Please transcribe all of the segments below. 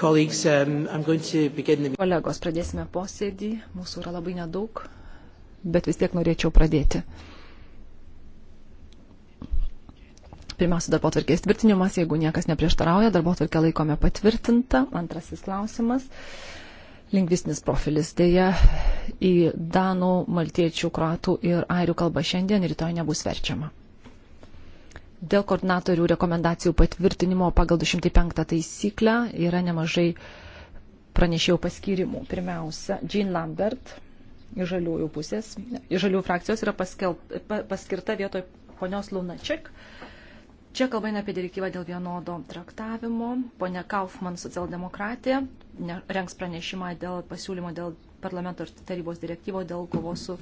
Um, Kolegos, pradėsime posėdį. Mūsų yra labai nedaug, bet vis tiek norėčiau pradėti. Pirmiausia, darbo tvarkės tvirtinimas, jeigu niekas neprieštarauja, darbo tvarkę laikome patvirtinta. Antrasis klausimas. Lingvistinis profilis dėja į danų, maltiečių, kratų ir airių kalbą šiandien rytoj nebus verčiama. Dėl koordinatorių rekomendacijų patvirtinimo pagal 205 taisyklę yra nemažai pranešėjų paskirimų. Pirmiausia, Jean Lambert iš žaliųjų pusės, iš žaliųjų frakcijos yra paskelt, paskirta vietoj ponios Lunačik. Čia kalba eina apie direktyvą dėl vienodo traktavimo. Pone Kaufman, socialdemokratė, rengs pranešimą dėl pasiūlymo dėl parlamento ir tarybos direktyvo dėl kovos su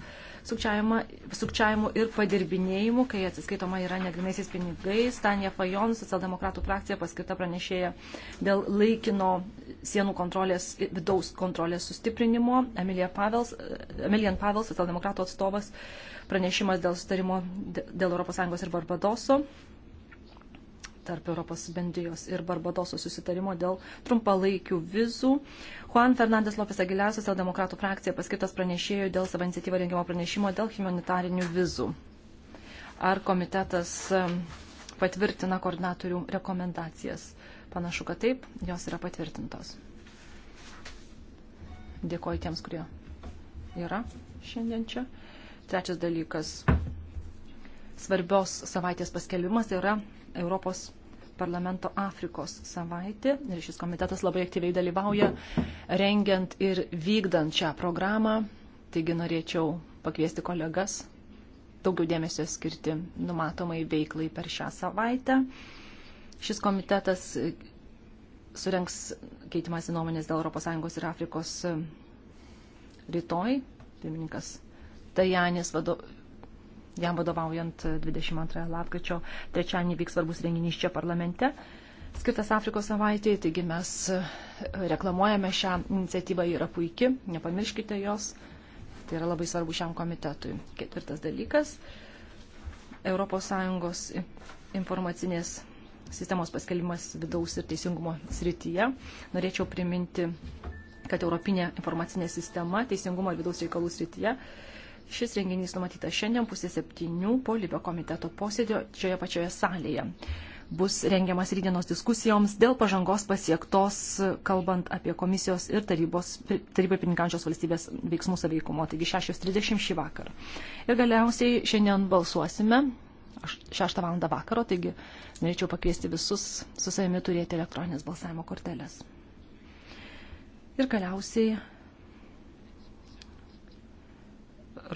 sukčiavimu ir padirbinėjimu, kai atsiskaitoma yra negrinaisiais pinigais. Tanja Fajon, socialdemokratų frakcija, paskirta pranešėja dėl laikino sienų kontrolės, vidaus kontrolės sustiprinimo. Emilijan Pavels, Emilian Pavels socialdemokratų atstovas, pranešimas dėl sustarimo dėl ES ir Barbadoso tarp Europos bendrijos ir Barbadoso susitarimo dėl trumpalaikių vizų. Juan Fernandes Lopes Aguilar, socialdemokratų frakcija, paskirtas pranešėjų dėl savo iniciatyvą rengimo pranešimo dėl humanitarinių vizų. Ar komitetas patvirtina koordinatorių rekomendacijas? Panašu, kad taip, jos yra patvirtintos. Dėkoju tiems, kurie yra šiandien čia. Trečias dalykas svarbios savaitės paskelbimas yra Europos parlamento Afrikos savaitė ir šis komitetas labai aktyviai dalyvauja rengiant ir vykdant šią programą. Taigi norėčiau pakviesti kolegas daugiau dėmesio skirti numatomai veiklai per šią savaitę. Šis komitetas surenks keitimąsi nuomonės dėl ES ir Afrikos rytoj. Pirmininkas Tajanis vado, jam vadovaujant 22 lapkričio trečiąjį vyks svarbus renginys čia parlamente, skirtas Afrikos savaitėje, taigi mes e, reklamuojame šią iniciatyvą, ji yra puiki, nepamirškite jos, tai yra labai svarbu šiam komitetui. Ketvirtas dalykas - ES informacinės sistemos paskelbimas vidaus ir teisingumo srityje. Norėčiau priminti, kad Europinė informacinė sistema teisingumo ir vidaus reikalų srityje Šis renginys numatytas šiandien pusė septynių po Libio komiteto posėdžio šioje pačioje salėje. Bus rengiamas rydienos diskusijoms dėl pažangos pasiektos, kalbant apie komisijos ir tarybos, tarybai pininkančios valstybės veiksmų saveikumo, taigi 6.30 šį vakarą. Ir galiausiai šiandien balsuosime 6 val. vakaro, taigi norėčiau pakviesti visus su savimi turėti elektroninės balsavimo kortelės. Ir galiausiai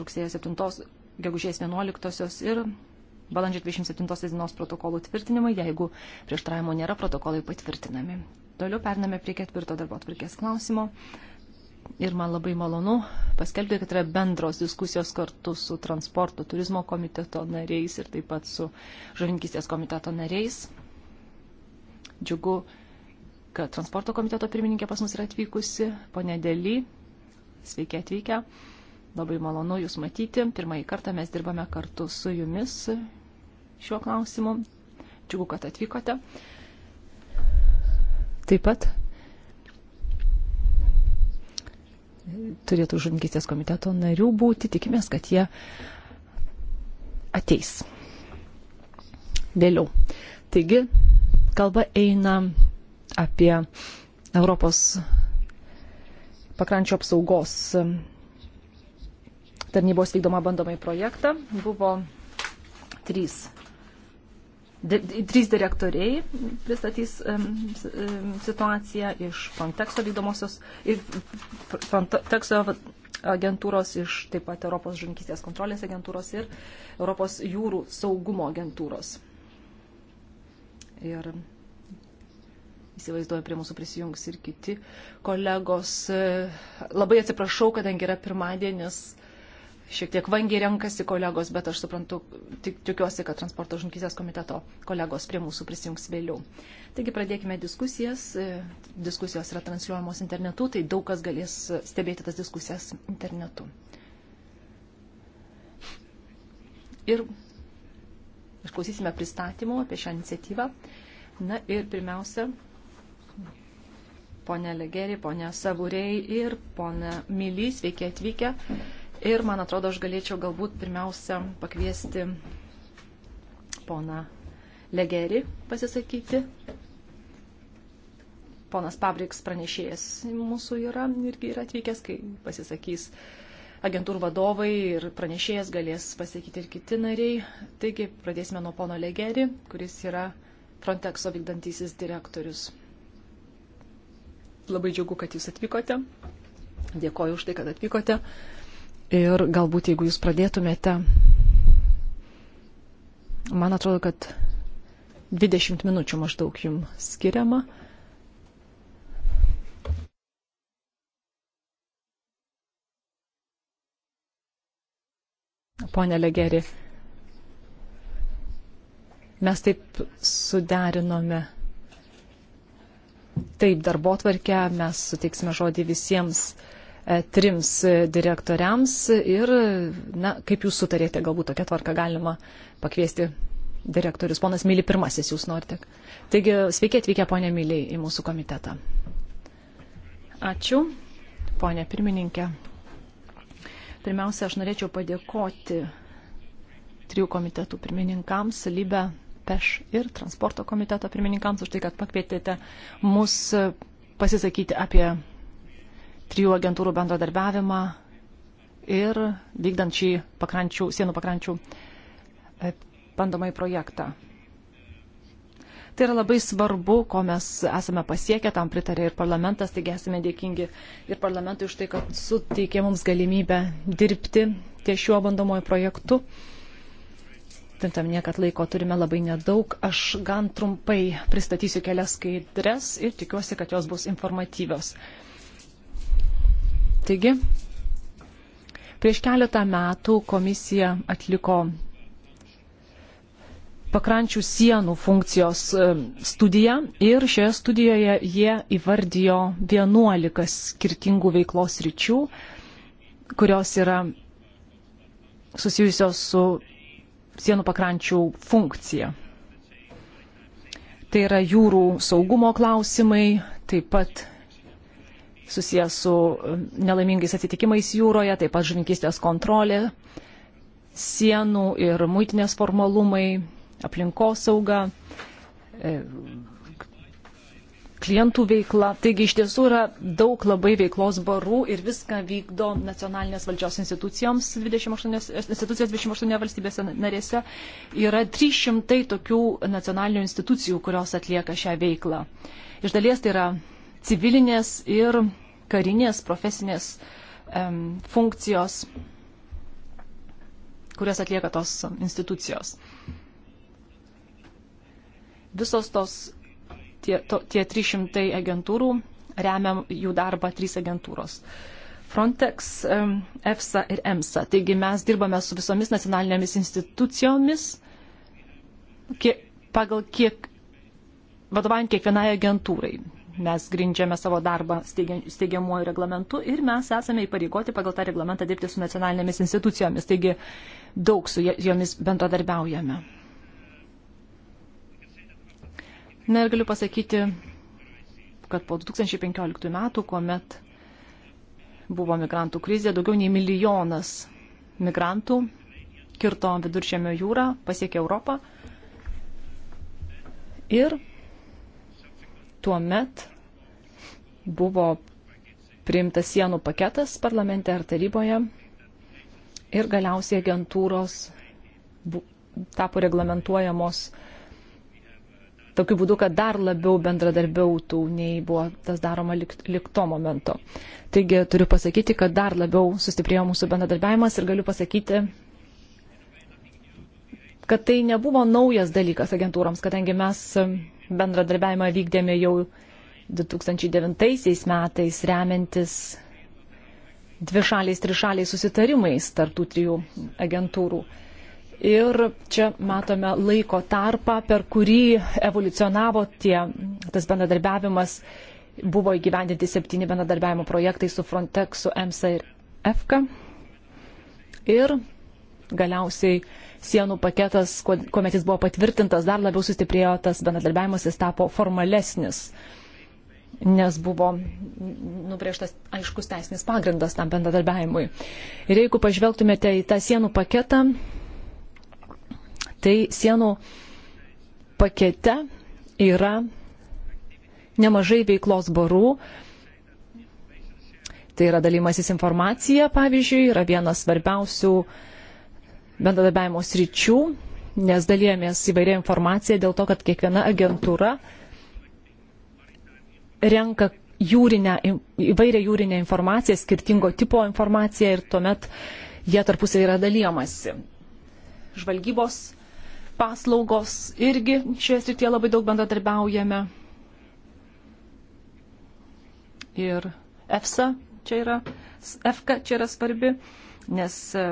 rugsėjo 7, gegužės 11 ir balandžio 27 dienos protokolų tvirtinimai, jeigu prieštaravimo nėra, protokolai patvirtinami. Toliau pername prie ketvirto darbo atvarkės klausimo. Ir man labai malonu paskelbti, kad yra bendros diskusijos kartu su transporto turizmo komiteto nariais ir taip pat su žuvinkistės komiteto nariais. Džiugu, kad transporto komiteto pirmininkė pas mus yra atvykusi, ponė Dely, sveiki atvykę. Labai malonu Jūs matyti. Pirmąjį kartą mes dirbame kartu su Jumis šiuo klausimu. Džiugu, kad atvykote. Taip pat turėtų žuvininkystės komiteto narių būti. Tikimės, kad jie ateis vėliau. Taigi, kalba eina apie Europos pakrančio apsaugos tarnybos vykdomą bandomąjį projektą. Buvo trys. Di, trys direktoriai pristatys um, situaciją iš Frontexo vykdomosios ir Frontexo agentūros, iš taip pat Europos žininkistės kontrolės agentūros ir Europos jūrų saugumo agentūros. Ir įsivaizduoju, prie mūsų prisijungs ir kiti kolegos. Labai atsiprašau, kadangi yra pirmadienis, šiek tiek vangiai renkasi kolegos, bet aš suprantu, tik tikiuosi, kad transporto žunkysės komiteto kolegos prie mūsų prisijungs vėliau. Taigi pradėkime diskusijas. E, diskusijos yra transliuojamos internetu, tai daug kas galės stebėti tas diskusijas internetu. Ir išklausysime pristatymų apie šią iniciatyvą. Na ir pirmiausia, ponė Legeri, ponė Savuriai ir ponė Milys, sveiki atvykę. Mhm Ir, man atrodo, aš galėčiau galbūt pirmiausia pakviesti poną Legerį pasisakyti. Ponas Pabriks pranešėjas mūsų yra irgi yra atvykęs, kai pasisakys agentūrų vadovai ir pranešėjas galės pasakyti ir kiti nariai. Taigi pradėsime nuo pono Legerį, kuris yra Frontexo vykdantysis direktorius. Labai džiugu, kad jūs atvykote. Dėkoju už tai, kad atvykote. Uh, Ir galbūt jeigu jūs pradėtumėte, man atrodo, kad 20 minučių maždaug jums skiriama. Pone Legeri, mes taip suderinome. Taip, darbo tvarkę mes suteiksime žodį visiems uh, E, trims direktoriams ir, na, kaip jūs sutarėte, galbūt tokia tvarka galima pakviesti direktorius. Ponas Myli, pirmasis jūs norite. Taigi, sveiki atvykę, ponė Myliai, į mūsų komitetą. Ačiū, ponė pirmininkė. Pirmiausia, aš norėčiau padėkoti trijų komitetų pirmininkams, Libe, Peš ir transporto komiteto pirmininkams už tai, kad pakvietėte mus pasisakyti apie trijų agentūrų bendradarbiavimą ir vykdant šį pakrančių, sienų pakrančių e, bandomai projektą. Tai yra labai svarbu, ko mes esame pasiekę, tam pritarė ir parlamentas, taigi esame dėkingi ir parlamentui už tai, kad suteikė mums galimybę dirbti ties šiuo bandomojo projektu. Tintam niekad laiko turime labai nedaug. Aš gan trumpai pristatysiu kelias skaidres ir tikiuosi, kad jos bus informatyvios. Taigi, prieš keletą metų komisija atliko pakrančių sienų funkcijos e, studiją ir šioje studijoje jie įvardijo 11 skirtingų veiklos ryčių, kurios yra susijusios su sienų pakrančių funkcija. Tai yra jūrų saugumo klausimai, taip pat susijęs su um, nelaimingais atsitikimais jūroje, taip pat žuvinkystės kontrolė, sienų ir muitinės formalumai, aplinkosauga, e, klientų veikla. Taigi iš tiesų yra daug labai veiklos barų ir viską vykdo nacionalinės valdžios institucijoms 28, institucijos 28 valstybėse narėse. Yra 300 tokių nacionalinių institucijų, kurios atlieka šią veiklą. Iš dalies tai yra civilinės ir karinės, profesinės um, funkcijos, kurias atlieka tos institucijos. Visos tos tie, to, tie 300 agentūrų remia jų darbą trys agentūros. Frontex, EFSA ir EMSA. Taigi mes dirbame su visomis nacionalinėmis institucijomis, kiek, pagal kiek, vadovaujant kiekvienai agentūrai mes grindžiame savo darbą steigiamuoju reglamentu ir mes esame įpareigoti pagal tą reglamentą dirbti su nacionalinėmis institucijomis. Taigi daug su jomis bendradarbiaujame. Na ir galiu pasakyti, kad po 2015 metų, kuomet buvo migrantų krizė, daugiau nei milijonas migrantų kirto viduržėmio jūrą, pasiekė Europą. Ir tuo met buvo priimtas sienų paketas parlamente ar taryboje ir galiausiai agentūros tapo reglamentuojamos tokiu būdu, kad dar labiau bendradarbiautų, nei buvo tas daroma lik to momento. Taigi turiu pasakyti, kad dar labiau sustiprėjo mūsų bendradarbiavimas ir galiu pasakyti, kad tai nebuvo naujas dalykas agentūroms, kadangi mes bendradarbiavimą vykdėme jau 2009 metais, remiantis dvišaliais, trišaliais susitarimais tarptų trijų agentūrų. Ir čia matome laiko tarpą, per kurį evoliucionavo tie, tas bendradarbiavimas. Buvo įgyvendinti septyni bendradarbiavimo projektai su Frontexu, EMSA ir EFKA. Ir galiausiai sienų paketas, kuomet jis buvo patvirtintas, dar labiau sustiprėjo tas bendradarbiavimas, jis tapo formalesnis, nes buvo nubrėžtas aiškus teisinis pagrindas tam bendradarbiavimui. Ir jeigu pažvelgtumėte į tą sienų paketą, tai sienų pakete yra nemažai veiklos barų. Tai yra dalymasis informacija, pavyzdžiui, yra vienas svarbiausių uh, bendradarbiavimo sričių, nes dalyjomės įvairia informacija dėl to, kad kiekviena agentūra renka jūrinę, įvairią jūrinę informaciją, skirtingo tipo informaciją ir tuomet jie tarpusiai yra dalyjamasi. Žvalgybos paslaugos irgi šioje srityje labai daug bendradarbiaujame. Ir EFSA čia yra, EFKA čia yra svarbi nes e,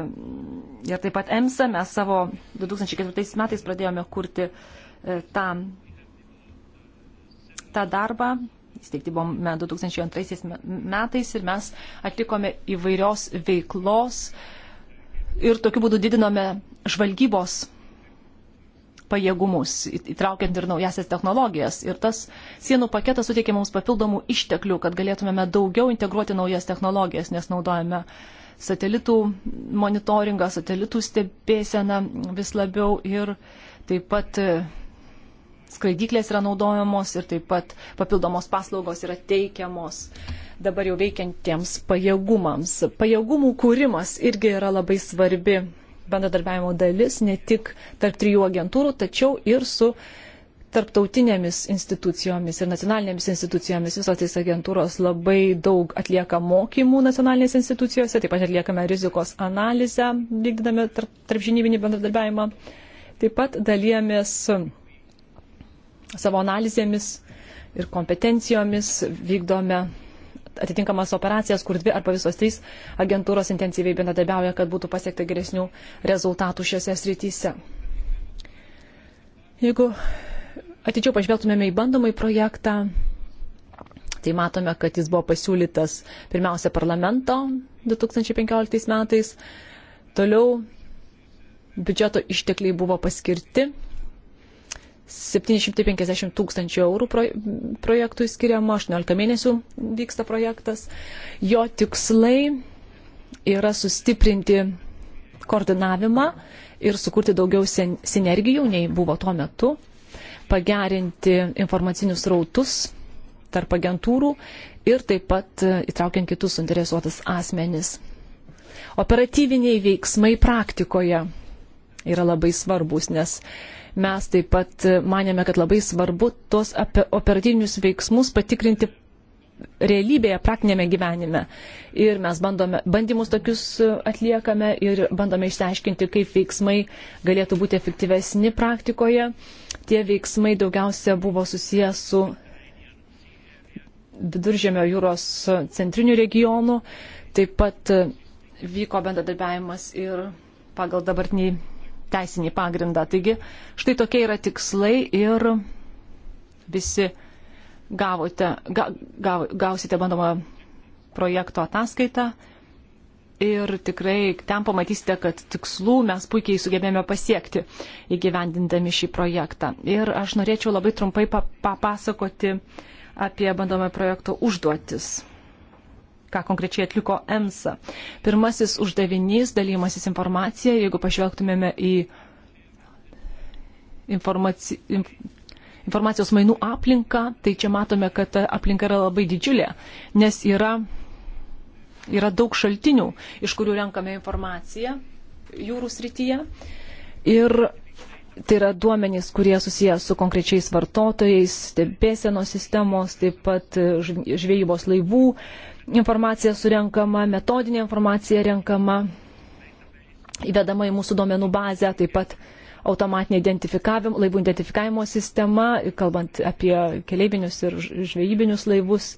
ir taip pat EMSA mes savo 2004 metais pradėjome kurti e, tą, tą darbą. Įsteigti buvome 2002 metais ir mes atlikome įvairios veiklos ir tokiu būdu didinome žvalgybos pajėgumus, įtraukiant ir naujasias technologijas. Ir tas sienų paketas suteikia mums papildomų išteklių, kad galėtumėme daugiau integruoti naujas technologijas, nes naudojame uh, satelitų monitoringą, satelitų stebėseną vis labiau ir taip pat e, skraidyklės yra naudojamos ir taip pat papildomos paslaugos yra teikiamos dabar jau veikiantiems pajėgumams. Pajėgumų kūrimas irgi yra labai svarbi bendradarbiavimo dalis ne tik tarp trijų agentūrų, tačiau ir su tarptautinėmis institucijomis ir nacionalinėmis institucijomis. Visos tais agentūros labai daug atlieka mokymų nacionalinėse institucijose, taip pat atliekame rizikos analizę, vykdydami tarp, tarp žinybinį bendradarbiavimą. Taip pat dalyjamės savo analizėmis ir kompetencijomis, vykdome atitinkamas operacijas, kur dvi arba visos trys agentūros intensyviai bendradarbiauja, kad būtų pasiekta geresnių rezultatų šiose srityse. Jeigu atidžiau pažvelgtumėme į bandomąjį projektą, tai matome, kad jis buvo pasiūlytas pirmiausia parlamento 2015 metais, toliau biudžeto ištekliai buvo paskirti 750 tūkstančių eurų projektui skiriama, 18 mėnesių vyksta projektas. Jo tikslai yra sustiprinti koordinavimą ir sukurti daugiau sinergijų, nei buvo tuo metu pagerinti informacinius rautus tarp agentūrų ir taip pat e, įtraukiant kitus suinteresuotas asmenis. Operatyviniai veiksmai praktikoje yra labai svarbus, nes mes taip pat e, manėme, kad labai svarbu tuos operatyvinius veiksmus patikrinti realybėje, praktinėme gyvenime. Ir mes bandome, bandymus tokius e, atliekame ir bandome išsiaiškinti, kaip veiksmai galėtų būti efektyvesni praktikoje. Tie veiksmai daugiausia buvo susijęs su viduržėmio jūros centriniu regionu. Taip pat e, vyko bendradarbiavimas ir pagal dabartinį teisinį pagrindą. Taigi štai tokie yra tikslai ir visi gavote, ga, gav, gausite bandomą projekto ataskaitą ir tikrai ten pamatysite, kad tikslų mes puikiai sugebėjome pasiekti įgyvendindami šį projektą. Ir aš norėčiau labai trumpai papasakoti apie bandomą projekto užduotis ką konkrečiai atliko EMSA. Pirmasis uždavinys - dalymasis informacija. Jeigu pažvelgtumėme į informaci informacijos mainų aplinką, tai čia matome, kad aplinka yra labai didžiulė, nes yra, yra daug šaltinių, iš kurių renkame informaciją jūrų srityje. Ir tai yra duomenys, kurie susiję su konkrečiais vartotojais, stebėsenos sistemos, taip pat žvejybos laivų informacija surenkama, metodinė informacija renkama, įvedama į mūsų duomenų bazę, taip pat uh, automatinė identifikavimo, laivų identifikavimo sistema, kalbant apie keleivinius ir žvejybinius laivus,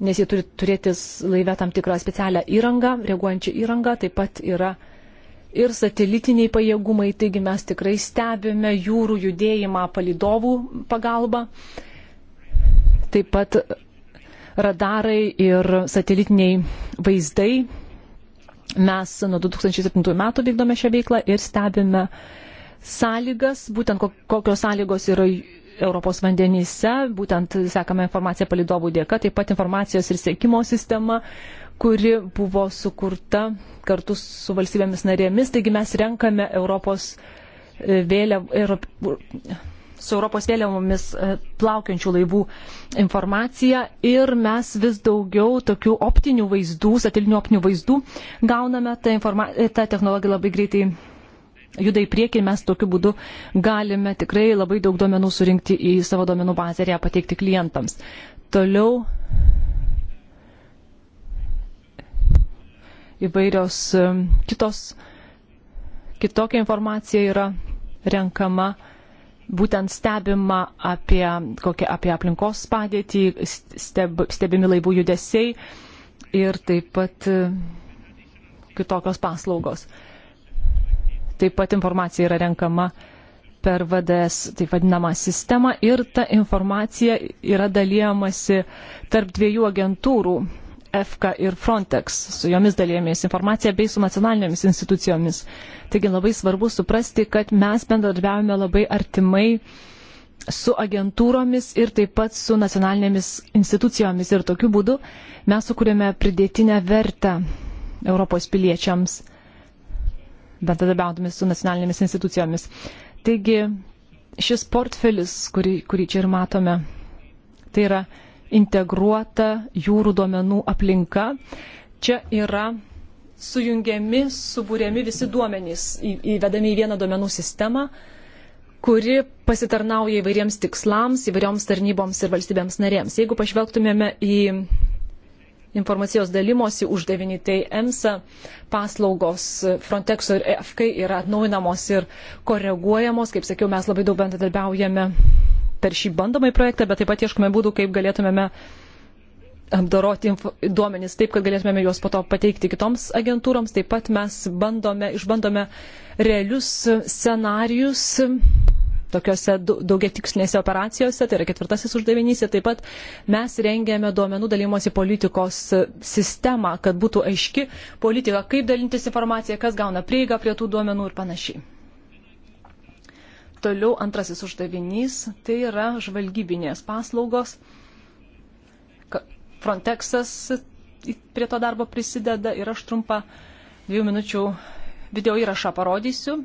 nes jie turi turėti laive tam tikrą specialią įrangą, reaguojančią įrangą, taip pat yra ir satelitiniai pajėgumai, taigi mes tikrai stebime jūrų judėjimą palidovų pagalba. Taip pat radarai ir satelitiniai vaizdai Mes nuo 2007 metų vykdome šią veiklą ir stebime sąlygas, būtent kokios sąlygos yra Europos vandenyse, būtent sekame informaciją palidovų dėka, taip pat informacijos ir sėkimo sistema, kuri buvo sukurta kartu su valstybėmis narėmis. Taigi mes renkame Europos e, vėliavą, su Europos vėliavomis e, plaukiančių laivų informacija ir mes vis daugiau tokių optinių vaizdų, satelinių optinių vaizdų gauname, ta, informa... E, ta technologija labai greitai juda į priekį ir mes tokiu būdu galime tikrai labai daug duomenų surinkti į savo duomenų bazę ir ją pateikti klientams. Toliau įvairios e, kitos, kitokia informacija yra renkama būtent stebima apie, kokia, apie aplinkos padėtį, steb, stebimi laivų judesiai ir taip pat e, kitokios paslaugos. Taip pat informacija yra renkama per VDS, taip vadinamą sistemą, ir ta informacija yra dalyjamasi tarp dviejų agentūrų EFKA ir Frontex. Su jomis dalėjomės informaciją bei su nacionalinėmis institucijomis. Taigi labai svarbu suprasti, kad mes bendradarbiavome labai artimai su agentūromis ir taip pat su nacionalinėmis institucijomis. Ir tokiu būdu mes sukūrėme pridėtinę vertę Europos piliečiams, bendradarbiaudami su nacionalinėmis institucijomis. Taigi šis portfelis, kurį, kurį čia ir matome, tai yra integruota jūrų duomenų aplinka. Čia yra sujungiami, subūriami visi duomenys, įvedami į vieną duomenų sistemą, kuri pasitarnauja įvairiems tikslams, įvairioms tarnyboms ir valstybėms narėms. Jeigu pažvelgtumėme į informacijos dalymosi uždavinį, tai EMSA paslaugos Frontexo ir EFK yra atnaujinamos ir koreguojamos. Kaip sakiau, mes labai daug bendradarbiaujame per šį bandomąjį projektą, bet taip pat ieškome būdų, kaip galėtumėme apdoroti duomenys taip, kad galėtumėme juos po to pateikti kitoms agentūroms. Taip pat mes bandome, išbandome realius scenarius tokiuose daugiatikslinėse operacijose, tai yra ketvirtasis uždavinys, ir taip pat mes rengėme duomenų dalymosi politikos sistemą, kad būtų aiški politika, kaip dalintis informacija, kas gauna prieigą prie tų duomenų ir panašiai. Toliau antrasis uždavinys - tai yra žvalgybinės paslaugos. Frontexas prie to darbo prisideda ir aš trumpą dviejų minučių video įrašą parodysiu.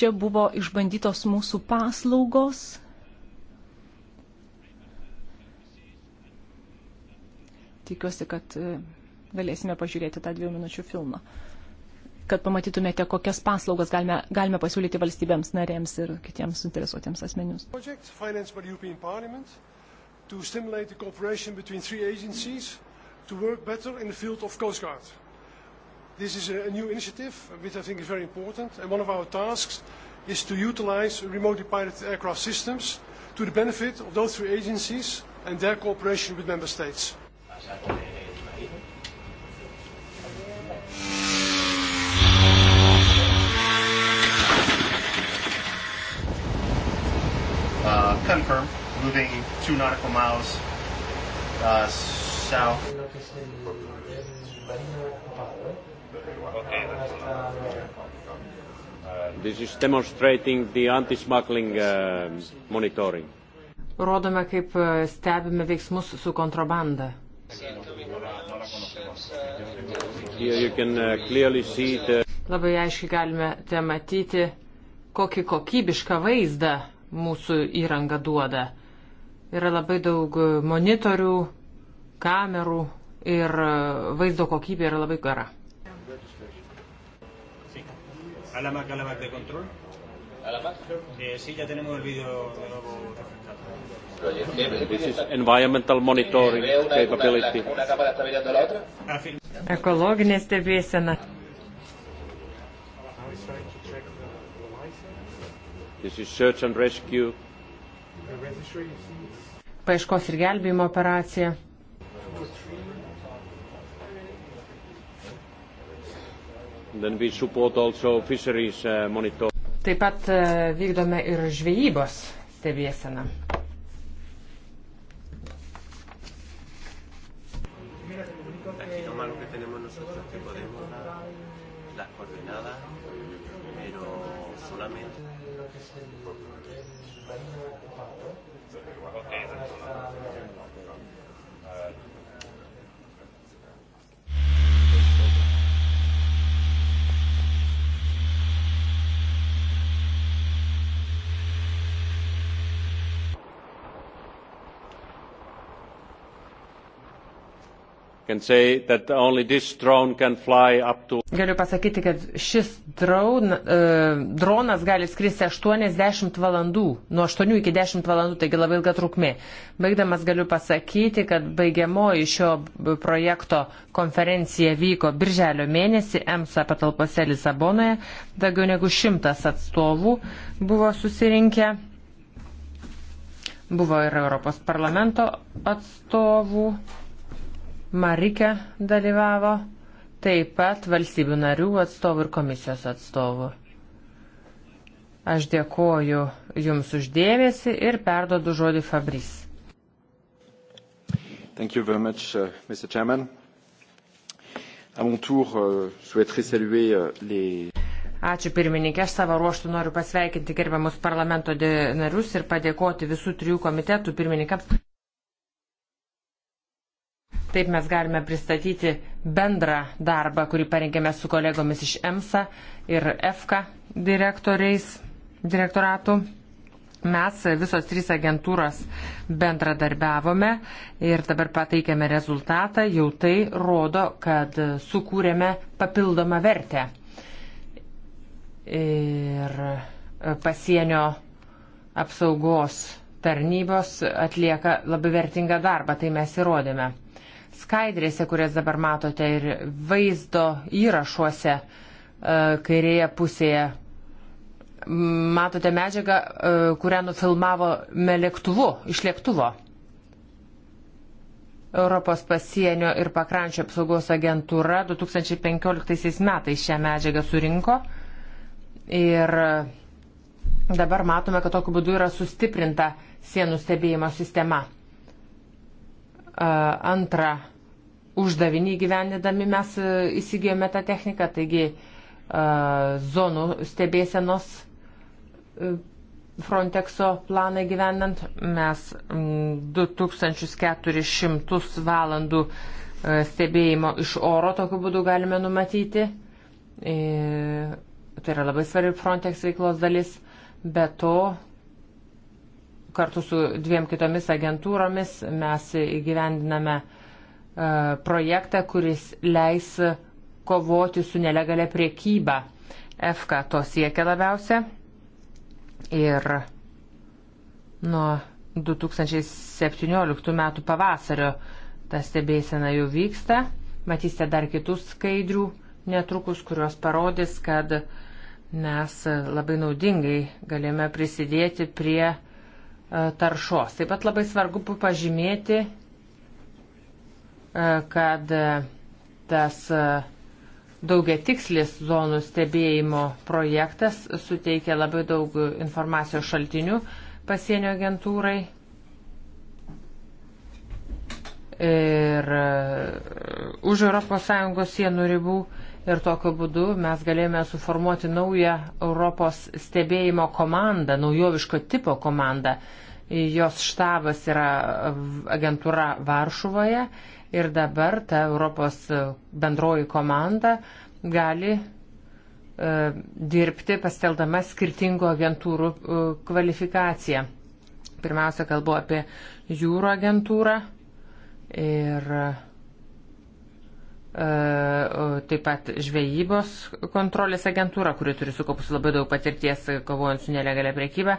Čia buvo išbandytos mūsų paslaugos. Tikiuosi, kad e, galėsime pažiūrėti tą dviejų minučių filmą kad pamatytumėte, kokias paslaugas galime, galime pasiūlyti valstybėms narėms ir kitiems suinteresuotiems asmenims. to stimulate the cooperation between three agencies to work better in the field of Coast Guard. This is a new initiative, which I think is very important, and one of our tasks is to utilize remotely piloted aircraft systems to the benefit of those three agencies and their cooperation with member states. Exactly. uh, confirm, moving two nautical miles uh, south. This is demonstrating the anti-smuggling uh, monitoring. Rodome, kaip uh, stebime veiksmus su kontrabanda. Uh, the... Labai aiškiai galime te matyti kokį kokybišką vaizdą mūsų įranga duoda. Yra labai daug monitorių, kamerų ir e, vaizdo kokybė yra labai gera. A la Mac, a la Mac de control. ¿A la Mac? Eh, sí, ya tenemos el vídeo de nuevo refrescado. This is environmental monitoring capability. Ekologinė ah, stebėsena. This is search and rescue. Paieškos ir gelbėjimo operacija. Uh, Taip pat uh, vykdome ir žvejybos stebėseną. To... Galiu pasakyti, kad šis draun, e, dronas gali skristi 80 valandų, nuo 8 iki 10 valandų, taigi labai ilga trukmė. Baigdamas galiu pasakyti, kad baigiamoji šio projekto konferencija vyko birželio mėnesį EMSA patalpose Lisabonoje. Daugiau negu šimtas atstovų buvo susirinkę. Buvo ir Europos parlamento atstovų. Marike dalyvavo, taip pat valstybių narių atstovų ir komisijos atstovų. Aš dėkoju Jums uždėmesi ir perdodu žodį Fabris. Thank you very much, uh, Mr. Chairman. À mon tour, euh, souhaiterais saluer euh, les. Ačiū pirmininkė, aš savo ruoštų noriu pasveikinti gerbiamus parlamento narius ir padėkoti visų trijų komitetų pirmininkams. Taip mes galime pristatyti bendrą darbą, kurį parengėme su kolegomis iš EMSA ir EFKA direktoratų. Mes visos trys agentūros bendradarbiavome ir dabar pateikėme rezultatą. Jau tai rodo, kad sukūrėme papildomą vertę. Ir pasienio apsaugos tarnybos atlieka labai vertingą darbą, tai mes įrodėme. Skaidrėse, kurias dabar matote ir vaizdo įrašuose e, kairėje pusėje, matote medžiagą, e, kurią nufilmavome lėktuvu, iš lėktuvo. Europos pasienio ir pakrančio apsaugos agentūra 2015 metais šią medžiagą surinko ir dabar matome, kad tokiu būdu yra sustiprinta sienų stebėjimo sistema antrą uždavinį gyvenidami mes e, įsigijome tą techniką, taigi zonų stebėsenos e, Frontexo planą gyvenant mes 2400 valandų e, stebėjimo iš oro tokiu būdu galime numatyti. Tai yra labai svarbi Frontex veiklos dalis. Be to kartu su dviem kitomis agentūromis mes įgyvendiname e, projektą, kuris leis kovoti su nelegalia priekyba. FK to siekia labiausia. Ir nuo 2017 metų pavasario ta stebėsena jau vyksta. Matysite dar kitus skaidrių netrukus, kurios parodys, kad mes labai naudingai galime prisidėti prie uh, E, taršos. Taip pat labai svarbu pažymėti, e, kad e, tas daugia tikslis zonų stebėjimo projektas suteikia labai daug informacijos šaltinių pasienio agentūrai. Ir už ES sienų ribų ir tokiu būdu mes galėjome suformuoti naują Europos stebėjimo komandą, naujoviško tipo komandą. Jos štabas yra agentūra Varšuvoje ir dabar ta Europos bendroji komanda gali e, dirbti pasteldama skirtingų agentūrų e, kvalifikaciją. Pirmiausia, kalbu apie jūro agentūrą ir e, E, taip pat žvejybos kontrolės agentūra, kuri turi sukaupus labai daug patirties e, kovojant su nelegalia priekyba.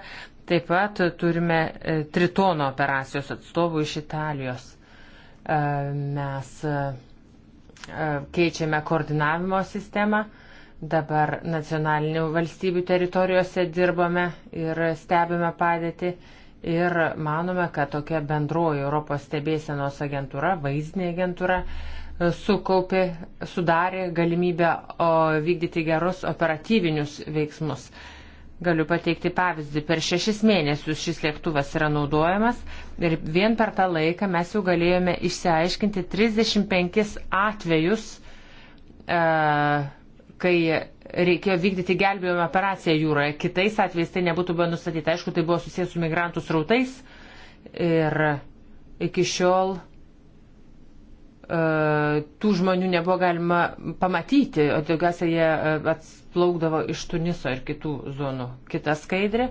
Taip pat turime e, Tritono operacijos atstovų iš Italijos. Mes keičiame koordinavimo sistemą. Dabar nacionalinių valstybių teritorijose dirbame ir stebime padėtį. Ir manome, kad tokia bendroji Europos stebėsenos agentūra, vaizdinė agentūra, uh, sukaupė, sudarė galimybę vykdyti gerus operatyvinius veiksmus. Galiu pateikti pavyzdį. Per šešis mėnesius šis lėktuvas yra naudojamas ir vien per tą laiką mes jau galėjome išsiaiškinti 35 atvejus, e, kai reikėjo vykdyti gelbėjimo operaciją jūroje. Kitais atvejais tai nebūtų buvę nustatyta. Aišku, tai buvo susijęs su migrantų srautais ir iki šiol tų žmonių nebuvo galima pamatyti, o daugiausia jie e, atplaukdavo iš Tuniso ir kitų zonų. Kita skaidrė.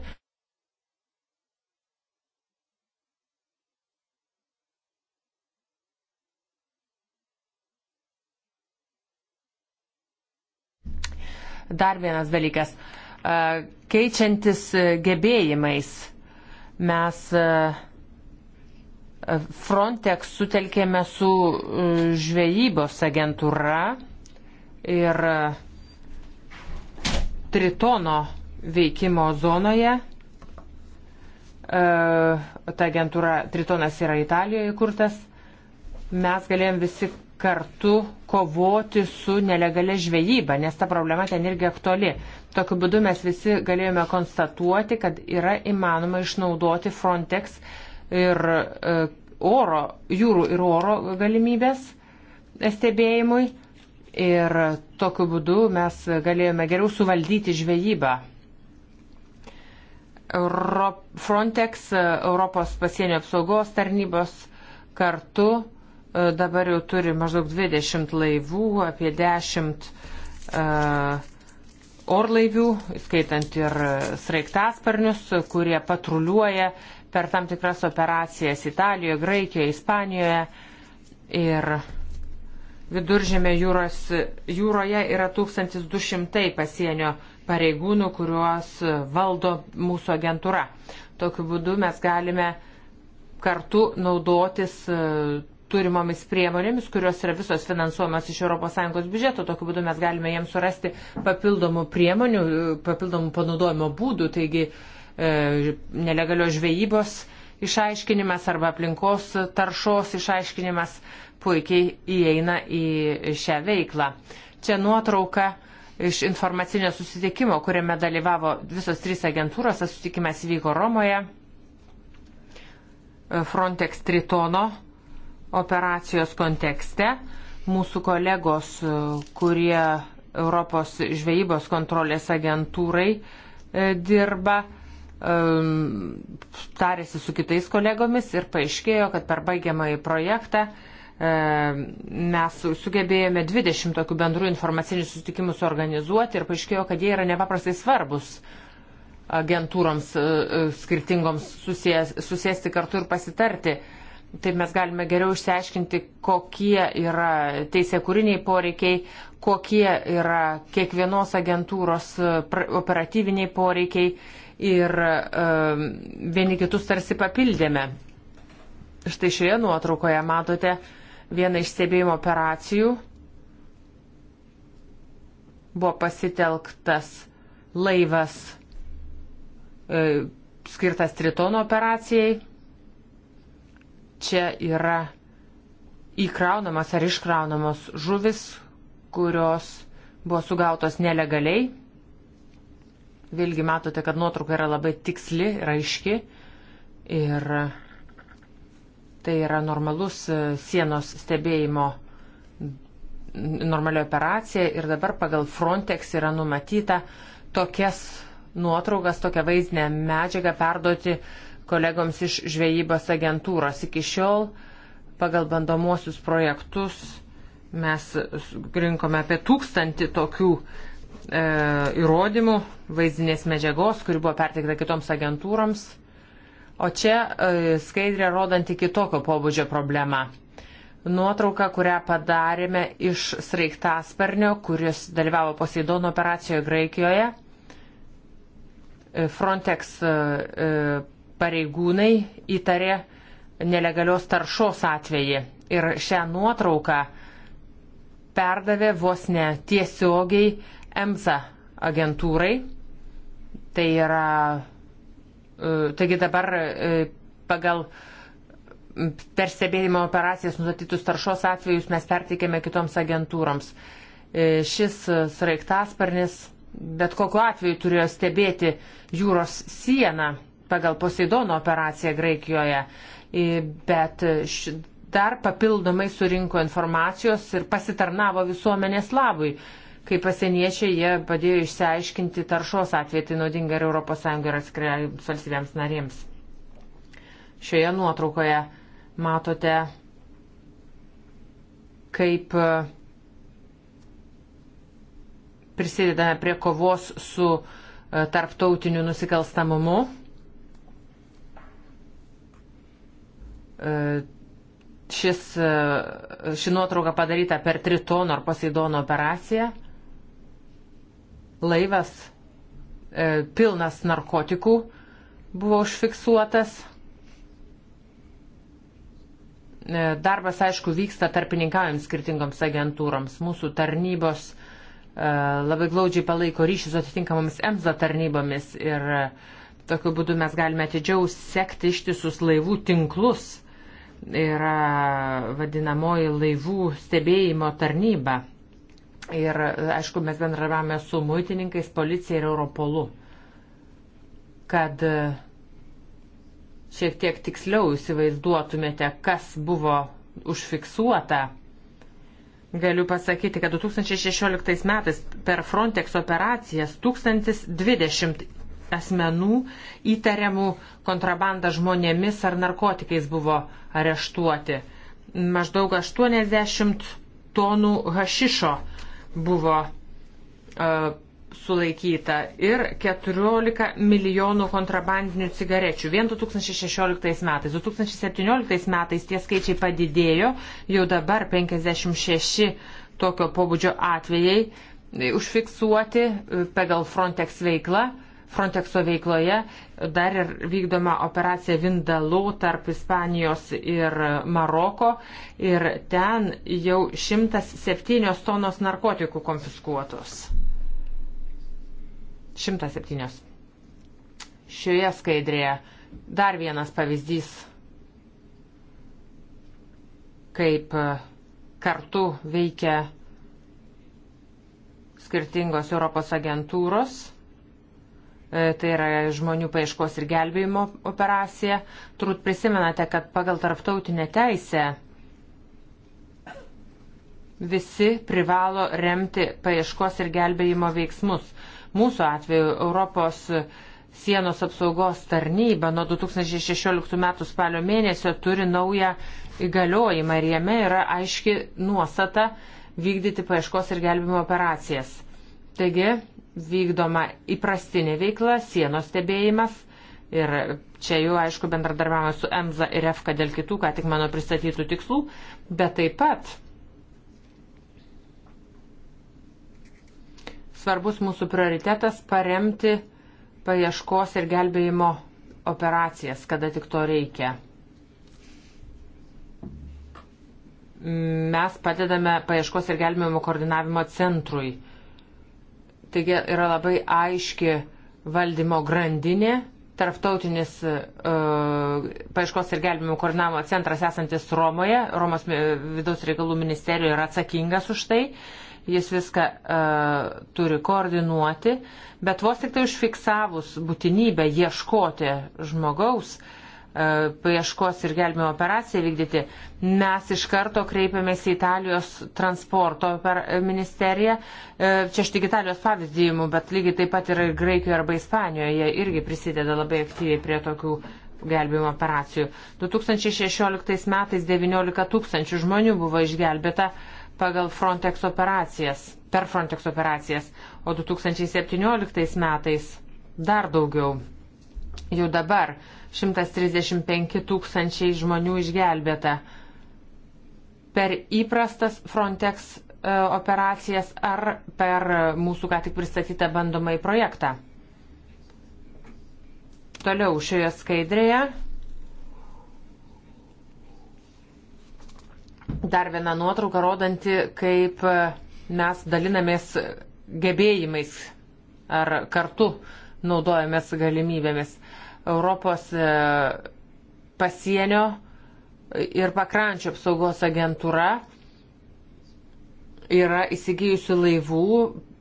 Dar vienas dalykas. E, keičiantis gebėjimais mes uh, Frontex sutelkėme su e, žvejybos agentūra ir e, Tritono veikimo zonoje. E, ta agentūra Tritonas yra Italijoje kurtas. Mes galėjom visi kartu kovoti su nelegale žvejyba, nes ta problema ten irgi aktuali. Tokiu būdu mes visi galėjome konstatuoti, kad yra įmanoma išnaudoti Frontex uh, ir e, oro, jūrų ir oro galimybės e, stebėjimui. Ir tokiu būdu mes galėjome geriau suvaldyti žvejybą. Euro, Frontex, e, Europos pasienio apsaugos tarnybos kartu dabar jau turi maždaug 20 laivų, apie 10 uh, orlaivių, skaitant ir sraigtasparnius, kurie patruliuoja uh, per tam tikras operacijas Italijoje, Graikijoje, Ispanijoje ir viduržėme jūros, jūroje yra 1200 pasienio pareigūnų, kuriuos valdo mūsų agentūra. Tokiu būdu mes galime kartu naudotis e, turimomis priemonėmis, kurios yra visos finansuojamas iš ES biudžeto. Tokiu būdu mes galime jiems surasti papildomų priemonių, e, papildomų panaudojimo būdų. Taigi, uh, E, nelegalios žvejybos išaiškinimas arba aplinkos taršos išaiškinimas puikiai įeina į šią veiklą. Čia nuotrauka iš informacinio susitikimo, kuriame dalyvavo visos trys agentūros, tas susitikimas vyko Romoje, e, Frontex Tritono operacijos kontekste. Mūsų kolegos, e, kurie Europos žvejybos kontrolės agentūrai dirba, um, tarėsi su kitais kolegomis ir paaiškėjo, kad per baigiamąjį projektą um, mes sugebėjome 20 tokių bendrų informacinių susitikimų suorganizuoti ir paaiškėjo, kad jie yra nepaprastai svarbus agentūroms uh, skirtingoms susės, susėsti kartu ir pasitarti. Taip mes galime geriau išsiaiškinti, kokie yra teisė kūriniai poreikiai, kokie yra kiekvienos agentūros e, operatyviniai poreikiai ir vieni kitus tarsi papildėme. Štai šioje nuotraukoje matote vieną iš stebėjimo operacijų. Buvo pasitelktas laivas e, skirtas Tritono operacijai. Čia yra įkraunamas ar iškraunamas žuvis, kurios buvo sugautos nelegaliai Vėlgi matote, kad nuotrauka yra labai tiksli ir aiški. Ir tai yra normalus e, sienos stebėjimo normali operacija. Ir dabar pagal Frontex yra numatyta tokias nuotraukas, tokią vaizdinę medžiagą perduoti kolegoms iš žvejybos agentūros. Iki šiol pagal bandomuosius projektus mes rinkome apie tūkstantį tokių uh, e, įrodymų, vaizdinės medžiagos, kuri buvo perteikta kitoms agentūroms. O čia e, skaidrė rodanti kitokio pobūdžio problemą. Nuotrauka, kurią padarėme iš sraigtasparnio, kuris dalyvavo Poseidono operacijoje Graikijoje. E, Frontex e, e, pareigūnai įtarė nelegalios taršos atvejį. Ir šią nuotrauką perdavė vos ne tiesiogiai EMSA agentūrai. Tai yra, e, taigi dabar e, pagal per stebėjimo operacijas nustatytus taršos atvejus mes perteikėme kitoms agentūroms. E, šis sraigtasparnis bet kokiu atveju turėjo stebėti jūros sieną pagal Poseidono operaciją Graikijoje, bet dar papildomai surinko informacijos ir pasitarnavo visuomenės labui. Kai pasieniečiai jie padėjo išsiaiškinti taršos atvejį, tai naudinga ir ES ir atskiriams valstybėms narėms. Šioje nuotraukoje matote, kaip e, prisidedame prie kovos su e, tarptautiniu nusikalstamumu. E, šis, ši nuotrauka padaryta per Tritono ar Poseidono operaciją laivas e, pilnas narkotikų buvo užfiksuotas. E, darbas, aišku, vyksta tarpininkaujant skirtingoms agentūroms. Mūsų tarnybos e, labai glaudžiai palaiko ryšį su atitinkamomis EMSA tarnybomis ir e, tokiu būdu mes galime atidžiau sekti ištisus laivų tinklus. Yra vadinamoji laivų stebėjimo tarnyba Ir, aišku, mes bendravame su muitininkais, policija ir Europolu, kad e, šiek tiek tiksliau įsivaizduotumėte, kas buvo užfiksuota. Galiu pasakyti, kad 2016 metais per Frontex operacijas 1020 asmenų įtariamų kontrabandą žmonėmis ar narkotikais buvo areštuoti. Maždaug 80 tonų hašišo buvo uh, sulaikyta ir 14 milijonų kontrabandinių cigarečių vien 2016 metais. 2017 metais tie skaičiai padidėjo, jau dabar 56 tokio pobūdžio atvejai e, užfiksuoti e, pagal Frontex veiklą. Frontexo veikloje dar ir vykdoma operacija Vindalų tarp Ispanijos ir Maroko ir ten jau 107 tonos narkotikų konfiskuotos. 107. Šioje skaidrėje dar vienas pavyzdys, kaip e, kartu veikia skirtingos Europos agentūros E, tai yra žmonių paieškos ir gelbėjimo operacija. Turbūt prisimenate, kad pagal tarptautinę teisę visi privalo remti paieškos ir gelbėjimo veiksmus. Mūsų atveju Europos sienos apsaugos tarnyba nuo 2016 m. spalio mėnesio turi naują įgaliojimą ir jame yra aiški nuostata vykdyti paieškos ir gelbimo operacijas. Taigi, vykdoma įprastinė veikla, sienos stebėjimas. Ir čia jau, aišku, bendradarbiavame su EMZA ir EFKA dėl kitų, ką tik mano pristatytų tikslų, bet taip pat svarbus mūsų prioritetas paremti paieškos ir gelbėjimo operacijas, kada tik to reikia. Mes padedame paieškos ir gelbėjimo koordinavimo centrui Taigi yra labai aiški valdymo grandinė. Tarptautinis uh, paieškos ir gelbėjimo koordinavimo centras esantis Romoje, Romos e, vidaus reikalų ministerijoje yra atsakingas už tai. Jis viską uh, turi koordinuoti, bet vos tik tai užfiksavus būtinybę ieškoti žmogaus, uh, E, paieškos ir gelbėjimo operaciją vykdyti, mes iš karto kreipėmės į Italijos transporto ministeriją. E, čia aš tik Italijos pavyzdį imu, bet lygiai taip pat yra ir Graikijoje arba Ispanijoje. Jie irgi prisideda labai aktyviai prie tokių gelbėjimo operacijų. 2016 metais 19 tūkstančių žmonių buvo išgelbėta pagal Frontex operacijas, per Frontex operacijas, o 2017 metais dar daugiau. Jau dabar 135 tūkstančiai žmonių išgelbėta. Per įprastas Frontex e, operacijas ar per mūsų ką tik pristatytą bandomąjį projektą. Toliau šioje skaidrėje dar viena nuotrauka rodanti, kaip mes dalinamės gebėjimais ar kartu naudojamės galimybėmis. Europos e, pasienio ir pakrančio apsaugos agentūra yra įsigijusi laivų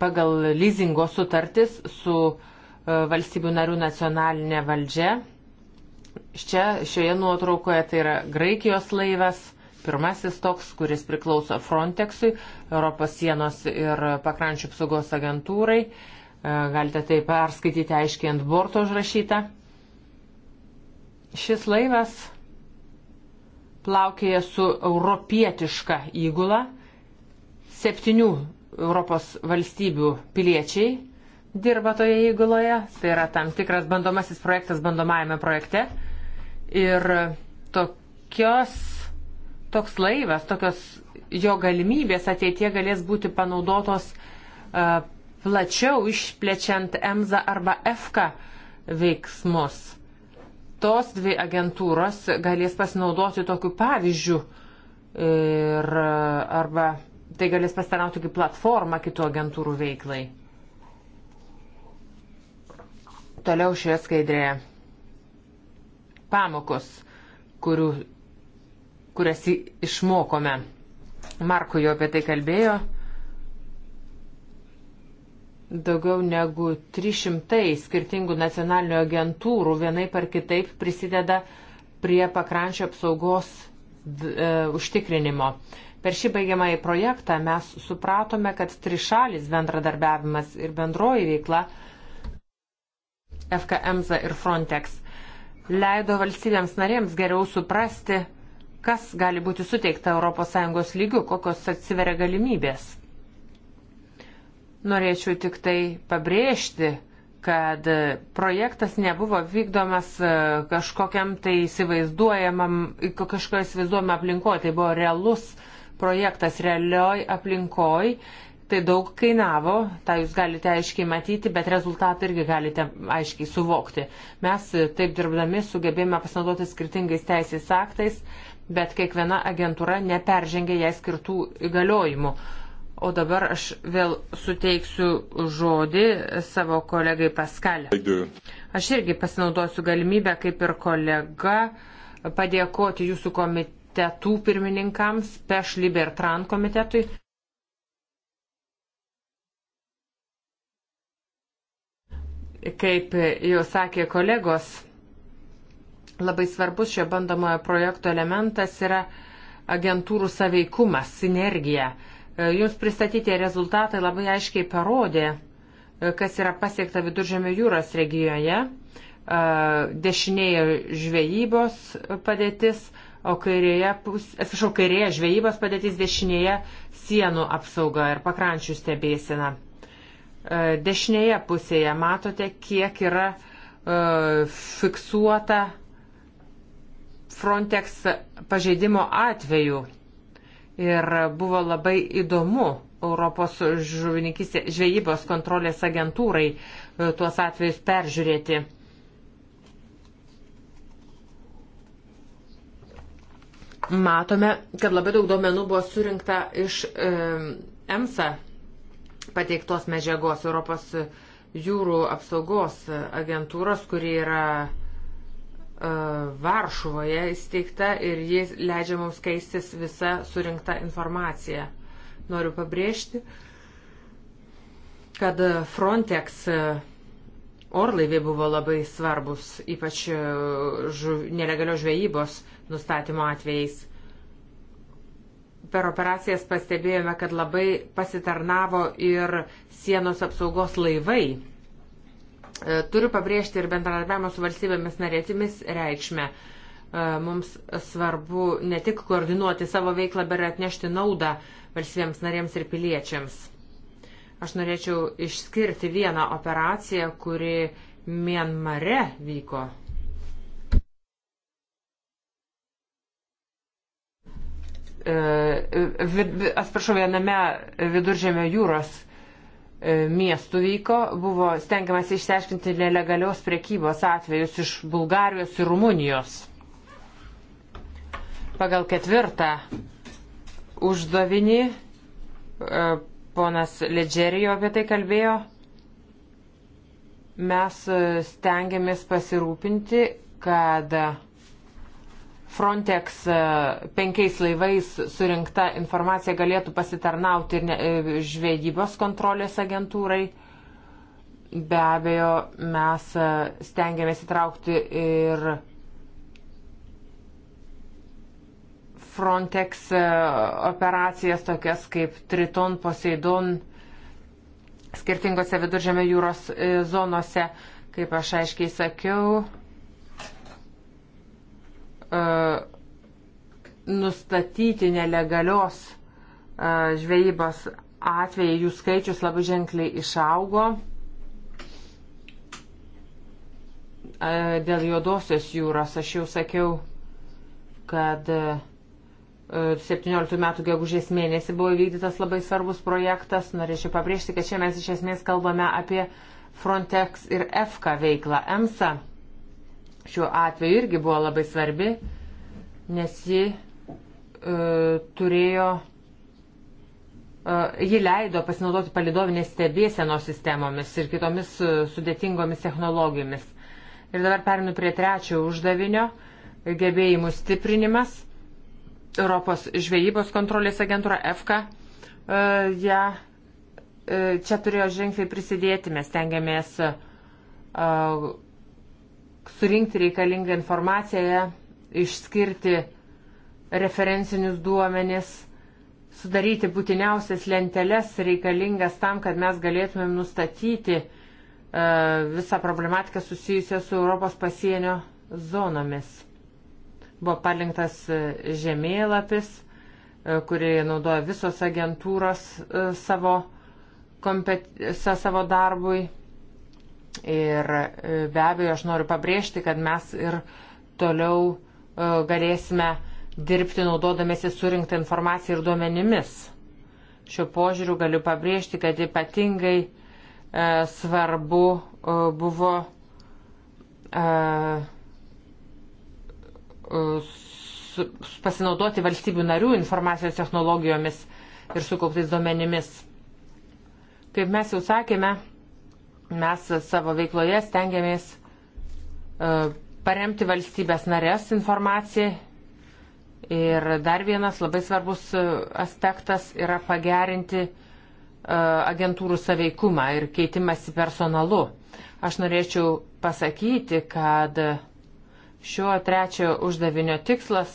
pagal lyzingo sutartis su e, valstybių narių nacionalinė valdžia. Čia šioje nuotraukoje tai yra Graikijos laivas, pirmasis toks, kuris priklauso Frontexui, Europos sienos ir pakrančių apsaugos agentūrai. E, galite tai perskaityti aiškiai ant borto užrašytą. Šis laivas plaukėja su europietiška įgula, septynių Europos valstybių piliečiai dirba toje įguloje, tai yra tam tikras bandomasis projektas bandomajame projekte. Ir tokios, toks laivas, tokios jo galimybės ateitie galės būti panaudotos uh, plačiau išplečiant EMZA arba EFKA veiksmus tos dvi agentūros galės pasinaudoti tokiu pavyzdžiu ir arba tai galės pasitarnauti kaip platforma kitų agentūrų veiklai. Toliau šioje skaidrėje pamokos, kurių, kurias išmokome. Marku jau apie tai kalbėjo daugiau negu 300 skirtingų nacionalinių agentūrų vienaip ar kitaip prisideda prie pakrančio apsaugos e, užtikrinimo. Per šį baigiamąjį projektą mes supratome, kad trišalis bendradarbiavimas ir bendroji veikla FKMZ ir Frontex leido valstybėms narėms geriau suprasti, kas gali būti suteikta ES lygių, kokios atsiveria galimybės. Norėčiau tik tai pabrėžti, kad projektas nebuvo vykdomas e, kažkokiam tai įsivaizduojamam, kažkokia įsivaizduojama aplinkoje, tai buvo realus projektas realioj aplinkoje. Tai daug kainavo, tą jūs galite aiškiai matyti, bet rezultatą irgi galite aiškiai suvokti. Mes taip dirbdami sugebėjome pasinaudoti skirtingais teisės aktais, bet kiekviena agentūra neperžengė jai skirtų įgaliojimų. O dabar aš vėl suteiksiu žodį savo kolegai Paskalė. Aš irgi pasinaudosiu galimybę, kaip ir kolega, padėkoti jūsų komitetų pirmininkams, Peš Libertran komitetui. Kaip jau sakė kolegos, labai svarbus šio bandomojo projekto elementas yra agentūrų saveikumas, sinergija E, jums pristatyti rezultatai labai aiškiai parodė, e, kas yra pasiekta Viduržėmio jūros regione. E, dešinėje žvejybos padėtis, o kairėje, pus, atsiprašau, kairėje žvejybos padėtis, dešinėje sienų apsauga ir pakrančių stebėsina. Dešinėje pusėje matote, kiek yra fiksuota Frontex pažeidimo atveju ir buvo labai įdomu Europos žvejybos kontrolės agentūrai e, tuos atvejus peržiūrėti. Matome, kad labai daug duomenų buvo surinkta iš e, EMSA pateiktos medžiagos Europos jūrų apsaugos agentūros, kuri yra e, Varšuvoje įsteigta ir jie leidžia mums keistis visą surinktą informaciją. Noriu pabrėžti, kad Frontex orlaiviai buvo labai svarbus, ypač žuv, nelegalios žvejybos nustatymo atvejais. Per operacijas pastebėjome, kad labai pasitarnavo ir sienos apsaugos laivai E, turiu pabrėžti ir bendradarbiavimo su valstybėmis narėtimis reikšmę. E, mums svarbu ne tik koordinuoti savo veiklą, bet ir atnešti naudą valstybėms narėms ir piliečiams. Aš norėčiau išskirti vieną operaciją, kuri Mienmare vyko. E, atsiprašau, viename viduržėmio jūros E, miestų vyko, buvo stengiamas išsiaiškinti nelegalios priekybos atvejus iš Bulgarijos ir Rumunijos. Pagal ketvirtą uždavinį e, ponas Ledžerijo apie tai kalbėjo. Mes e, stengiamės pasirūpinti, kad Frontex e, penkiais laivais surinkta informacija galėtų pasitarnauti ir e, žvejybos kontrolės agentūrai. Be abejo, mes e, stengiamės įtraukti ir Frontex operacijas tokias kaip Triton, Poseidon skirtingose viduržėme jūros zonose, kaip aš aiškiai sakiau E, nustatyti nelegalios e, žvejybos atvejai, jų skaičius labai ženkliai išaugo. E, dėl juodosios jūros aš jau sakiau, kad 17 metų gegužės mėnesį buvo įvykdytas labai svarbus projektas. Norėčiau pabrėžti, kad čia mes iš esmės kalbame apie Frontex ir EFKA veiklą. EMSA šiuo atveju irgi buvo labai svarbi, nes ji e, turėjo, e, ji leido pasinaudoti palidovinės stebėsenos sistemomis ir kitomis e, sudėtingomis technologijomis. Ir dabar perinu prie trečiojo uždavinio - gebėjimų stiprinimas. Europos žvejybos kontrolės agentūra EFKA. E, ja, e, čia turėjo ženkliai prisidėti, mes tengiamės e, surinkti reikalingą informaciją, išskirti referencinius duomenis, sudaryti būtiniausias lenteles reikalingas tam, kad mes galėtumėm nustatyti e, visą problematiką susijusią su Europos pasienio zonomis. Buvo palinktas e, žemėlapis, e, kurį naudoja visos agentūros savo, kompet... savo darbui Ir e, be abejo, aš noriu pabrėžti, kad mes ir toliau e, galėsime dirbti naudodamėsi surinktą informaciją ir duomenimis. Šiuo požiūriu galiu pabrėžti, kad ypatingai e, svarbu e, buvo e, e su, pasinaudoti valstybių narių informacijos technologijomis ir sukauptais duomenimis. Kaip mes jau sakėme, Mes savo veikloje stengiamės e, paremti valstybės narės informaciją. Ir dar vienas labai svarbus e, aspektas yra pagerinti e, agentūrų saveikumą ir keitimąsi personalu. Aš norėčiau pasakyti, kad šio trečiojo uždavinio tikslas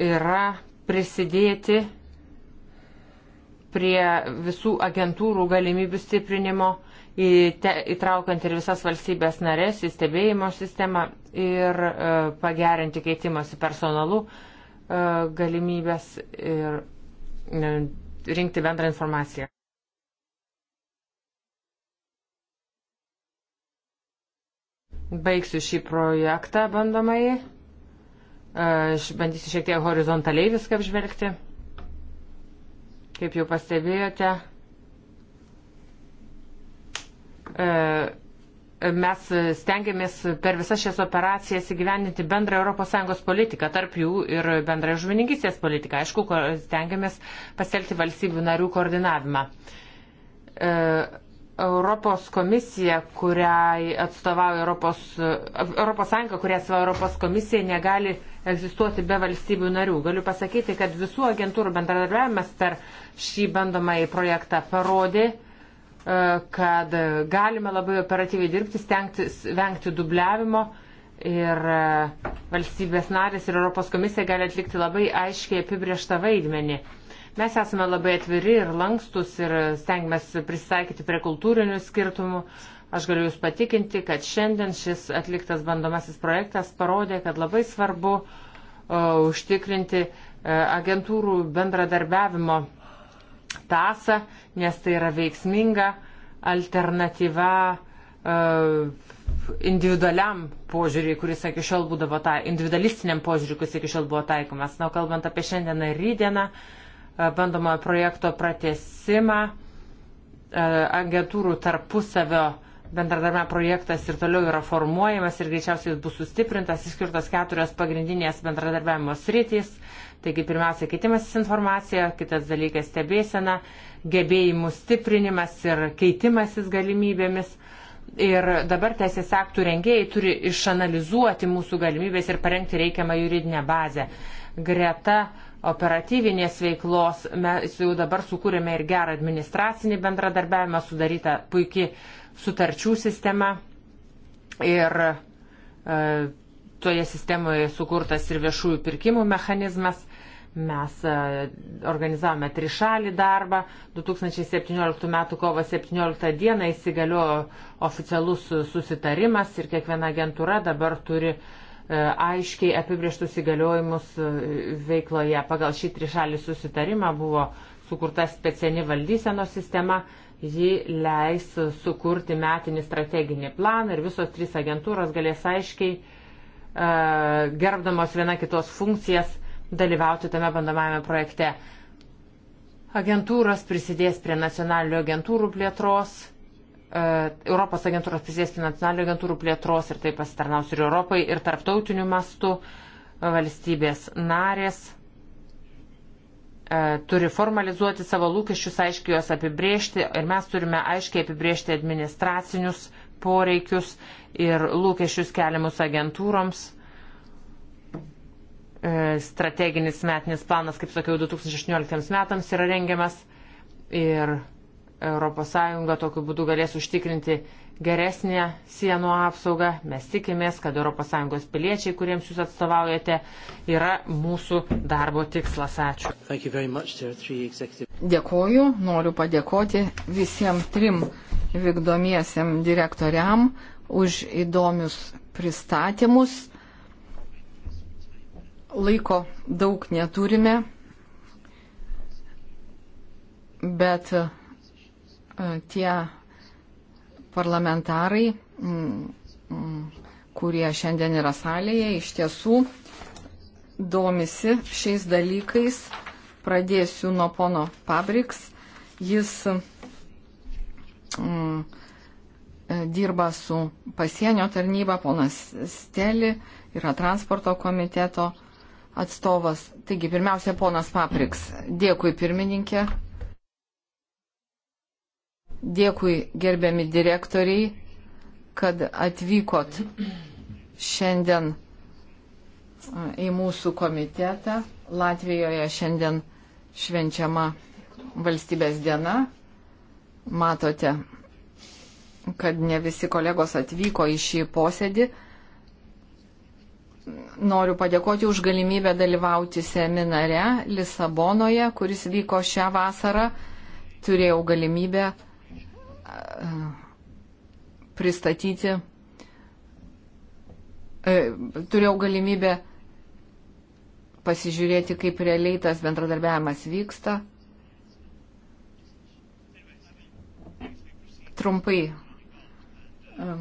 yra prisidėti prie visų agentūrų galimybių stiprinimo, įtraukiant ir visas valstybės narės į stebėjimo sistemą ir e, pagerinti keitimosi personalu e, galimybės ir e, rinkti bendrą informaciją. Baigsiu šį projektą bandomai. Aš bandysiu šiek tiek horizontaliai viską apžvelgti. Kaip jau pastebėjote, e, mes stengiamės per visas šias operacijas įgyvendinti bendrą ES politiką, tarp jų ir bendrą žuvininkystės politiką. Aišku, stengiamės pasitelkti valstybių narių koordinavimą. E, Europos komisija, kuriai atstovauja Europos, Europos Sąjunga, kuriai atstovauja Europos komisija, negali egzistuoti be valstybių narių. Galiu pasakyti, kad visų agentūrų bendradarbiavimas per uh, šį bandomąjį projektą parodė, e, kad galime labai operatyviai dirbti, stengtis vengti dubliavimo ir e, valstybės narės ir Europos komisija gali atlikti labai aiškiai apibrieštą vaidmenį. Mes esame labai atviri ir lankstus ir stengiamės pristaikyti prie kultūrinių skirtumų. Aš galiu Jūs patikinti, kad šiandien šis atliktas bandomasis projektas parodė, kad labai svarbu uh, užtikrinti uh, agentūrų bendradarbiavimo tasą, nes tai yra veiksminga alternatyva e, individualiam požiūriui, kuris iki šiol būdavo ta, individualistiniam požiūriui, kuris iki šiol buvo taikomas. Na, kalbant apie šiandieną ir rydieną, e, bandomojo projekto pratesimą, e, agentūrų tarpusavio bendradarbiavimo projektas ir toliau yra formuojamas ir greičiausiai jis bus sustiprintas, išskirtos keturios pagrindinės bendradarbiavimo sritys Taigi pirmiausia, keitimasis informacija, kitas dalykas stebėsena, gebėjimų stiprinimas ir keitimasis galimybėmis. Ir dabar teisės aktų rengėjai turi išanalizuoti mūsų galimybės ir parengti reikiamą juridinę bazę. Greta operatyvinės veiklos mes jau dabar sukūrėme ir gerą administracinį bendradarbiavimą, sudaryta puikiai sutarčių sistema. Ir e, toje sistemoje sukurtas ir viešųjų pirkimų mechanizmas. Mes e, organizavome trišalį darbą. 2017 m. kovo 17 d. įsigaliojo oficialus susitarimas ir kiekviena agentūra dabar turi e, aiškiai apibrieštus įgaliojimus e, veikloje. Pagal šį trišalį susitarimą buvo sukurta speciali valdysenos sistema, ji leis sukurti metinį strateginį planą ir visos trys agentūros galės aiškiai, gerbdamos viena kitos funkcijas, dalyvauti tame bandomajame projekte. Agentūros prisidės prie nacionalinių agentūrų plėtros, e, Europos agentūros prisidės prie nacionalinių agentūrų plėtros ir tai pasitarnaus ir Europai, ir tarptautiniu mastu valstybės narės e, turi formalizuoti savo lūkesčius, aiškiai juos apibriežti ir mes turime aiškiai apibriežti administracinius poreikius ir lūkesčius keliamus agentūroms E, strateginis metinis planas, kaip sakiau, 2018 metams yra rengiamas ir ES tokiu būdu galės užtikrinti geresnę sienų apsaugą. Mes tikimės, kad ES piliečiai, kuriems jūs atstovaujate, yra mūsų darbo tikslas. Ačiū. Dėkoju, noriu padėkoti visiems trim vykdomiesiam direktoriam už įdomius pristatymus. Laiko daug neturime, bet e, tie parlamentarai, mm, mm, kurie šiandien yra salėje, iš tiesų domisi šiais dalykais. Pradėsiu nuo pono Pabriks. Jis mm, e, dirba su pasienio tarnyba, ponas Steli yra transporto komiteto atstovas. Taigi, pirmiausia, ponas Papriks. Dėkui, pirmininkė. Dėkui, gerbiami direktoriai, kad atvykot šiandien į mūsų komitetą. Latvijoje šiandien švenčiama valstybės diena. Matote, kad ne visi kolegos atvyko į šį posėdį noriu padėkoti už galimybę dalyvauti seminare Lisabonoje, kuris vyko šią vasarą. Turėjau galimybę e, pristatyti, e, turėjau galimybę pasižiūrėti, kaip realiai tas bendradarbiavimas vyksta. Trumpai e,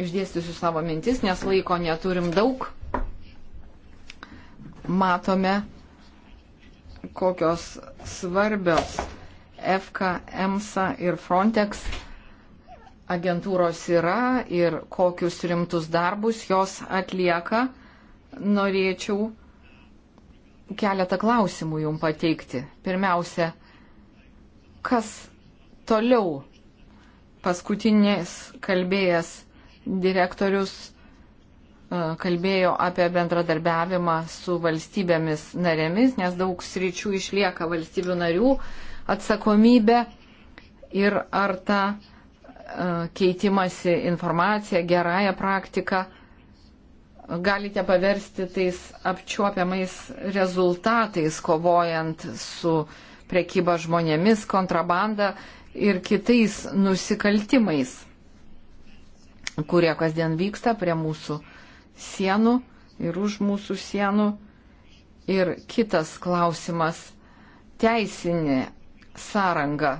išdėstysiu savo mintis, nes laiko neturim daug. Matome, kokios svarbios FK, EMSA ir Frontex agentūros yra ir kokius rimtus darbus jos atlieka. Norėčiau keletą klausimų jum pateikti. Pirmiausia, kas toliau paskutinės kalbėjęs direktorius e, kalbėjo apie bendradarbiavimą su valstybėmis narėmis, nes daug sričių išlieka valstybių narių atsakomybė ir ar ta e, keitimasi informacija, gerąją praktiką galite paversti tais apčiuopiamais rezultatais, kovojant su prekyba žmonėmis, kontrabanda ir kitais nusikaltimais kurie kasdien vyksta prie mūsų sienų ir už mūsų sienų. Ir kitas klausimas - teisinė sąranga.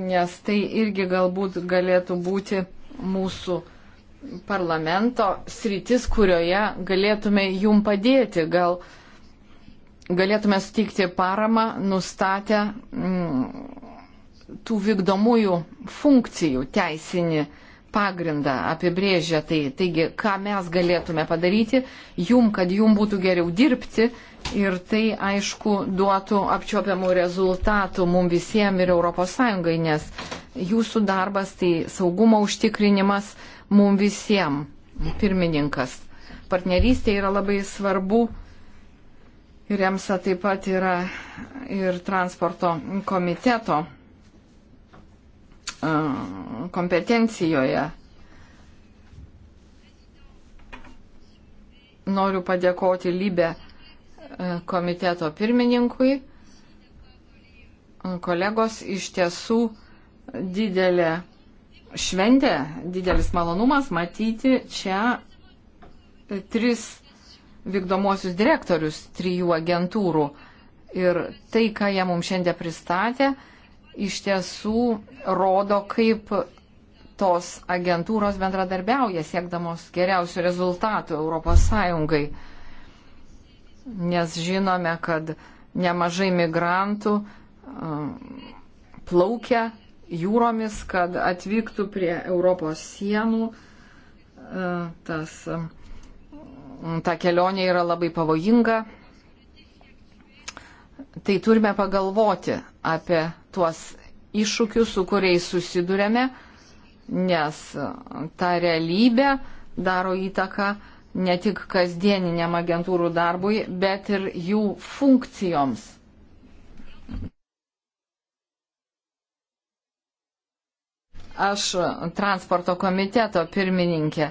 Nes tai irgi galbūt galėtų būti mūsų parlamento sritis, kurioje galėtume jum padėti. Gal galėtume suteikti paramą, nustatę mm, tų vykdomųjų funkcijų teisinį pagrindą apibrėžia. Tai, taigi, ką mes galėtume padaryti jum, kad jum būtų geriau dirbti ir tai, aišku, duotų apčiopiamų rezultatų mums visiems ir ES, nes jūsų darbas tai saugumo užtikrinimas mums visiems. Pirmininkas. Partnerystė yra labai svarbu. Ir EMSA taip pat yra ir transporto komiteto kompetencijoje. Noriu padėkoti Lybę e, komiteto pirmininkui. Kolegos iš tiesų didelė šventė, didelis malonumas matyti čia tris vykdomuosius direktorius trijų agentūrų. Ir tai, ką jie mums šiandien pristatė, iš tiesų rodo, kaip tos agentūros bendradarbiauja siekdamos geriausių rezultatų ES. Nes žinome, kad nemažai migrantų um, plaukia jūromis, kad atvyktų prie Europos sienų. Uh, tas, um, ta kelionė yra labai pavojinga. Tai turime pagalvoti apie tuos iššūkius, su kuriais susidurėme, nes ta realybė daro įtaką ne tik kasdieniniam agentūrų darbui, bet ir jų funkcijoms. Aš transporto komiteto pirmininkė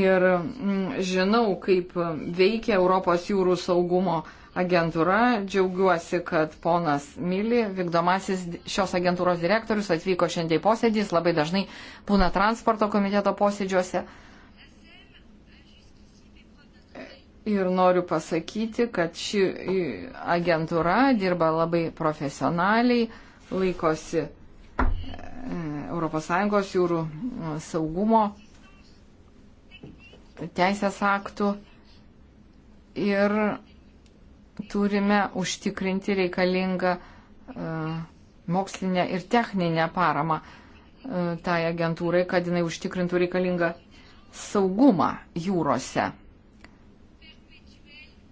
ir mm, žinau, kaip veikia Europos jūrų saugumo komitetas agentūra. Džiaugiuosi, kad ponas Mili, vykdomasis šios agentūros direktorius, atvyko šiandien į posėdį, jis labai dažnai būna transporto komiteto posėdžiuose. Ir noriu pasakyti, kad ši agentūra dirba labai profesionaliai, laikosi ES jūrų e, saugumo teisės aktų ir turime užtikrinti reikalingą e, mokslinę ir techninę paramą e, tai agentūrai, kad jinai užtikrintų reikalingą saugumą jūrose.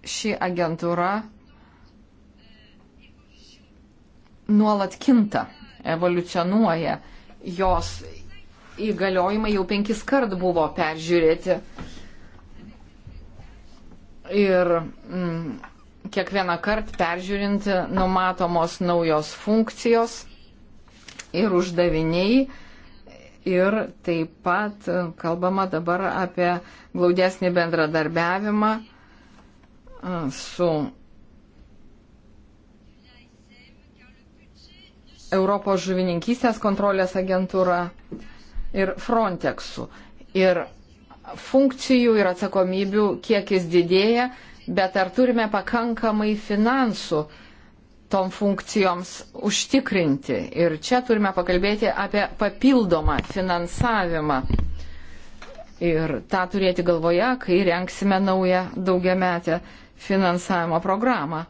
Ši agentūra nuolat kinta, evoliucionuoja. Jos įgaliojimai jau penkis kart buvo peržiūrėti. Ir mm, kiekvieną kartą peržiūrinti numatomos naujos funkcijos ir uždaviniai. Ir taip pat kalbama dabar apie glaudesnį bendradarbiavimą su Europos žuvininkystės kontrolės agentūra ir Frontexu. Ir funkcijų ir atsakomybių kiekis didėja, bet ar turime pakankamai finansų tom funkcijoms užtikrinti. Ir čia turime pakalbėti apie papildomą finansavimą. Ir tą turėti galvoje, kai renksime naują daugiametę finansavimo programą.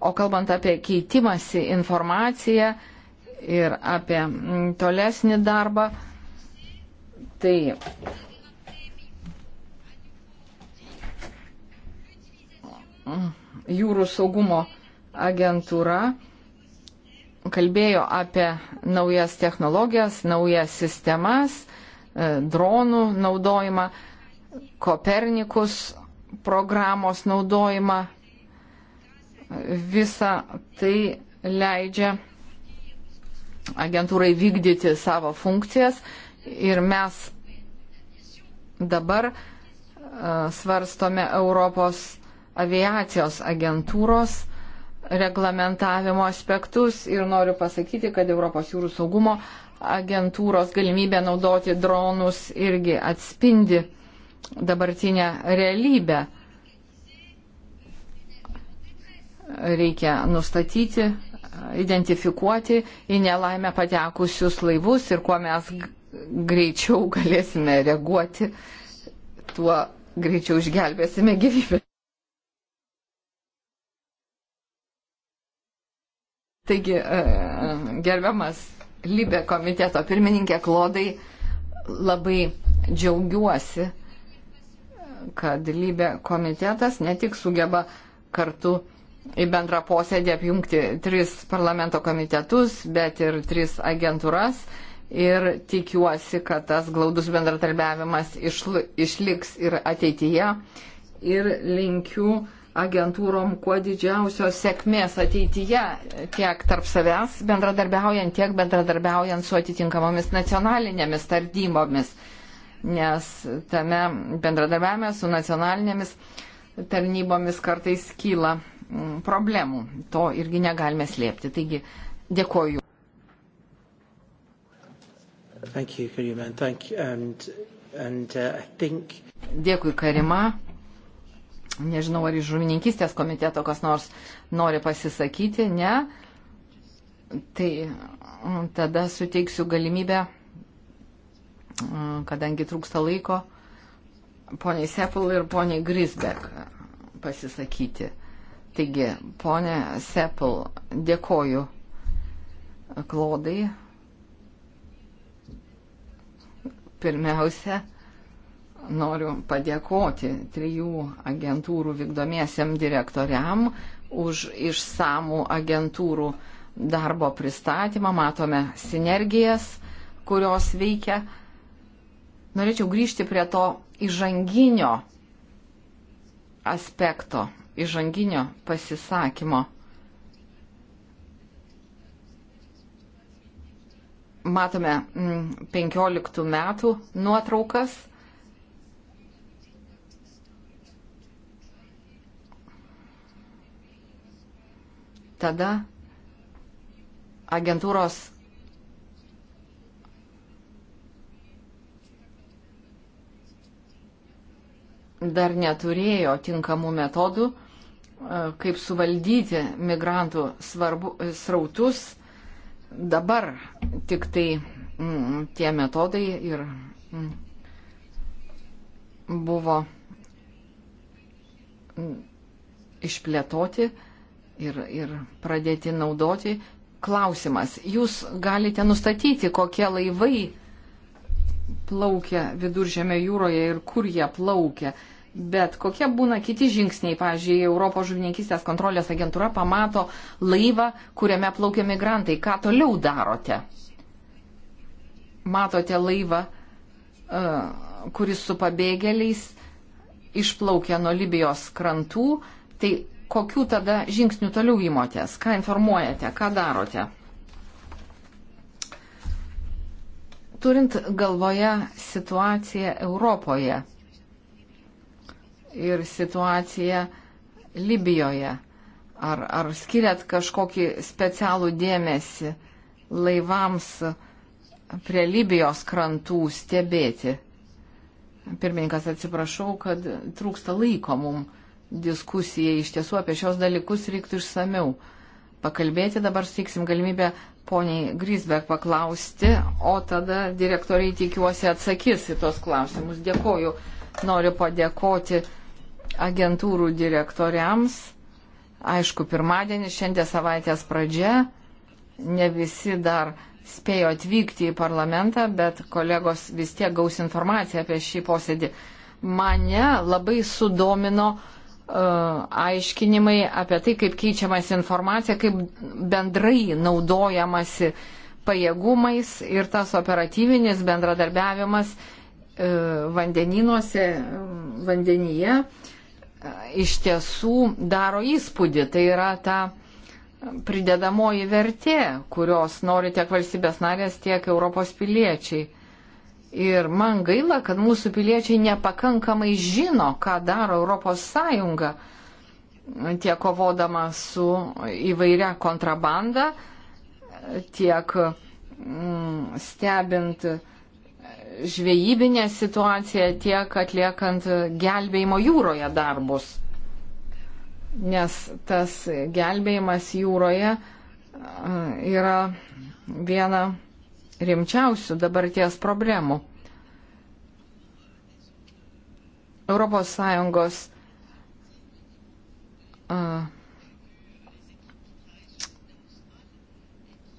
O kalbant apie keitimąsi informaciją ir apie mm, tolesnį darbą, tai jūrų saugumo agentūra kalbėjo apie naujas technologijas, naujas sistemas, e, dronų naudojimą, Kopernikus programos naudojimą. Visa tai leidžia agentūrai vykdyti savo funkcijas ir mes dabar e, svarstome Europos aviacijos agentūros reglamentavimo aspektus ir noriu pasakyti, kad Europos jūrų saugumo agentūros galimybė naudoti dronus irgi atspindi dabartinę realybę. Reikia nustatyti, identifikuoti į nelaimę patekusius laivus ir kuo mes greičiau galėsime reaguoti, tuo greičiau išgelbėsime gyvybę. Taigi, e, e, gerbiamas Libė komiteto pirmininkė Klodai, labai džiaugiuosi, kad Libė komitetas ne tik sugeba kartu į bendrą posėdį apjungti tris parlamento komitetus, bet ir tris agentūras. Ir tikiuosi, kad tas glaudus bendratarbiavimas išliks ir ateityje. Ir linkiu agentūrom kuo didžiausios sėkmės ateityje tiek tarp savęs bendradarbiaujant, tiek bendradarbiaujant su atitinkamomis nacionalinėmis tardybomis. Nes tame bendradarbiavime su nacionalinėmis tarnybomis kartais kyla mm, problemų. To irgi negalime slėpti. Taigi dėkoju. Thank you, Karima. Thank you. And, and, uh, I think... Dėkui, Karima. Nežinau, ar iš žuvininkystės komiteto kas nors nori pasisakyti, ne. Tai mm, tada suteiksiu galimybę, mm, kadangi trūksta laiko, poniai Sepul ir poniai Grisbek pasisakyti. Taigi, ponė Sepul, dėkoju Klodai. Pirmiausia, noriu padėkoti trijų agentūrų vykdomiesiam direktoriam už išsamų agentūrų darbo pristatymą. Matome sinergijas, kurios veikia. Norėčiau grįžti prie to įžanginio aspekto, įžanginio pasisakymo. Matome 15 mm, metų nuotraukas tada agentūros dar neturėjo tinkamų metodų, e, kaip suvaldyti migrantų svarbu, e, srautus. Dabar tik tai m, mm, tie metodai ir m, mm, buvo m, mm, išplėtoti ir, ir pradėti naudoti. Klausimas, jūs galite nustatyti, kokie laivai plaukia viduržėme jūroje ir kur jie plaukia. Bet kokie būna kiti žingsniai, pavyzdžiui, Europos žuvininkistės kontrolės agentūra pamato laivą, kuriame plaukia migrantai. Ką toliau darote? Matote laivą, e, kuris su pabėgėliais išplaukia nuo Libijos krantų. Tai kokių tada žingsnių toliau įmotės, ką informuojate, ką darote. Turint galvoje situaciją Europoje ir situaciją Libijoje, ar, ar skiriat kažkokį specialų dėmesį laivams prie Libijos krantų stebėti? Pirmininkas, atsiprašau, kad trūksta laiko mums diskusijai iš tiesų apie šios dalykus reiktų išsameu pakalbėti. Dabar suteiksim galimybę poniai Grisberg paklausti, o tada direktoriai tikiuosi atsakys į tos klausimus. Dėkoju. Noriu padėkoti agentūrų direktoriams. Aišku, pirmadienis, šiandien savaitės pradžia. Ne visi dar spėjo atvykti į parlamentą, bet kolegos vis tiek gaus informaciją apie šį posėdį. Mane labai sudomino uh, E, aiškinimai apie tai, kaip keičiamas informacija, kaip bendrai naudojamasi pajėgumais ir tas operatyvinis bendradarbiavimas e, vandeninuose, vandenyje e, iš tiesų daro įspūdį. Tai yra ta pridedamoji vertė, kurios nori tiek valstybės narės, tiek Europos piliečiai. Ir man gaila, kad mūsų piliečiai nepakankamai žino, ką daro ES tiek kovodama su įvairia kontrabanda, tiek mm, stebint žvejybinę situaciją, tiek atliekant gelbėjimo jūroje darbus. Nes tas gelbėjimas jūroje yra viena rimčiausių dabarties problemų. ES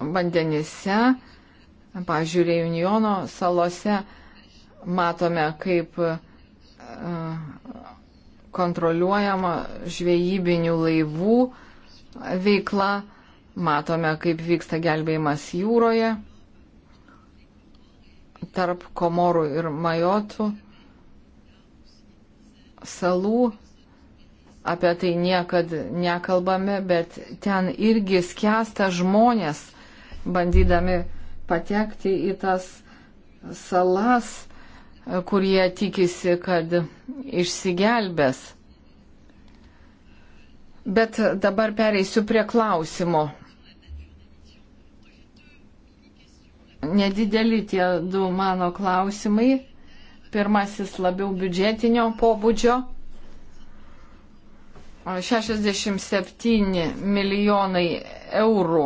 vandenise, pavyzdžiui, Reunijono salose matome, kaip kontroliuojama žvejybinių laivų veikla, matome, kaip vyksta gelbėjimas jūroje tarp Komorų ir Majotų salų. Apie tai niekada nekalbame, bet ten irgi skęsta žmonės, bandydami patekti į tas salas, kurie tikisi, kad išsigelbės. Bet dabar pereisiu prie klausimo. Nedideli tie du mano klausimai. Pirmasis labiau biudžetinio pobūdžio. 67 milijonai eurų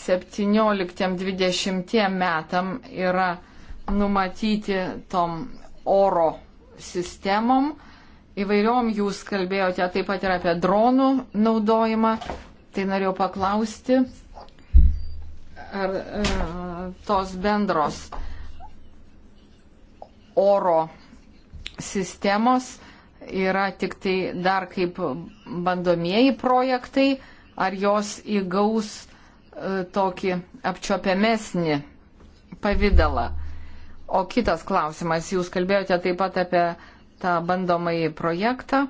17-20 metam yra numatyti tom oro sistemom. Įvairiom jūs kalbėjote taip pat ir apie dronų naudojimą. Tai norėjau paklausti, ar e, tos bendros oro sistemos yra tik tai dar kaip bandomieji projektai, ar jos įgaus e, tokį apčiopiamesnį pavydalą. O kitas klausimas, jūs kalbėjote taip pat apie tą bandomąjį projektą.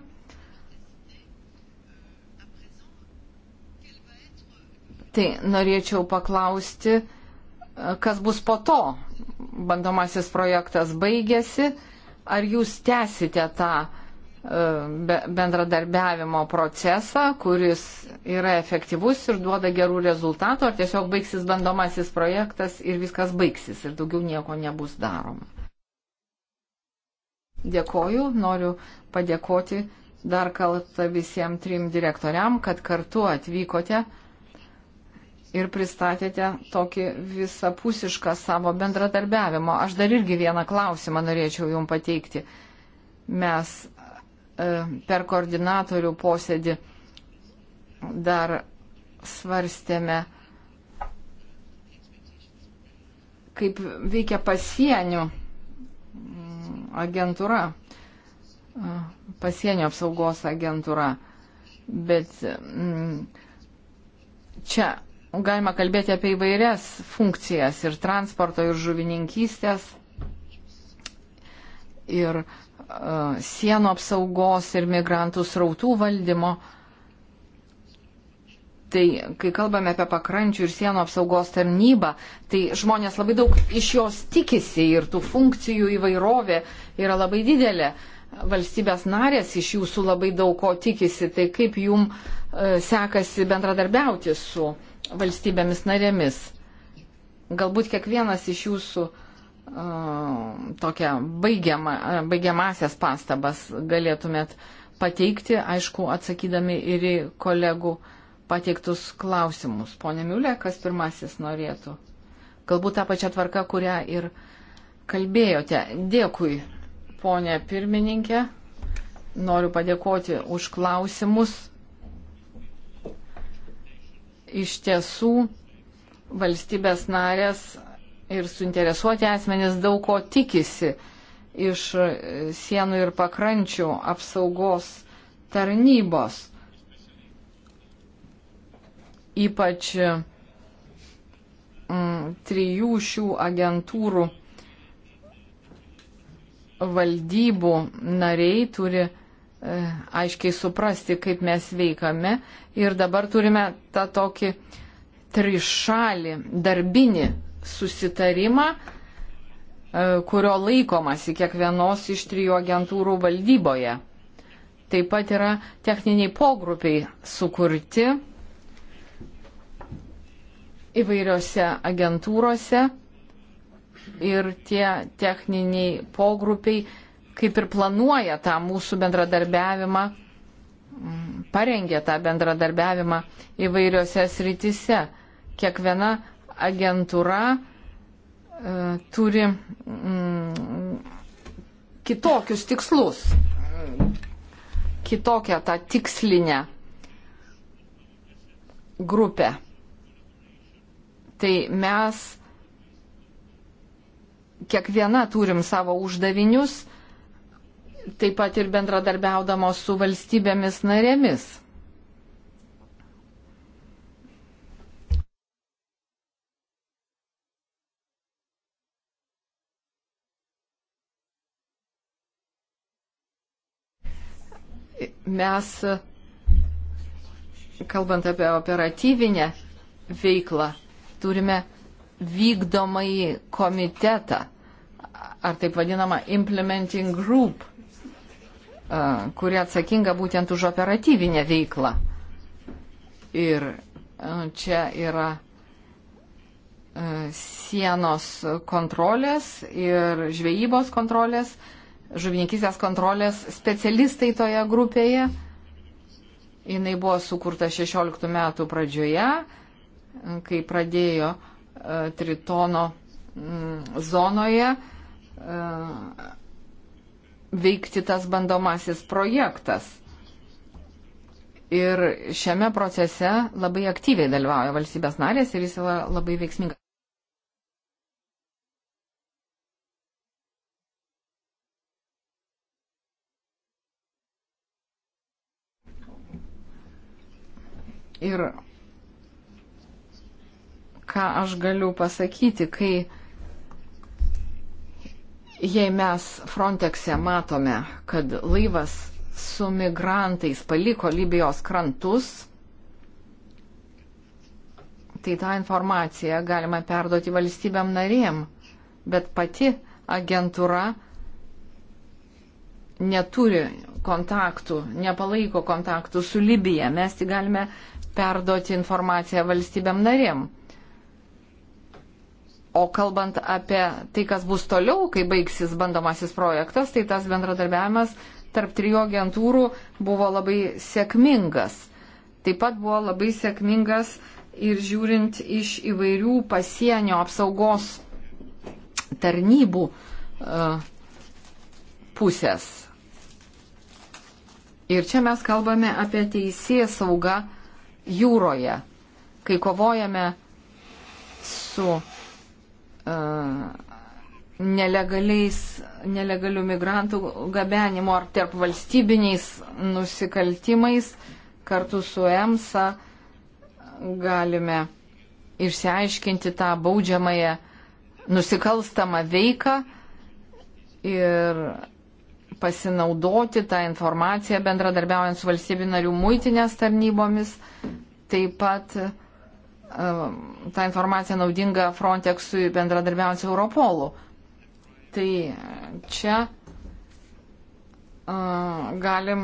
Tai norėčiau paklausti, kas bus po to. Bandomasis projektas baigėsi. Ar jūs tęsite tą e, bendradarbiavimo procesą, kuris yra efektyvus ir duoda gerų rezultatų, ar tiesiog baigsis bandomasis projektas ir viskas baigsis ir daugiau nieko nebus daroma? Dėkoju, noriu padėkoti dar kartą visiems trim direktoriam, kad kartu atvykote ir pristatėte tokį visapusišką savo bendradarbiavimo. Aš dar irgi vieną klausimą norėčiau Jums pateikti. Mes e, per koordinatorių posėdį dar svarstėme, kaip veikia pasienių mm, agentūra, e, pasienio apsaugos agentūra. Bet mm, čia galima kalbėti apie įvairias funkcijas ir transporto, ir žuvininkystės, ir e, sienų apsaugos, ir migrantų srautų valdymo. Tai kai kalbame apie pakrančių ir sienų apsaugos tarnybą, tai žmonės labai daug iš jos tikisi ir tų funkcijų įvairovė yra labai didelė. Valstybės narės iš jūsų labai daug ko tikisi, tai kaip jum e, sekasi bendradarbiauti su uh, valstybėmis narėmis. Galbūt kiekvienas iš jūsų tokią baigiamą, baigiamasias pastabas galėtumėt pateikti, aišku, atsakydami ir į kolegų pateiktus klausimus. Pone Miulė, kas pirmasis norėtų? Galbūt tą pačią tvarką, kurią ir kalbėjote. Dėkui, ponė pirmininkė. Noriu padėkoti už klausimus iš tiesų valstybės narės ir suinteresuoti asmenys daug ko tikisi iš sienų ir pakrančių apsaugos tarnybos. Ypač m, mm, trijų šių agentūrų valdybų nariai turi E, aiškiai suprasti, kaip mes veikame. Ir dabar turime tą tokį trišalį darbinį susitarimą, e, kurio laikomasi kiekvienos iš trijų agentūrų valdyboje. Taip pat yra techniniai pogrupiai sukurti įvairiose agentūrose ir tie techniniai pogrupiai kaip ir planuoja tą mūsų bendradarbiavimą, parengė tą bendradarbiavimą įvairiose srityse. Kiekviena agentūra e, turi mm, kitokius tikslus, kitokią tą tikslinę grupę. Tai mes kiekviena turim savo uždavinius, taip pat ir bendradarbiaudamos su valstybėmis narėmis. Mes, kalbant apie operatyvinę veiklą, turime vykdomąjį komitetą, ar taip vadinamą implementing group, kuri atsakinga būtent už operatyvinę veiklą. Ir čia yra sienos kontrolės ir žvejybos kontrolės, žuvininkysės kontrolės specialistai toje grupėje. Jis buvo sukurta 16 metų pradžioje, kai pradėjo Tritono zonoje veikti tas bandomasis projektas. Ir šiame procese labai aktyviai dalyvauja valstybės narės ir jis yra labai veiksmingas. Ir ką aš galiu pasakyti, kai Jei mes Frontexe matome, kad laivas su migrantais paliko Libijos krantus, tai tą informaciją galima perduoti valstybėm narėm, bet pati agentūra neturi kontaktų, nepalaiko kontaktų su Libija. Mes tik galime perduoti informaciją valstybėm narėm. O kalbant apie tai, kas bus toliau, kai baigsis bandomasis projektas, tai tas bendradarbiavimas tarp trijų agentūrų buvo labai sėkmingas. Taip pat buvo labai sėkmingas ir žiūrint iš įvairių pasienio apsaugos tarnybų uh, pusės. Ir čia mes kalbame apie teisėją saugą jūroje, kai kovojame su nelegalių migrantų gabenimo ar tarp valstybiniais nusikaltimais kartu su EMSA galime išsiaiškinti tą baudžiamąją nusikalstamą veiką ir pasinaudoti tą informaciją bendradarbiaujant su valstybių narių muitinės tarnybomis. Taip pat uh, Um, ta informacija naudinga Frontexui bendradarbiaujant su Europolu. Tai čia uh, galim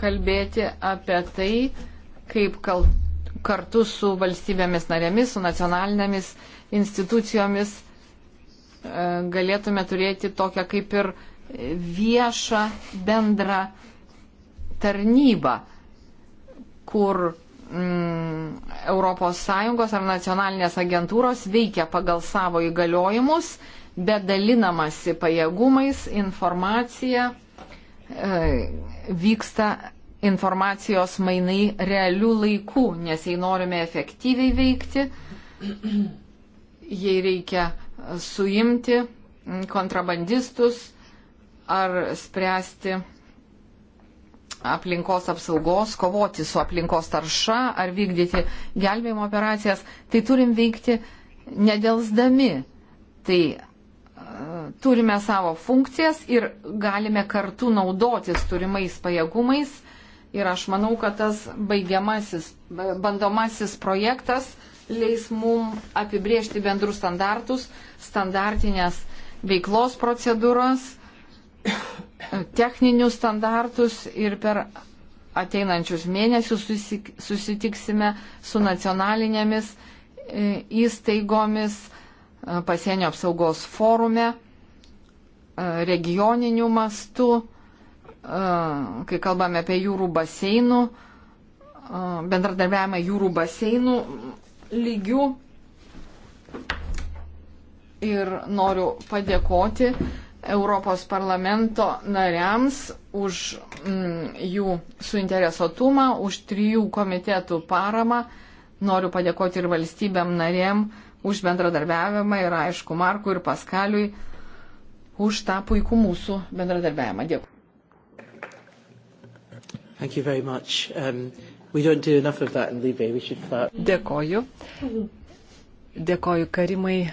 kalbėti apie tai, kaip kal, kartu su valstybėmis narėmis, su nacionalinėmis institucijomis uh, galėtume turėti tokią kaip ir viešą bendrą tarnybą, kur Mm, ES ar nacionalinės agentūros veikia pagal savo įgaliojimus, bet dalinamasi pajėgumais, informacija e, vyksta informacijos mainai realių laikų, nes jei norime efektyviai veikti, jei reikia suimti kontrabandistus ar spręsti aplinkos apsaugos, kovoti su aplinkos tarša ar vykdyti gelbėjimo operacijas, tai turim veikti nedelsdami. Tai e, turime savo funkcijas ir galime kartu naudotis turimais pajėgumais. Ir aš manau, kad tas baigiamasis, bandomasis projektas leis mum apibriežti bendrus standartus, standartinės veiklos procedūras techninius standartus ir per ateinančius mėnesius susitiksime su nacionalinėmis e, įstaigomis e, pasienio apsaugos forume, e, regioniniu mastu, kai kalbame apie jūrų baseinų, bendradarbiavimą jūrų baseinų lygių. Ir noriu padėkoti Europos parlamento nariams už mm, jų suinteresuotumą, už trijų komitetų paramą. Noriu padėkoti ir valstybėm narėm už bendradarbiavimą ir aišku Marku ir Paskaliui už tą puikų mūsų bendradarbiavimą. Dėkui. Thank you very much. Um, we don't do enough of that in Libya. We should start. Dėkoju. Dėkoju Karimai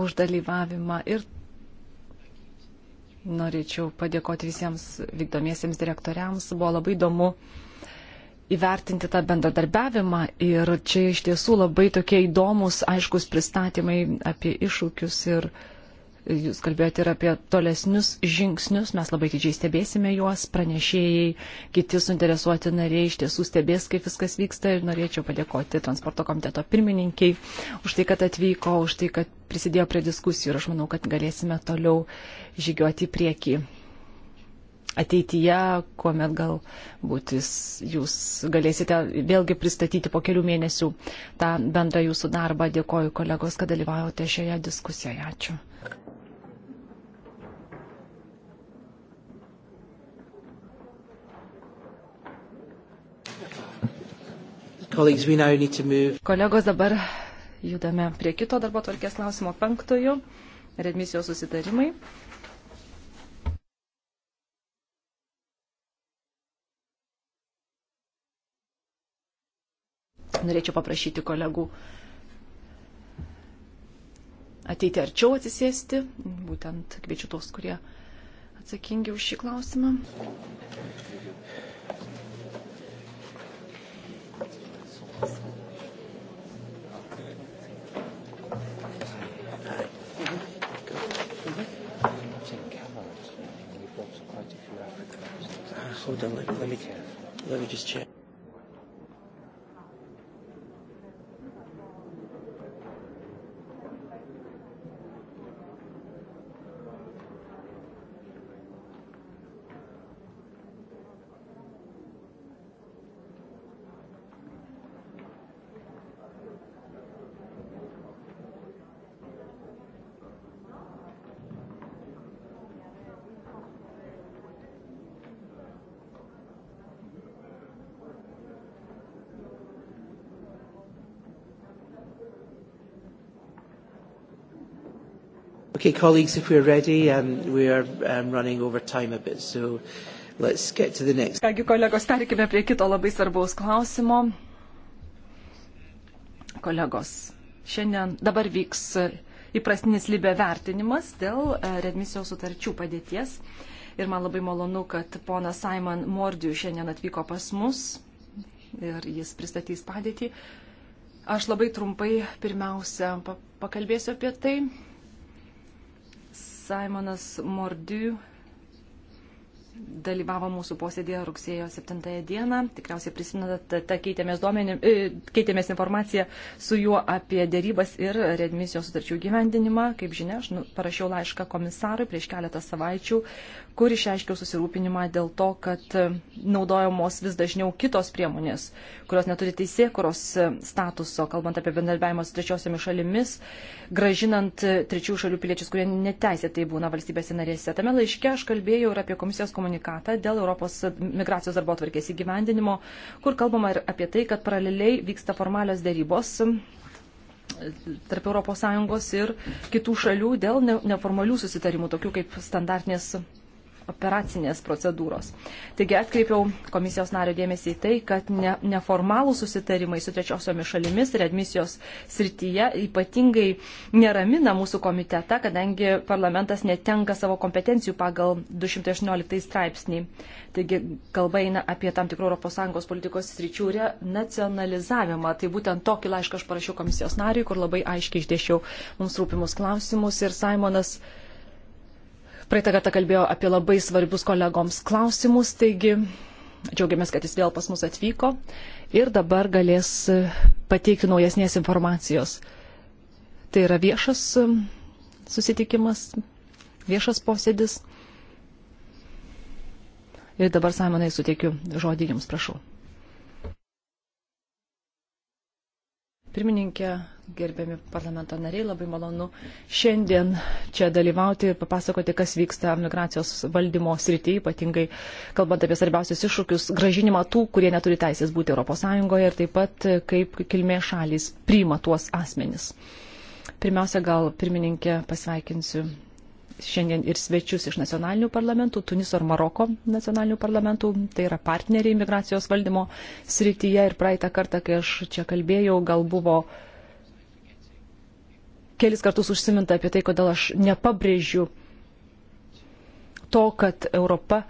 už dalyvavimą ir Norėčiau padėkoti visiems vykdomiesiems direktoriams. Buvo labai įdomu įvertinti tą bendradarbiavimą ir čia iš tiesų labai tokie įdomus, aiškus pristatymai apie iššūkius ir uh, Jūs kalbėjote ir apie tolesnius žingsnius, mes labai didžiai stebėsime juos, pranešėjai, kiti suinteresuoti nariai iš tiesų stebės, kaip viskas vyksta ir norėčiau padėkoti transporto komiteto pirmininkiai už tai, kad atvyko, už tai, kad prisidėjo prie diskusijų ir aš manau, kad galėsime toliau žygiuoti į priekį. Ateityje, kuomet galbūt jūs galėsite vėlgi pristatyti po kelių mėnesių tą bendrą jūsų darbą, dėkoju kolegos, kad dalyvavote šioje diskusijoje. Ačiū. Kolegos, dabar judame prie kito darbo tvarkės klausimo penktojo - redmisijos susitarimai. Norėčiau paprašyti kolegų ateiti arčiau atsisėsti, būtent kviečiu tos, kurie atsakingi už šį klausimą. Hold on, let, let me let me just check. Okay, colleagues, if we're ready, um, we are um, running over time a bit, so let's get to the next. Kągi, kolegos, perikime prie kito labai svarbaus klausimo. Kolegos, šiandien dabar vyks įprastinis libė vertinimas dėl e, redmisijos sutarčių padėties. Ir man labai malonu, kad ponas Simon Mordijų šiandien atvyko pas mus ir jis pristatys padėtį. Aš labai trumpai pirmiausia pakalbėsiu apie tai, Simonas Mordiu dalyvavo mūsų posėdėje rugsėjo 7 dieną. Tikriausiai prisimenate, keitėmės, duomenim, e, keitėmės informaciją su juo apie dėrybas ir redmisijos sutarčių gyvendinimą. Kaip žinia, aš nu, parašiau laišką komisarui prieš keletą savaičių, kur išreiškiau susirūpinimą dėl to, kad e, naudojamos vis dažniau kitos priemonės, kurios neturi teisėkuros e, statuso, kalbant apie bendarbiavimą su trečiosiomis šalimis, gražinant trečių šalių piliečius, kurie neteisėtai būna valstybėse narėse. Tame laiške aš kalbėjau ir apie komisijos komunikaciją komunikatą dėl Europos migracijos darbo atvarkės įgyvendinimo, kur kalbama ir apie tai, kad paraleliai vyksta formalios dėrybos tarp ES ir kitų šalių dėl neformalių susitarimų, tokių kaip standartinės operacinės procedūros. Taigi atkreipiau komisijos nario dėmesį į tai, kad ne, neformalų susitarimai su trečiosiomis šalimis ir admisijos srityje ypatingai neramina mūsų komitetą, kadangi parlamentas netenka savo kompetencijų pagal 218 straipsnį. Taigi kalba eina apie tam tikrų ES politikos sričių renacionalizavimą. Tai būtent tokį laišką aš parašiau komisijos nariui, kur labai aiškiai išdėšiau mums rūpimus klausimus ir Simonas. Yes praeitą kartą kalbėjo apie labai svarbius kolegoms klausimus, taigi džiaugiamės, kad jis vėl pas mus atvyko ir dabar galės pateikti naujesnės informacijos. Tai yra viešas um, susitikimas, viešas posėdis. Ir dabar, Simonai, suteikiu žodį jums, prašau. Pirmininkė, gerbiami parlamento nariai, labai malonu šiandien čia dalyvauti ir papasakoti, kas vyksta migracijos valdymo srityje, ypatingai kalbant apie svarbiausius iššūkius, gražinimą tų, kurie neturi teisės būti ES ir taip pat kaip kilmė šalys priima tuos asmenis. Pirmiausia, gal pirmininkė pasveikinsiu šiandien ir svečius iš nacionalinių parlamentų, Tuniso ir Maroko nacionalinių parlamentų, tai yra partneriai migracijos valdymo srityje ir praeitą kartą, kai aš čia kalbėjau, gal buvo kelis kartus užsiminta apie tai, kodėl aš nepabrėžiu to, kad Europa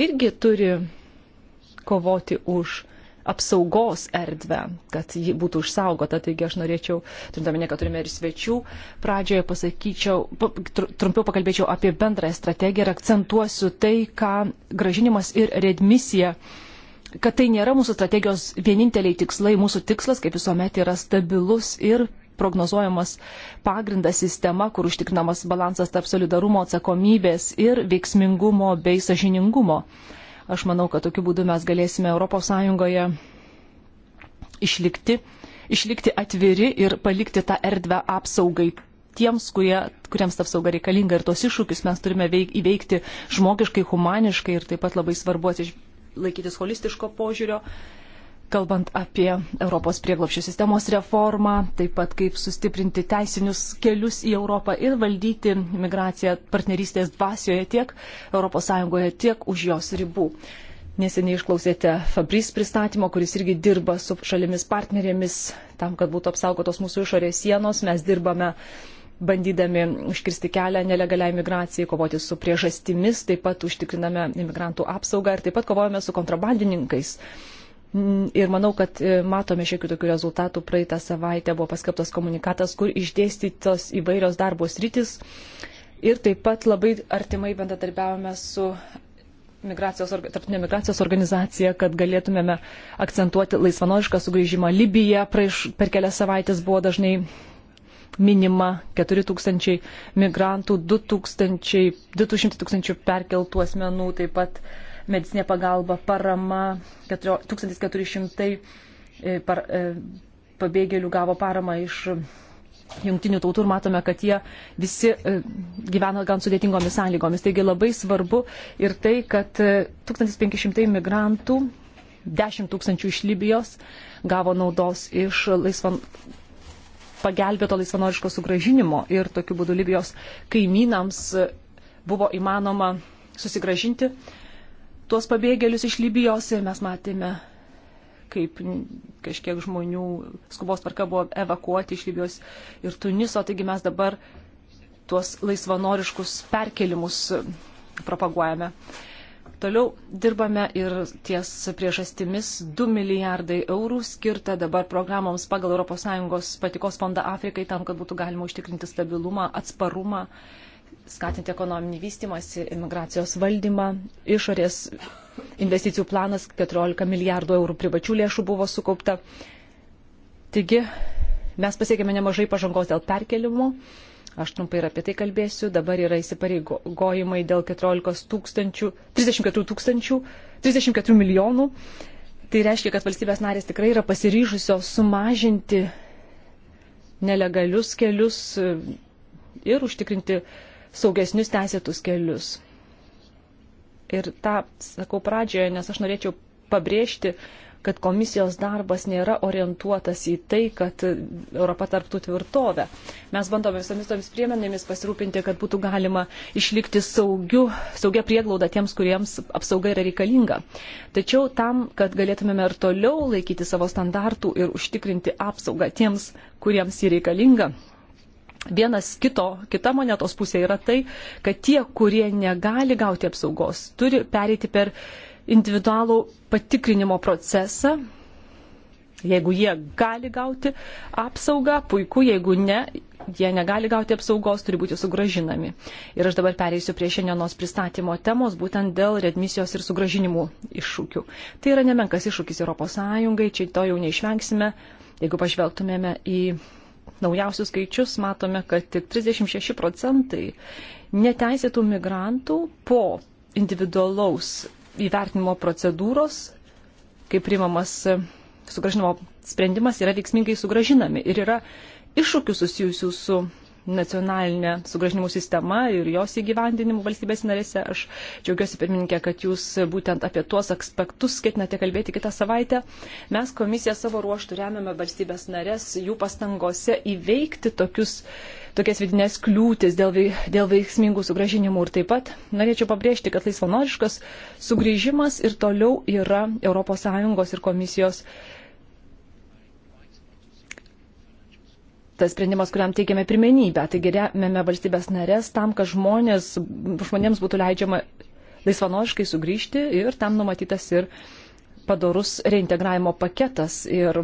irgi turi kovoti už apsaugos erdvę, kad ji būtų išsaugota. Taigi aš norėčiau, turintaminė, kad turime ir svečių, pradžioje pasakyčiau, trumpiau pakalbėčiau apie bendrąją strategiją ir akcentuosiu tai, ką gražinimas ir redmisija, kad tai nėra mūsų strategijos vieninteliai tikslai. Mūsų tikslas, kaip visuomet, yra stabilus ir prognozuojamas pagrindas sistema, kur užtikrinamas balansas tarp solidarumo, atsakomybės ir veiksmingumo bei sažiningumo. Aš manau, kad tokiu būdu mes galėsime ES išlikti, išlikti atviri ir palikti tą erdvę apsaugai tiems, kurie, kuriems ta apsauga reikalinga. Ir tos iššūkius mes turime veik, įveikti žmogiškai, humaniškai ir taip pat labai svarbu atsiž... laikytis holistiško požiūrio kalbant apie Europos prieglopščių sistemos reformą, taip pat kaip sustiprinti teisinius kelius į Europą ir valdyti migraciją partnerystės dvasioje tiek ES, tiek už jos ribų. Neseniai išklausėte Fabris pristatymo, kuris irgi dirba su šalimis partnerėmis tam, kad būtų apsaugotos mūsų išorės sienos. Mes dirbame bandydami užkirsti kelią nelegaliai migracijai, kovoti su priežastimis, taip pat užtikriname imigrantų apsaugą ir taip pat kovojame su kontrabandininkais Mm, ir manau, kad e, matome šiek tiek tokių rezultatų. Praeitą savaitę buvo paskaptas komunikatas, kur išdėstytos įvairios darbo sritis. Ir taip pat labai artimai bendradarbiavome su migracijos, tarptinė migracijos organizacija, kad galėtumėme akcentuoti laisvanorišką sugrįžimą. Libija prieš, per kelias savaitės buvo dažnai minima 4 tūkstančiai migrantų, 2 tūkstančiai, 200 tūkstančių perkeltų asmenų, taip pat medicinė pagalba, parama, 1400 e, par, e, pabėgėlių gavo paramą iš jungtinių tautų ir matome, kad jie visi e, gyvena gan sudėtingomis sąlygomis. Taigi labai svarbu ir tai, kad 1500 migrantų, 10 tūkstančių iš Libijos gavo naudos iš laisvan pagelbėto laisvanoriško sugražinimo ir tokiu būdu Libijos kaimynams buvo įmanoma susigražinti uh, tuos pabėgėlius iš Libijos ir mes matėme, kaip kažkiek žmonių skubos tvarka buvo evakuoti iš Libijos ir Tuniso, taigi mes dabar tuos laisvanoriškus perkelimus propaguojame. Toliau dirbame ir ties priežastimis 2 milijardai eurų skirta dabar programoms pagal ES patikos fondą Afrikai tam, kad būtų galima užtikrinti stabilumą, atsparumą skatinti ekonominį vystimąsi, imigracijos valdymą, išorės investicijų planas 14 milijardų eurų privačių lėšų buvo sukaupta. Taigi mes pasiekėme nemažai pažangos dėl perkelimų. Aš trumpai ir apie tai kalbėsiu. Dabar yra įsipareigojimai dėl 14 tūkstančių, 34 tūkstančių, 34 milijonų. Tai reiškia, kad valstybės narės tikrai yra pasiryžusios sumažinti nelegalius kelius ir užtikrinti uh, saugesnius teisėtus kelius. Ir tą sakau pradžioje, nes aš norėčiau pabrėžti, kad komisijos darbas nėra orientuotas į tai, kad Europa tarptų tvirtovę. Mes bandome visomis tomis priemonėmis pasirūpinti, kad būtų galima išlikti saugiu, saugia prieglauda tiems, kuriems apsauga yra reikalinga. Tačiau tam, kad galėtumėme ir toliau laikyti savo standartų ir užtikrinti apsaugą tiems, kuriems jį reikalinga, vienas kito, kita monetos pusė yra tai, kad tie, kurie negali gauti apsaugos, turi pereiti per individualų patikrinimo procesą. Jeigu jie gali gauti apsaugą, puiku, jeigu ne, jie negali gauti apsaugos, turi būti sugražinami. Ir aš dabar pereisiu prie šiandienos pristatymo temos, būtent dėl redmisijos ir sugražinimų iššūkių. Tai yra nemenkas iššūkis ES, čia to jau neišvengsime, jeigu pažvelgtumėme į naujausius skaičius matome, kad tik 36 procentai neteisėtų migrantų po individualaus įvertinimo procedūros, kai primamas e, sugražinimo sprendimas, yra veiksmingai sugražinami. Ir yra iššūkių susijusių su nacionalinė sugražinimų sistema ir jos įgyvendinimu valstybės narėse. Aš džiaugiuosi, pirmininkė, kad jūs būtent apie tuos aspektus ketinate kalbėti kitą savaitę. Mes komisija savo ruoštų remiame valstybės narės jų pastangose įveikti tokius, tokias vidinės kliūtis dėl, dėl veiksmingų sugražinimų. Ir taip pat norėčiau pabrėžti, kad laisvanoriškas sugrįžimas ir toliau yra ES ir komisijos tas sprendimas, kuriam teikiame pirmenybę. Taigi remiame valstybės narės tam, kad žmonės, žmonėms būtų leidžiama laisvanoriškai sugrįžti ir tam numatytas ir padorus reintegravimo paketas ir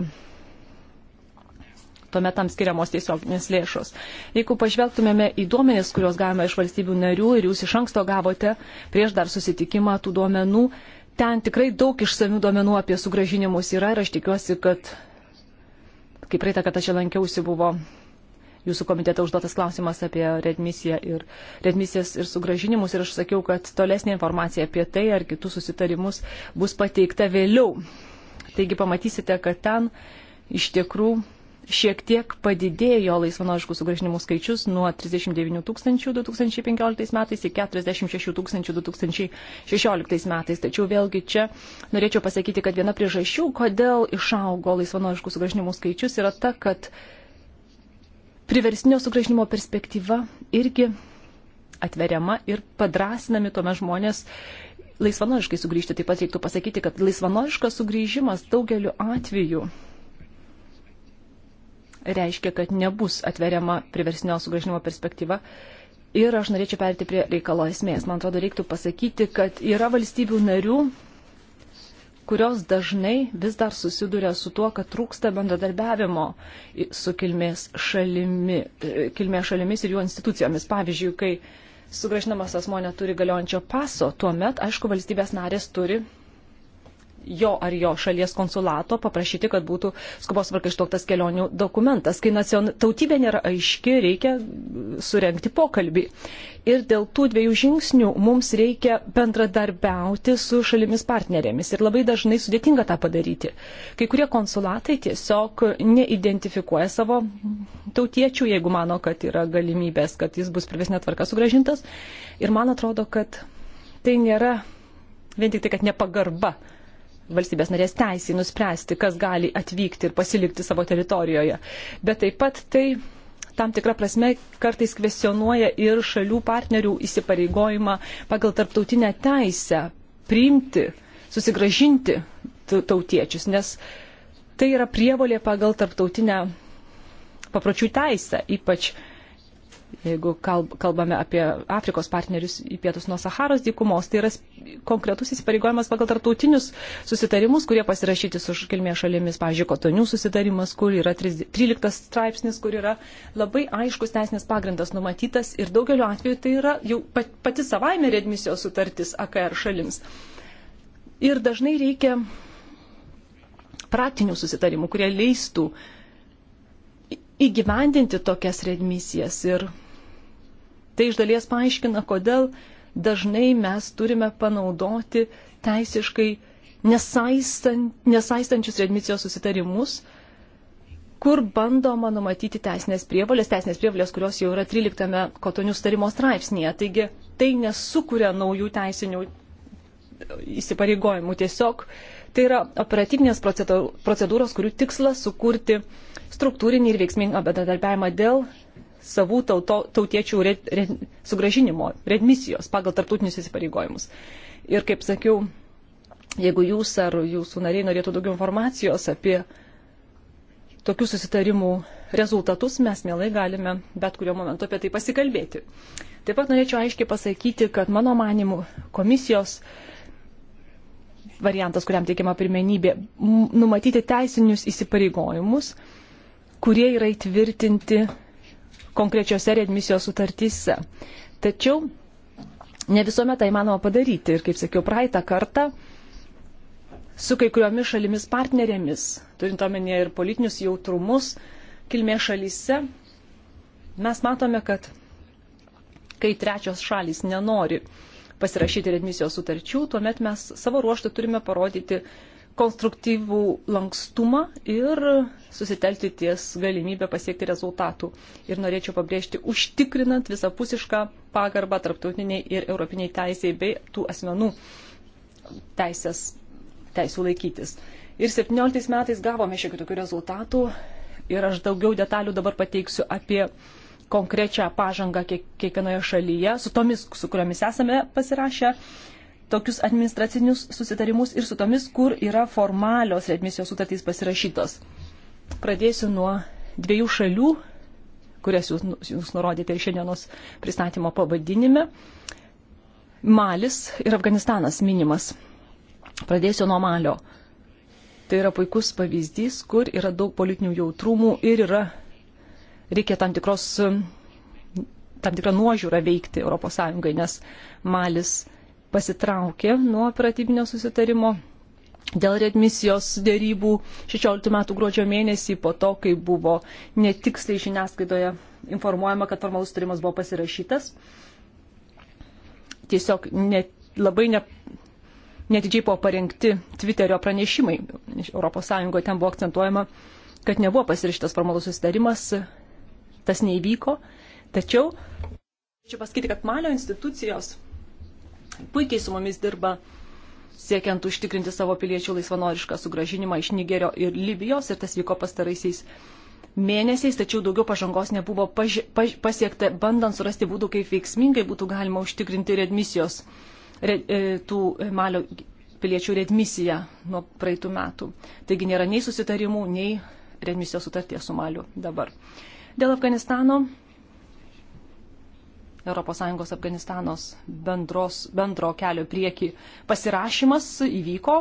tuomet tam skiriamos tiesioginės lėšos. Jeigu pažvelgtumėme į duomenis, kuriuos gavome iš valstybių narių ir jūs iš anksto gavote prieš dar susitikimą tų duomenų, ten tikrai daug išsamių duomenų apie sugražinimus yra ir aš tikiuosi, kad kai praeitą kartą čia lankiausi, buvo jūsų komiteto užduotas klausimas apie redmisiją ir redmisijas ir sugražinimus ir aš sakiau, kad tolesnė informacija apie tai ar kitus susitarimus bus pateikta vėliau. Taigi pamatysite, kad ten iš tikrųjų šiek tiek padidėjo laisvanoriškų sugražinimų skaičius nuo 39 tūkstančių 2015 metais iki 46 tūkstančių 2016 metais. Tačiau vėlgi čia norėčiau pasakyti, kad viena priežasčių, kodėl išaugo laisvanoriškų sugražinimų skaičius, yra ta, kad priversnio sugražinimo perspektyva irgi atveriama ir padrasinami tuomet žmonės laisvanoriškai sugrįžti. Taip pat reiktų pasakyti, kad laisvanoriškas sugrįžimas daugeliu atveju reiškia, kad nebus atveriama priversinio sugražinimo perspektyva. Ir aš norėčiau perėti prie reikalo esmės. Man atrodo, reiktų pasakyti, kad yra valstybių narių, kurios dažnai vis dar susiduria su tuo, kad trūksta bendradarbiavimo su kilmės, šalimi, e, kilmės šalimis ir jų institucijomis. Pavyzdžiui, kai sugražinamas asmo neturi galiojančio paso, tuomet, aišku, valstybės narės turi jo ar jo šalies konsulato paprašyti, kad būtų skubos varka išduotas kelionių dokumentas. Kai nacion... tautybė nėra aiški, reikia surenkti pokalbį. Ir dėl tų dviejų žingsnių mums reikia bendradarbiauti su šalimis partnerėmis. Ir labai dažnai sudėtinga tą padaryti. Kai kurie konsulatai tiesiog neidentifikuoja savo tautiečių, jeigu mano, kad yra galimybės, kad jis bus privesnė tvarka sugražintas. Ir man atrodo, kad tai nėra vien tik tai, kad nepagarba valstybės narės teisį nuspręsti, kas gali atvykti ir pasilikti savo teritorijoje. Bet taip pat tai tam tikrą prasme kartais kvesionuoja ir šalių partnerių įsipareigojimą pagal tarptautinę teisę priimti, susigražinti tautiečius, nes tai yra prievolė pagal tarptautinę papročių teisę, ypač Jeigu kalbame apie Afrikos partnerius į pietus nuo Saharos dykumos, tai yra konkretus įsipareigojimas pagal tartautinius susitarimus, kurie pasirašyti su kilmės šalimis, pavyzdžiui, Kotonių susitarimas, kur yra 13 straipsnis, kur yra labai aiškus teisinis pagrindas numatytas ir daugeliu atveju tai yra jau pati savaime redmisijos sutartis AKR šalims. Ir dažnai reikia praktinių susitarimų, kurie leistų uh, įgyvendinti tokias redmisijas. Ir tai iš dalies paaiškina, kodėl dažnai mes turime panaudoti teisiškai nesaistant, nesaistančius redmisijos susitarimus, kur bandoma numatyti teisinės prievalės, teisinės prievalės, kurios jau yra 13 kotonių starimo straipsnėje. Taigi tai nesukuria naujų teisinių įsipareigojimų tiesiog. Tai yra operatyvinės procedūros, kurių tikslas sukurti uh, struktūrinį ir veiksmingą bendradarbiavimą dėl savų tauto, tautiečių re, re, sugražinimo, redmisijos pagal tartutinius įsipareigojimus. Ir kaip sakiau, jeigu jūs ar jūsų nariai norėtų daugiau informacijos apie tokių susitarimų rezultatus, mes mielai galime bet kuriuo momentu apie tai pasikalbėti. Taip pat norėčiau aiškiai pasakyti, kad mano manimu komisijos variantas, kuriam teikiama pirmenybė, numatyti teisinius įsipareigojimus, uh, kurie yra įtvirtinti konkrečiose redmisijos sutartyse. Tačiau ne visuomet tai manoma padaryti. Ir kaip sakiau, praeitą kartą su kai kuriomis šalimis partnerėmis, turint omenyje ir politinius jautrumus kilmės šalyse, mes matome, kad kai trečios šalis nenori pasirašyti redmisijos sutarčių, tuomet mes savo ruoštų turime parodyti konstruktyvų lankstumą ir susitelkti ties galimybę pasiekti rezultatų. Ir norėčiau pabrėžti, užtikrinant visapusišką pagarbą tarptautiniai ir europiniai teisėjai bei tų asmenų teisės, teisų laikytis. Ir 17 metais gavome šiek tiek tokių rezultatų ir aš daugiau detalių dabar pateiksiu apie konkrečią pažangą kiek, kiekvienoje šalyje, su tomis, su kuriomis esame pasirašę tokius administracinius susitarimus ir su tomis, kur yra formalios readmisijos sutartys pasirašytos. Pradėsiu nuo dviejų šalių, kurias jūs, nu, jūs nurodėte ir šiandienos pristatymo pavadinime. Malis ir Afganistanas minimas. Pradėsiu nuo Malio. Tai yra puikus pavyzdys, kur yra daug politinių jautrumų ir yra, reikia tam tikros tam tikrą nuožiūrą veikti ES, nes Malis pasitraukė nuo operatyvinio susitarimo dėl redmisijos dėrybų 16 metų gruodžio mėnesį po to, kai buvo netiksliai žiniasklaidoje informuojama, kad formalus sutarimas buvo pasirašytas. Tiesiog ne, labai ne, netidžiai buvo parengti Twitterio pranešimai. ES ten buvo akcentuojama, kad nebuvo pasirašytas formalus susitarimas, tas neįvyko. Tačiau, čia pasakyti, kad Malio institucijos puikiai su mumis dirba siekiant užtikrinti savo piliečių laisvanorišką sugražinimą iš Nigerio ir Libijos ir tas vyko pastaraisiais mėnesiais, tačiau daugiau pažangos nebuvo paž paž pasiekta, bandant surasti būdų, kaip veiksmingai būtų galima užtikrinti redmisijos re e, tų malio piliečių redmisiją nuo praeitų metų. Taigi nėra nei susitarimų, nei redmisijos sutarties su maliu dabar. Dėl Afganistano ES Afganistanos bendros, bendro kelio prieki pasirašymas įvyko.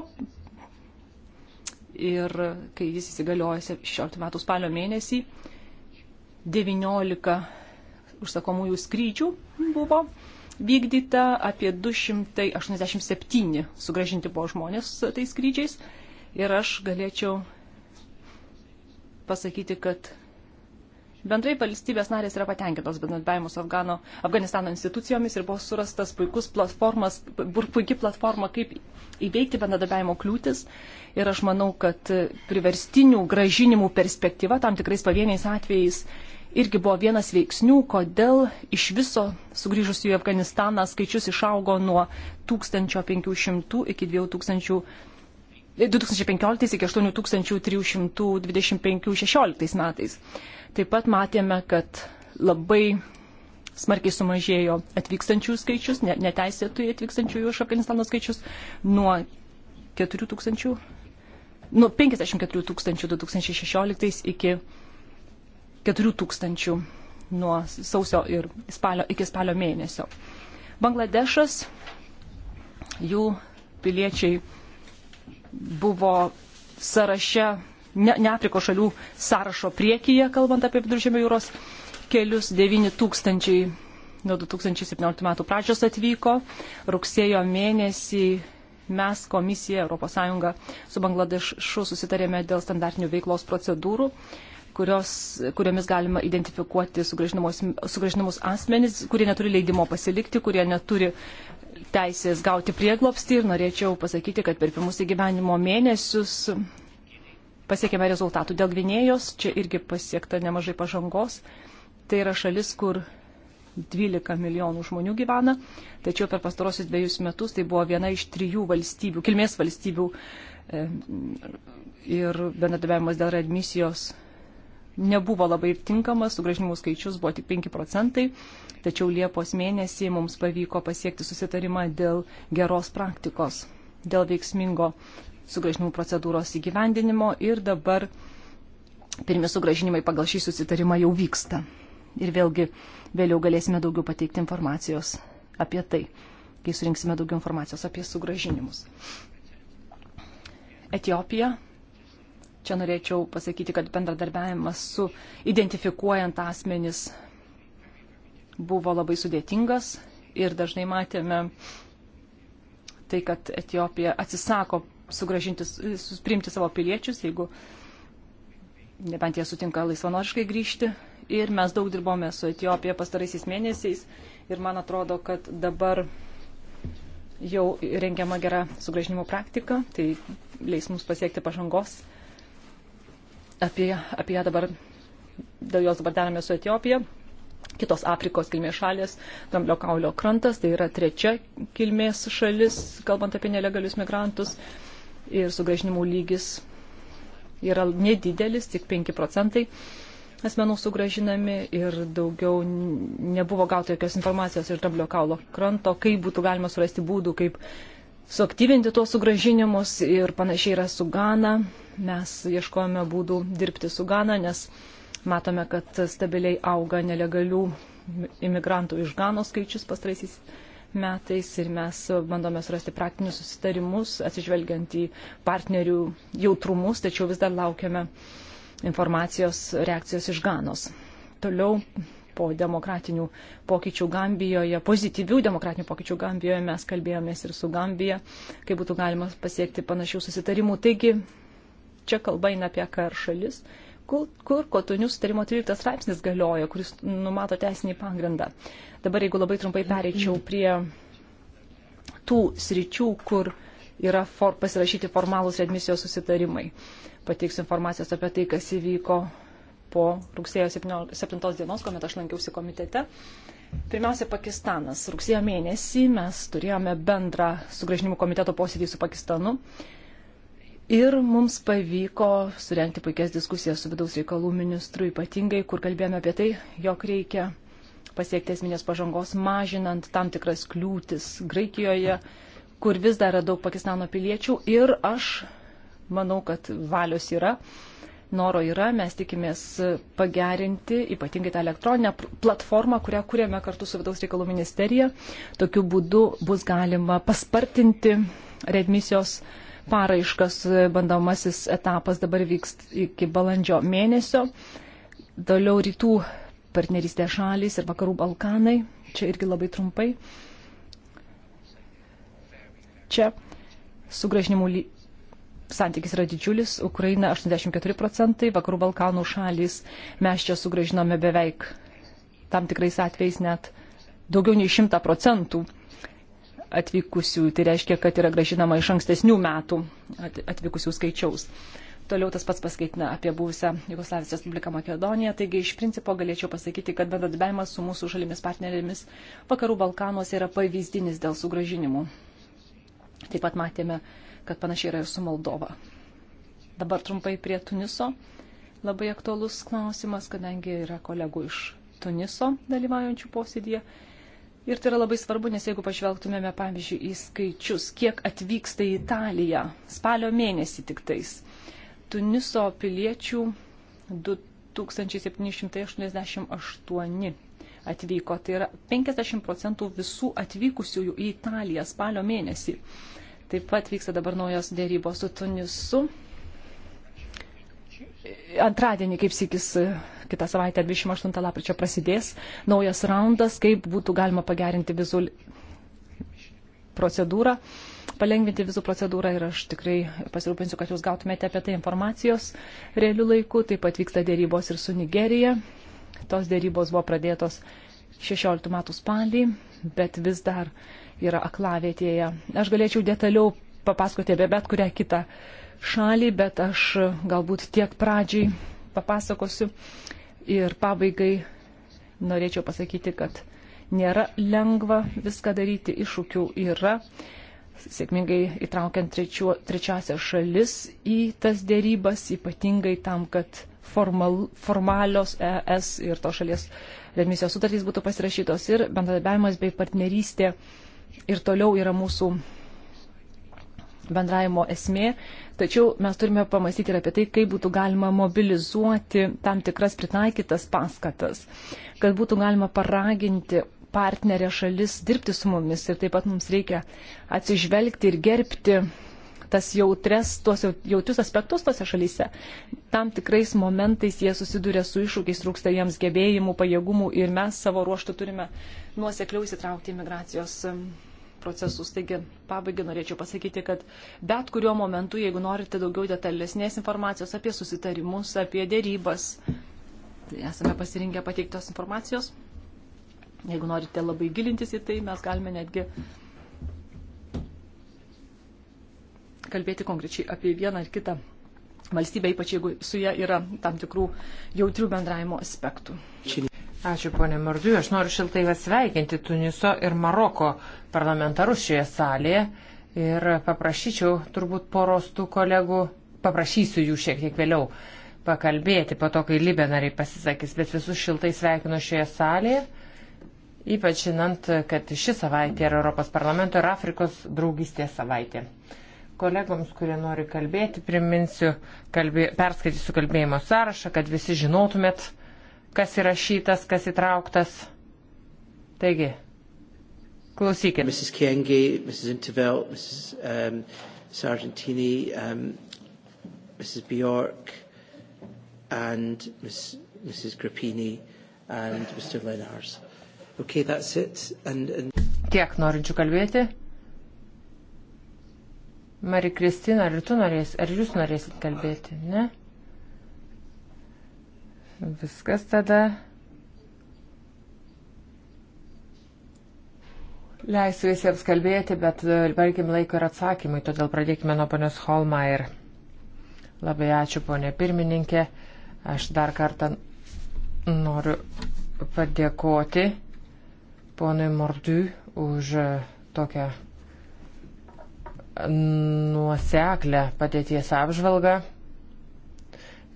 Ir kai jis įsigaliojo 16 metų spalio mėnesį, 19 užsakomųjų skrydžių buvo vykdyta, apie 287 sugražinti buvo žmonės tais skrydžiais. Ir aš galėčiau pasakyti, kad Bendrai valstybės narės yra patenkintos bendradarbiavimu su Afgano, Afganistano institucijomis ir buvo surastas puikus platformas, puikia platforma, kaip įveikti bendradarbiavimo kliūtis. Ir aš manau, kad priverstinių gražinimų perspektyva tam tikrais pavieniais atvejais irgi buvo vienas veiksnių, kodėl iš viso sugrįžusių į Afganistaną skaičius išaugo nuo 1500 iki 2000. 2015 iki 8325-16 metais. Taip pat matėme, kad labai smarkiai sumažėjo atvykstančių skaičius, neteisėtų atvykstančių iš Afganistano skaičius nuo 4 tūkstančių, nuo 54 tūkstančių 2016 iki 4 tūkstančių nuo sausio ir spalio iki spalio mėnesio. Bangladešas, jų piliečiai buvo sąraše ne, ne Afrikos šalių sąrašo priekyje, kalbant apie viduržėmio jūros kelius. 9 tūkstančiai nuo 2017 metų pradžios atvyko. Rugsėjo mėnesį mes komisija ES su Bangladešu susitarėme dėl standartinių veiklos procedūrų kurios, kuriomis galima identifikuoti sugražinamus asmenys, kurie neturi leidimo pasilikti, kurie neturi teisės gauti prieglopstį ir norėčiau pasakyti, kad per pirmus įgyvenimo mėnesius pasiekėme rezultatų. Dėl Gvinėjos čia irgi pasiekta nemažai pažangos. Tai yra šalis, kur 12 milijonų žmonių gyvena, tačiau per pastarosius dviejus metus tai buvo viena iš trijų valstybių, kilmės valstybių e, ir bendradarbiavimas dėl readmisijos nebuvo labai tinkamas, sugražinimų skaičius buvo tik 5 procentai, tačiau Liepos mėnesį mums pavyko pasiekti susitarimą dėl geros praktikos, dėl veiksmingo sugražinimų procedūros įgyvendinimo ir dabar pirmi sugražinimai pagal šį susitarimą jau vyksta. Ir vėlgi vėliau galėsime daugiau pateikti informacijos apie tai, kai surinksime daugiau informacijos apie sugražinimus. Etijopija. Čia norėčiau pasakyti, kad bendradarbiavimas su identifikuojant asmenis buvo labai sudėtingas ir dažnai matėme tai, kad Etijopija atsisako sugražinti, priimti savo piliečius, jeigu nebent jie sutinka laisvanoriškai grįžti. Ir mes daug dirbome su Etijopija pastaraisiais mėnesiais ir man atrodo, kad dabar jau rengiama gera sugražinimo praktika, tai leis mums pasiekti pažangos. Apie, apie ją dabar, dėl jos dabar darome su Etijopija. Kitos Afrikos kilmės šalės, Dramblio kaulio krantas, tai yra trečia kilmės šalis, kalbant apie nelegalius migrantus ir sugražinimų lygis yra nedidelis, tik 5 procentai asmenų sugražinami ir daugiau nebuvo gauta jokios informacijos iš Dramblio kaulo kranto, kaip būtų galima surasti būdų, kaip suaktyvinti tuos sugražinimus ir panašiai yra su Gana. Mes ieškojame būdų dirbti su Gana, nes matome, kad stabiliai auga nelegalių imigrantų iš Gano skaičius pastraisiais metais ir mes bandome surasti praktinius susitarimus, atsižvelgiant į partnerių jautrumus, tačiau vis dar laukiame informacijos reakcijos iš Ganos. Toliau po demokratinių pokyčių Gambijoje, pozityvių demokratinių pokyčių Gambijoje mes kalbėjomės ir su Gambija, kaip būtų galima pasiekti panašių susitarimų. Taigi čia kalba eina apie KR šalis, kur, kur kotonių sutarimo 13 straipsnis galioja, kuris numato teisinį pagrindą. Dabar, jeigu labai trumpai pereičiau prie tų sričių, kur yra for, pasirašyti formalūs admisijos susitarimai. Pateiksiu informacijos apie tai, kas įvyko po rugsėjo 7 dienos, kuomet aš lankiausi komitete. Pirmiausia, Pakistanas. Rugsėjo mėnesį mes turėjome bendrą sugražinimų komiteto posėdį su Pakistanu. Ir mums pavyko surenkti puikias diskusijas su vidaus reikalų ministru, ypatingai, kur kalbėjome apie tai, jog reikia pasiekti esminės pažangos, mažinant tam tikras kliūtis Graikijoje, kur vis dar yra daug Pakistano piliečių. Ir aš manau, kad valios yra, noro yra, mes tikimės pagerinti ypatingai tą elektroninę platformą, kurią kūrėme kartu su Vidaus reikalų ministerija. Tokiu būdu bus galima paspartinti redmisijos paraiškas, bandomasis etapas dabar vyks iki balandžio mėnesio. Toliau rytų partnerystė šalis ir vakarų Balkanai. Čia irgi labai trumpai. Čia sugražinimų ly... santykis yra didžiulis. Ukraina 84 procentai, vakarų Balkanų šalis. Mes čia sugražinome beveik tam tikrais atvejais net daugiau nei 100 procentų atvykusių. Tai reiškia, kad yra gražinama iš ankstesnių metų atvykusių skaičiaus. Toliau tas pats paskaitina apie buvusią Jugoslavijos Respubliką Makedoniją. Taigi iš principo galėčiau pasakyti, kad bendradarbiavimas su mūsų šalimis partnerėmis vakarų Balkanuose yra pavyzdinis dėl sugražinimų. Taip pat matėme, kad panašiai yra ir su Moldova. Dabar trumpai prie Tuniso. Labai aktuolus klausimas, kadangi yra kolegų iš Tuniso dalyvaujančių posėdėje. Ir tai yra labai svarbu, nes jeigu pažvelgtumėme, pavyzdžiui, į skaičius, kiek atvyksta į Italiją spalio mėnesį tik tais Tuniso piliečių 2788 atvyko. Tai yra 50 procentų visų atvykusiųjų į Italiją spalio mėnesį. Taip pat vyksta dabar naujos dėrybos su Tunisu. Antradienį, kaip sėkis, kitą savaitę 28 lapkričio prasidės naujas raundas, kaip būtų galima pagerinti vizų procedūrą. Uh, palengvinti vizų procedūrą ir aš tikrai pasirūpinsiu, kad jūs gautumėte apie tai informacijos realių laikų. Taip pat vyksta dėrybos ir su Nigerija. Tos dėrybos buvo pradėtos 16 metų spalį, bet vis dar yra aklavietėje. Aš galėčiau detaliau papasakoti apie bet kurią kitą šalį, bet aš galbūt tiek pradžiai papasakosiu ir pabaigai norėčiau pasakyti, kad nėra lengva viską daryti, iššūkių yra, sėkmingai įtraukiant trečio, trečiasią šalis į tas dėrybas, ypatingai tam, kad formal, formalios ES ir to šalies remisijos sutartys būtų pasirašytos ir bendradarbiavimas bei partnerystė ir toliau yra mūsų bendravimo esmė, tačiau mes turime pamastyti ir apie tai, kaip būtų galima mobilizuoti tam tikras pritaikytas paskatas, kad būtų galima paraginti partnerė šalis dirbti su mumis ir taip pat mums reikia atsižvelgti ir gerbti tas jautres, tuos jautrius aspektus tose šalyse. Tam tikrais momentais jie susiduria su iššūkiais, trūksta jiems gebėjimų, pajėgumų ir mes savo ruoštų turime nuosekliau įsitraukti į migracijos procesus. Taigi, pabaigai norėčiau pasakyti, kad bet kuriuo momentu, jeigu norite daugiau detalesnės informacijos apie susitarimus, apie dėrybas, tai esame pasirinkę pateiktos informacijos. Jeigu norite labai gilintis į tai, mes galime netgi kalbėti konkrečiai apie vieną ar kitą valstybę, ypač jeigu su ja yra tam tikrų jautrių bendravimo aspektų. Ačiū, ponė Mardu. Aš noriu šiltai sveikinti Tuniso ir Maroko parlamentarus šioje salėje ir paprašyčiau turbūt poros tų kolegų, paprašysiu jų šiek tiek vėliau pakalbėti po to, kai Libė nariai pasisakys, bet visus šiltai sveikinu šioje salėje ypač žinant, kad ši savaitė yra Europos parlamento ir Afrikos draugystės savaitė. Kolegoms, kurie nori kalbėti, priminsiu, kalbė, perskaitysiu kalbėjimo sąrašą, kad visi žinotumėt, kas įrašytas, kas įtrauktas. Taigi, klausykit. Mrs. Kienge, Mrs. Intervelt, Mrs. Um, Sargentini, um, Mrs. Bjork and Ms, Mrs. Grappini and Mr. Lenars. Okay, that's it. And, and... Tiek norinčių kalbėti. Mari Kristina, ar tu norės, ar jūs norėsit kalbėti, ne? Viskas tada. Leisiu visiems kalbėti, bet baigim e, laiką ir atsakymai, todėl pradėkime nuo ponios Holmeier. Labai ačiū, ponė pirmininkė. Aš dar kartą noriu padėkoti ponui Mordiui už e, tokią nuoseklę padėties apžvalgą.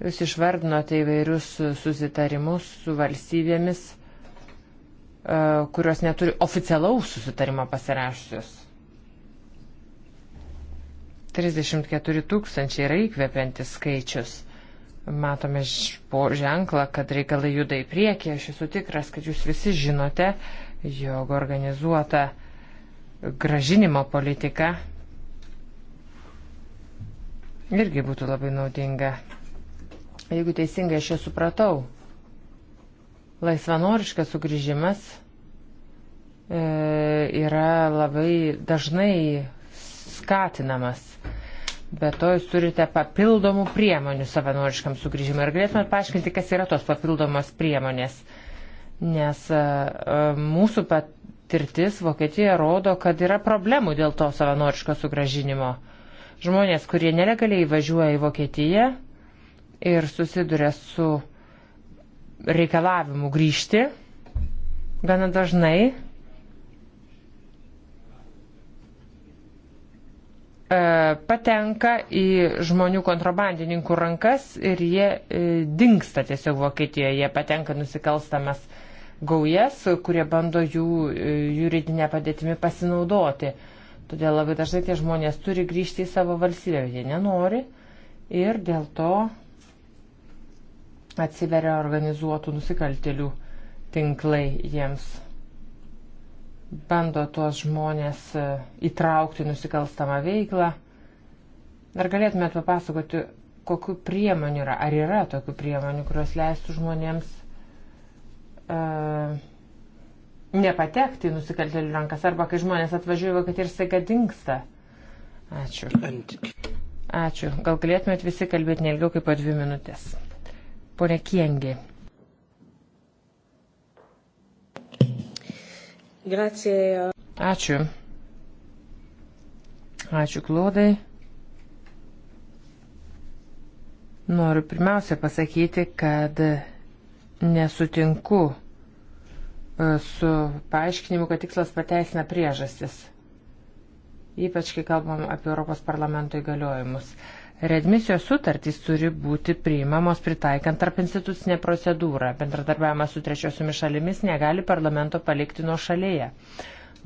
Jūs išvardinote įvairius susitarimus su valstybėmis, e, kurios neturi oficialaus susitarimo pasirašusios. 34 tūkstančiai yra įkvepiantis skaičius. Matome po ženklą, kad reikalai juda į priekį. Aš esu tikras, kad jūs visi žinote, jog organizuota gražinimo politika irgi būtų labai naudinga. Jeigu teisingai aš jau supratau, laisvanoriškas sugrįžimas e, yra labai dažnai skatinamas. Bet to jūs turite papildomų priemonių savanoriškam sugrįžimui. Ar galėtumėt paaiškinti, kas yra tos papildomos priemonės? E, nes e, e, mūsų patirtis Vokietijoje rodo, kad yra problemų dėl to savanoriško sugražinimo. Žmonės, kurie nelegaliai važiuoja į Vokietiją ir susiduria su reikalavimu grįžti, gana dažnai e, patenka į žmonių kontrabandininkų rankas ir jie dingsta tiesiog Vokietijoje, jie patenka nusikalstamas uh, gaujas, kurie bando jų e, juridinę padėtimi pasinaudoti. Todėl labai dažnai tie žmonės turi grįžti į savo valstybę, jie nenori ir dėl to atsiveria organizuotų nusikaltelių tinklai jiems. Bando tuos žmonės e, įtraukti nusikalstamą veiklą. Ar galėtumėt papasakoti, kokiu priemonių yra? Ar yra tokių priemonių, kurios leistų žmonėms uh, nepatekti į nusikaltėlių rankas arba kai žmonės atvažiuoja, kad ir staiga dinksta. Ačiū. Ačiū. Gal galėtumėt visi kalbėti nelgiau kaip po dvi minutės. Pone Kiengi. Grazie. Ačiū. Ačiū, Klodai. Noriu pirmiausia pasakyti, kad nesutinku E, su paaiškinimu, kad tikslas pateisina priežastis. Ypač, kai kalbam apie Europos parlamento įgaliojimus. Redmisijos sutartys turi būti priimamos pritaikant tarp institucinę procedūrą. Bendradarbiavimas su trečiosiomis šalimis negali parlamento palikti nuo šalyje.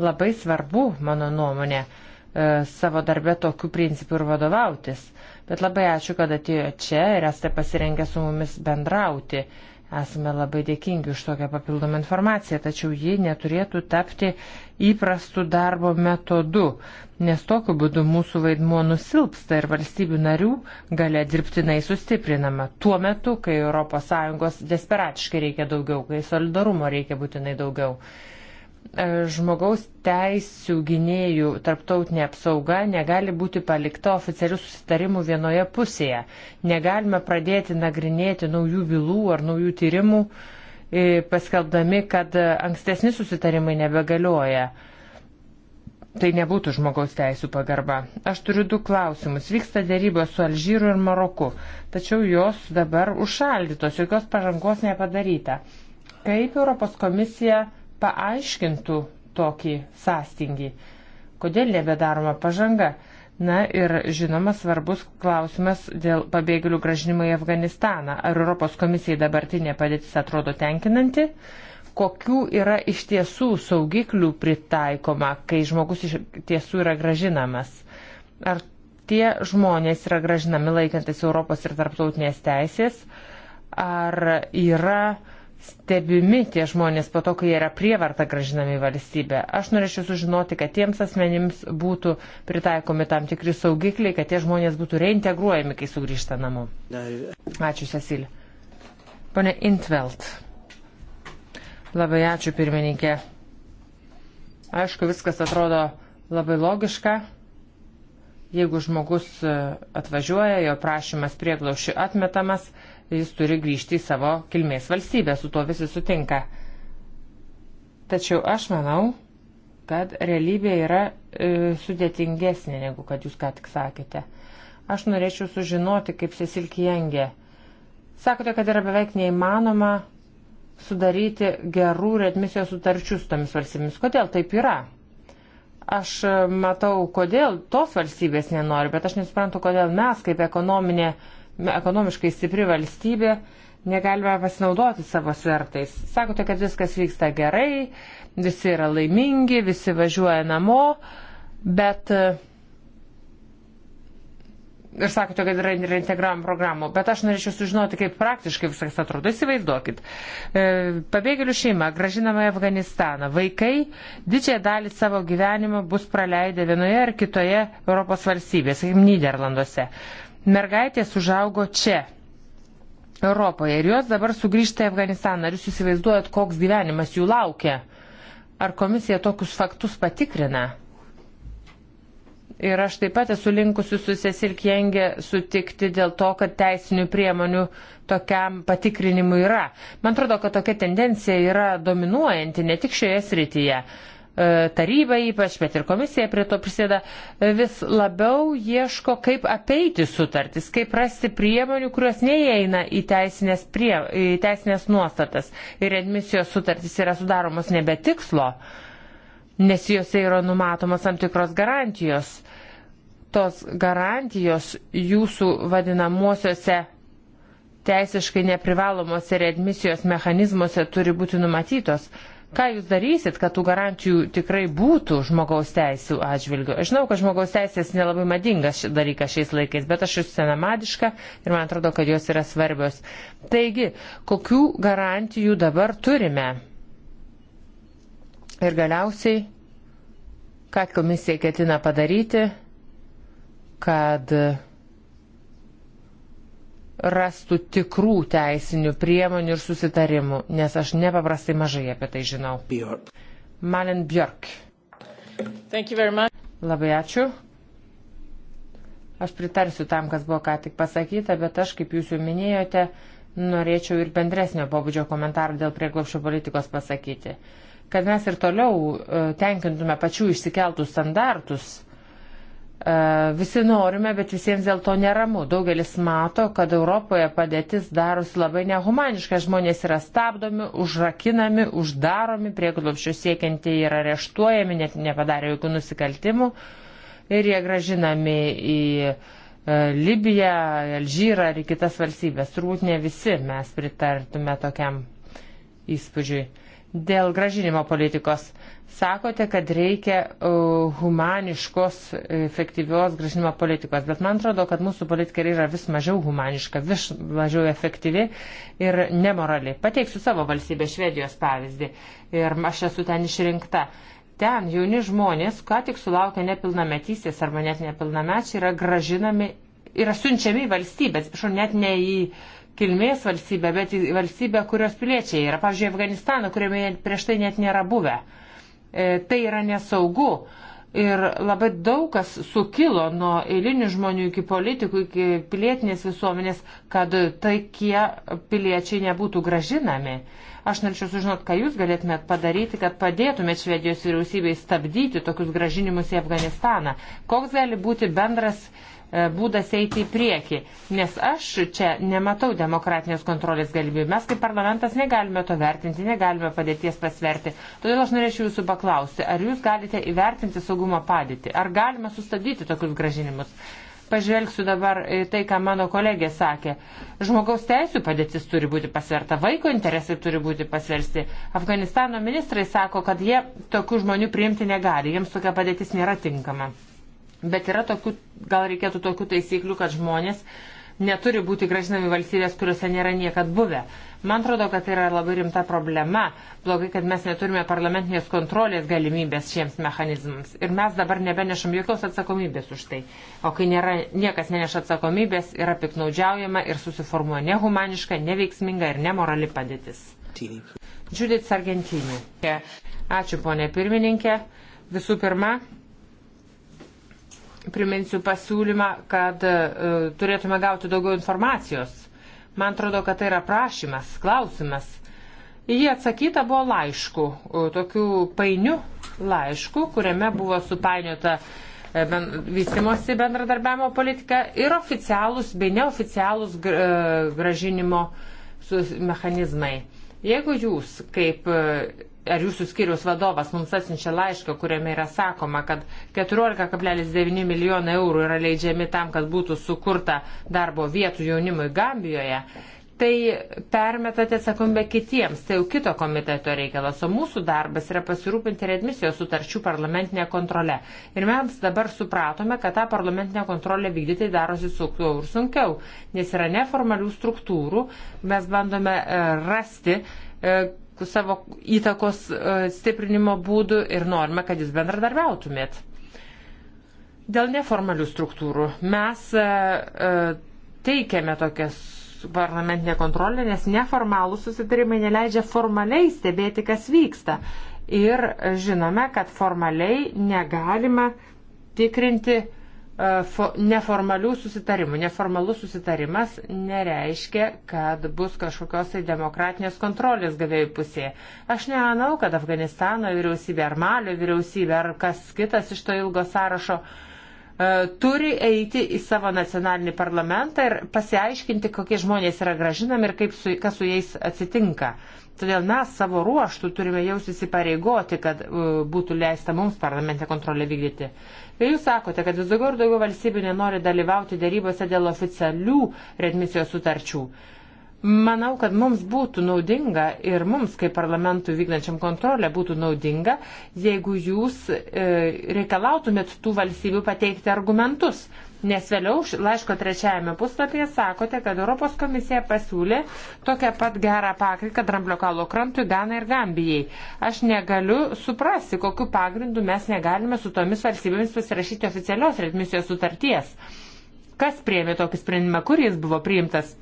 Labai svarbu, mano nuomonė, e, savo darbę tokių principų ir vadovautis. Bet labai ačiū, kad atėjo čia ir esate pasirengę su mumis bendrauti. Esame labai dėkingi už tokią papildomą informaciją, tačiau ji neturėtų tapti įprastų darbo metodų, nes tokiu būdu mūsų vaidmuo nusilpsta ir valstybių narių gale dirbtinai sustiprinama. Tuo metu, kai ES desperatiškai reikia daugiau, kai solidarumo reikia būtinai daugiau. E, žmogaus teisų gynėjų tarptautinė apsauga negali būti palikta oficialių susitarimų vienoje pusėje. Negalime pradėti nagrinėti naujų bylų ar naujų tyrimų, e, paskelbdami, kad ankstesni susitarimai nebegalioja. Tai nebūtų žmogaus teisų pagarba. Aš turiu du klausimus. Vyksta dėrybos su Alžyru ir Maroku, tačiau jos dabar užšaldytos, jokios pažangos nepadaryta. Kaip Europos komisija paaiškintų tokį sąstingį. Kodėl nebedaroma pažanga? Na ir žinoma svarbus klausimas dėl pabėgėlių gražinimo į Afganistaną. Ar Europos komisijai dabartinė padėtis atrodo tenkinanti? Kokių yra iš tiesų saugiklių pritaikoma, kai žmogus iš tiesų yra gražinamas? Ar tie žmonės yra gražinami laikantis Europos ir tarptautinės teisės? Ar yra uh, stebimi tie žmonės po to, kai jie yra prievarta gražinami į valstybę. Aš norėčiau sužinoti, kad tiems asmenims būtų pritaikomi tam tikri saugikliai, kad tie žmonės būtų reintegruojami, kai sugrįžta namo. Ačiū, Cecil. Pane Intvelt. Labai ačiū, pirmininkė. Aišku, viskas atrodo labai logiška. Jeigu žmogus e, atvažiuoja, jo prašymas prieglaušiu atmetamas, jis turi grįžti į savo kilmės valstybę, su tuo visi sutinka. Tačiau aš manau, kad realybė yra e, sudėtingesnė, negu kad jūs ką tik sakėte. Aš norėčiau sužinoti, kaip Cecil Kiengė. Sakote, kad yra beveik neįmanoma sudaryti gerų readmisijos sutarčių su tomis valstybėmis. Kodėl taip yra? Aš e, matau, kodėl tos valstybės nenori, bet aš nesuprantu, kodėl mes kaip ekonominė ekonomiškai stipri valstybė, negalime pasinaudoti savo svertais. Sakote, kad viskas vyksta gerai, visi yra laimingi, visi važiuoja namo, bet. E, ir sakote, kad yra reintegravimo programų, bet aš norėčiau sužinoti, kaip praktiškai viskas atrodo. Įsivaizduokit. E, pabėgėlių šeima gražinama į Afganistaną. Vaikai didžiąją dalį savo gyvenimo bus praleidę vienoje ar kitoje Europos valstybėje, sakykime, Niderlanduose. Mergaitės užaugo čia, Europoje, ir jos dabar sugrįžta į Afganistaną. Ar jūs įsivaizduojat, koks gyvenimas jų laukia? Ar komisija tokius faktus patikrina? Ir aš taip pat esu linkusi su Cecil Kienge sutikti dėl to, kad teisinių priemonių tokiam patikrinimui yra. Man atrodo, kad tokia tendencija yra dominuojanti ne tik šioje srityje. E, taryba ypač, bet ir komisija prie to prisėda, e, vis labiau ieško, kaip apeiti sutartis, kaip rasti priemonių, kurios neįeina į teisinės, prie, į teisinės nuostatas. Ir admisijos sutartis yra sudaromos nebe tikslo, nes juose yra numatomos tam tikros garantijos. Tos garantijos jūsų vadinamuosiuose teisiškai neprivalomuose readmisijos mechanizmuose turi būti numatytos. Ką jūs darysit, kad tų garantijų tikrai būtų žmogaus teisų atžvilgiu? Aš žinau, kad žmogaus teisės nelabai madingas dalykas šiais laikais, bet aš esu senamadiška ir man atrodo, kad jos yra svarbios. Taigi, kokių garantijų dabar turime? Ir galiausiai, ką komisija ketina padaryti, kad rastų tikrų teisinių priemonių ir susitarimų, nes aš nepaprastai mažai apie tai žinau. Björk. Malin Björk. Labai ačiū. Aš pritarsiu tam, kas buvo ką tik pasakyta, bet aš, kaip jūs jau minėjote, norėčiau ir bendresnio pobūdžio komentarą dėl prieglopšio politikos pasakyti. Kad mes ir toliau e, tenkintume pačių išsikeltų standartus, E, visi norime, bet visiems dėl to neramu. Daugelis mato, kad Europoje padėtis darosi labai nehumaniška. Žmonės yra stabdomi, užrakinami, uždaromi, prieglobščio siekiantieji yra areštuojami, net nepadarė jokių nusikaltimų ir jie gražinami į e, Libiją, Alžyrą ar į kitas valstybės. Turbūt ne visi mes pritartume tokiam įspūdžiui. Dėl gražinimo politikos Sakote, kad reikia e, humaniškos, efektyvios gražinimo politikos, bet man atrodo, kad mūsų politika yra vis mažiau humaniška, vis mažiau efektyvi ir nemorali. Pateiksiu savo valstybę Švedijos pavyzdį ir aš esu ten išrinkta. Ten jauni žmonės, ką tik sulaukia nepilnametystės arba net nepilnamečiai, yra gražinami, yra siunčiami į valstybę, atsiprašau, net ne į kilmės valstybę, bet į valstybę, kurios piliečiai yra. Pavyzdžiui, Afganistano, kuriame prieš tai net nėra buvę. E, tai yra nesaugu. Ir labai daug kas sukilo nuo eilinių žmonių iki politikų, iki pilietinės visuomenės, kad taikie piliečiai nebūtų gražinami. Aš norėčiau sužinoti, ką jūs galėtumėt padaryti, kad padėtumėt Švedijos vyriausybei stabdyti tokius gražinimus į Afganistaną. Koks gali būti bendras E, būdas eiti į priekį, nes aš čia nematau demokratinės kontrolės galimybių. Mes kaip parlamentas negalime to vertinti, negalime padėties pasverti. Todėl aš norėčiau jūsų paklausti, ar jūs galite įvertinti saugumo padėtį, ar galima sustabdyti tokius gražinimus. Pažvelgsiu dabar tai, ką mano kolegė sakė. Žmogaus teisų padėtis turi būti pasverta, vaiko interesai turi būti pasversti. Afganistano ministrai sako, kad jie tokių žmonių priimti negali, jiems tokia padėtis nėra tinkama. Bet yra tokių, gal reikėtų tokių taisyklių, kad žmonės neturi būti gražinami valstybės, kuriuose nėra niekad buvę. Man atrodo, kad tai yra labai rimta problema. Blogai, kad mes neturime parlamentinės kontrolės galimybės šiems mechanizmams. Ir mes dabar nebenešam jokios atsakomybės už tai. O kai nėra, niekas neneša atsakomybės, yra piknaudžiaujama ir susiformuoja nehumaniška, neveiksminga ir nemorali padėtis. Judith Sargentinė. Ačiū, ponė pirmininkė. Visų pirma, priminsiu pasiūlymą, kad e, turėtume gauti daugiau informacijos. Man atrodo, kad tai yra prašymas, klausimas. Jie atsakyta buvo laišku, e, tokiu painiu laišku, kuriame buvo supainiota e, vystimosi bendradarbiavimo politika ir oficialūs bei neoficialūs gražinimo mechanizmai. Jeigu jūs kaip ar jūsų skiriaus vadovas mums atsinčia laišką, kuriame yra sakoma, kad 14,9 milijonai eurų yra leidžiami tam, kad būtų sukurta darbo vietų jaunimui Gambijoje, tai permetate atsakomybę kitiems, tai jau kito komiteto reikalas, o mūsų darbas yra pasirūpinti readmisijos sutarčių parlamentinė kontrolė. Ir mes dabar supratome, kad tą parlamentinę kontrolę vykdyti darosi sunkiau ir sunkiau, nes yra neformalių struktūrų, mes bandome e, rasti e, savo įtakos e, stiprinimo būdų ir norime, kad jūs bendradarbiautumėt. Dėl neformalių struktūrų mes e, e, teikiame tokias parlamentinę kontrolę, nes neformalų susitarimai neleidžia formaliai stebėti, kas vyksta. Ir žinome, kad formaliai negalima tikrinti uh, E, neformalių susitarimų. Neformalus susitarimas nereiškia, kad bus kažkokios tai demokratinės kontrolės gavėjų pusėje. Aš nemanau, kad Afganistano vyriausybė ar Malio vyriausybė ar kas kitas iš to ilgo sąrašo e, turi eiti į savo nacionalinį parlamentą ir pasiaiškinti, kokie žmonės yra gražinami ir kaip su, kas su jais atsitinka. Todėl mes savo ruoštų turime jaustis įpareigoti, kad uh, būtų leista mums parlamente kontrolę vykdyti. Kai jūs sakote, kad vis daugiau ir daugiau valstybių nenori dalyvauti dėrybose dėl oficialių redmisijos sutarčių, manau, kad mums būtų naudinga ir mums, kaip parlamentų vykdančiam kontrolę, būtų naudinga, jeigu jūs e, reikalautumėt tų valstybių pateikti argumentus. Nes vėliau laiško trečiajame puslapyje sakote, kad Europos komisija pasiūlė tokią pat gerą pakriką Dramblio kalo krantui Ganai ir Gambijai. Aš negaliu suprasti, kokiu pagrindu mes negalime su tomis valstybėmis pasirašyti oficialios redmisijos sutarties. Kas priemė tokį sprendimą, kur jis buvo priimtas?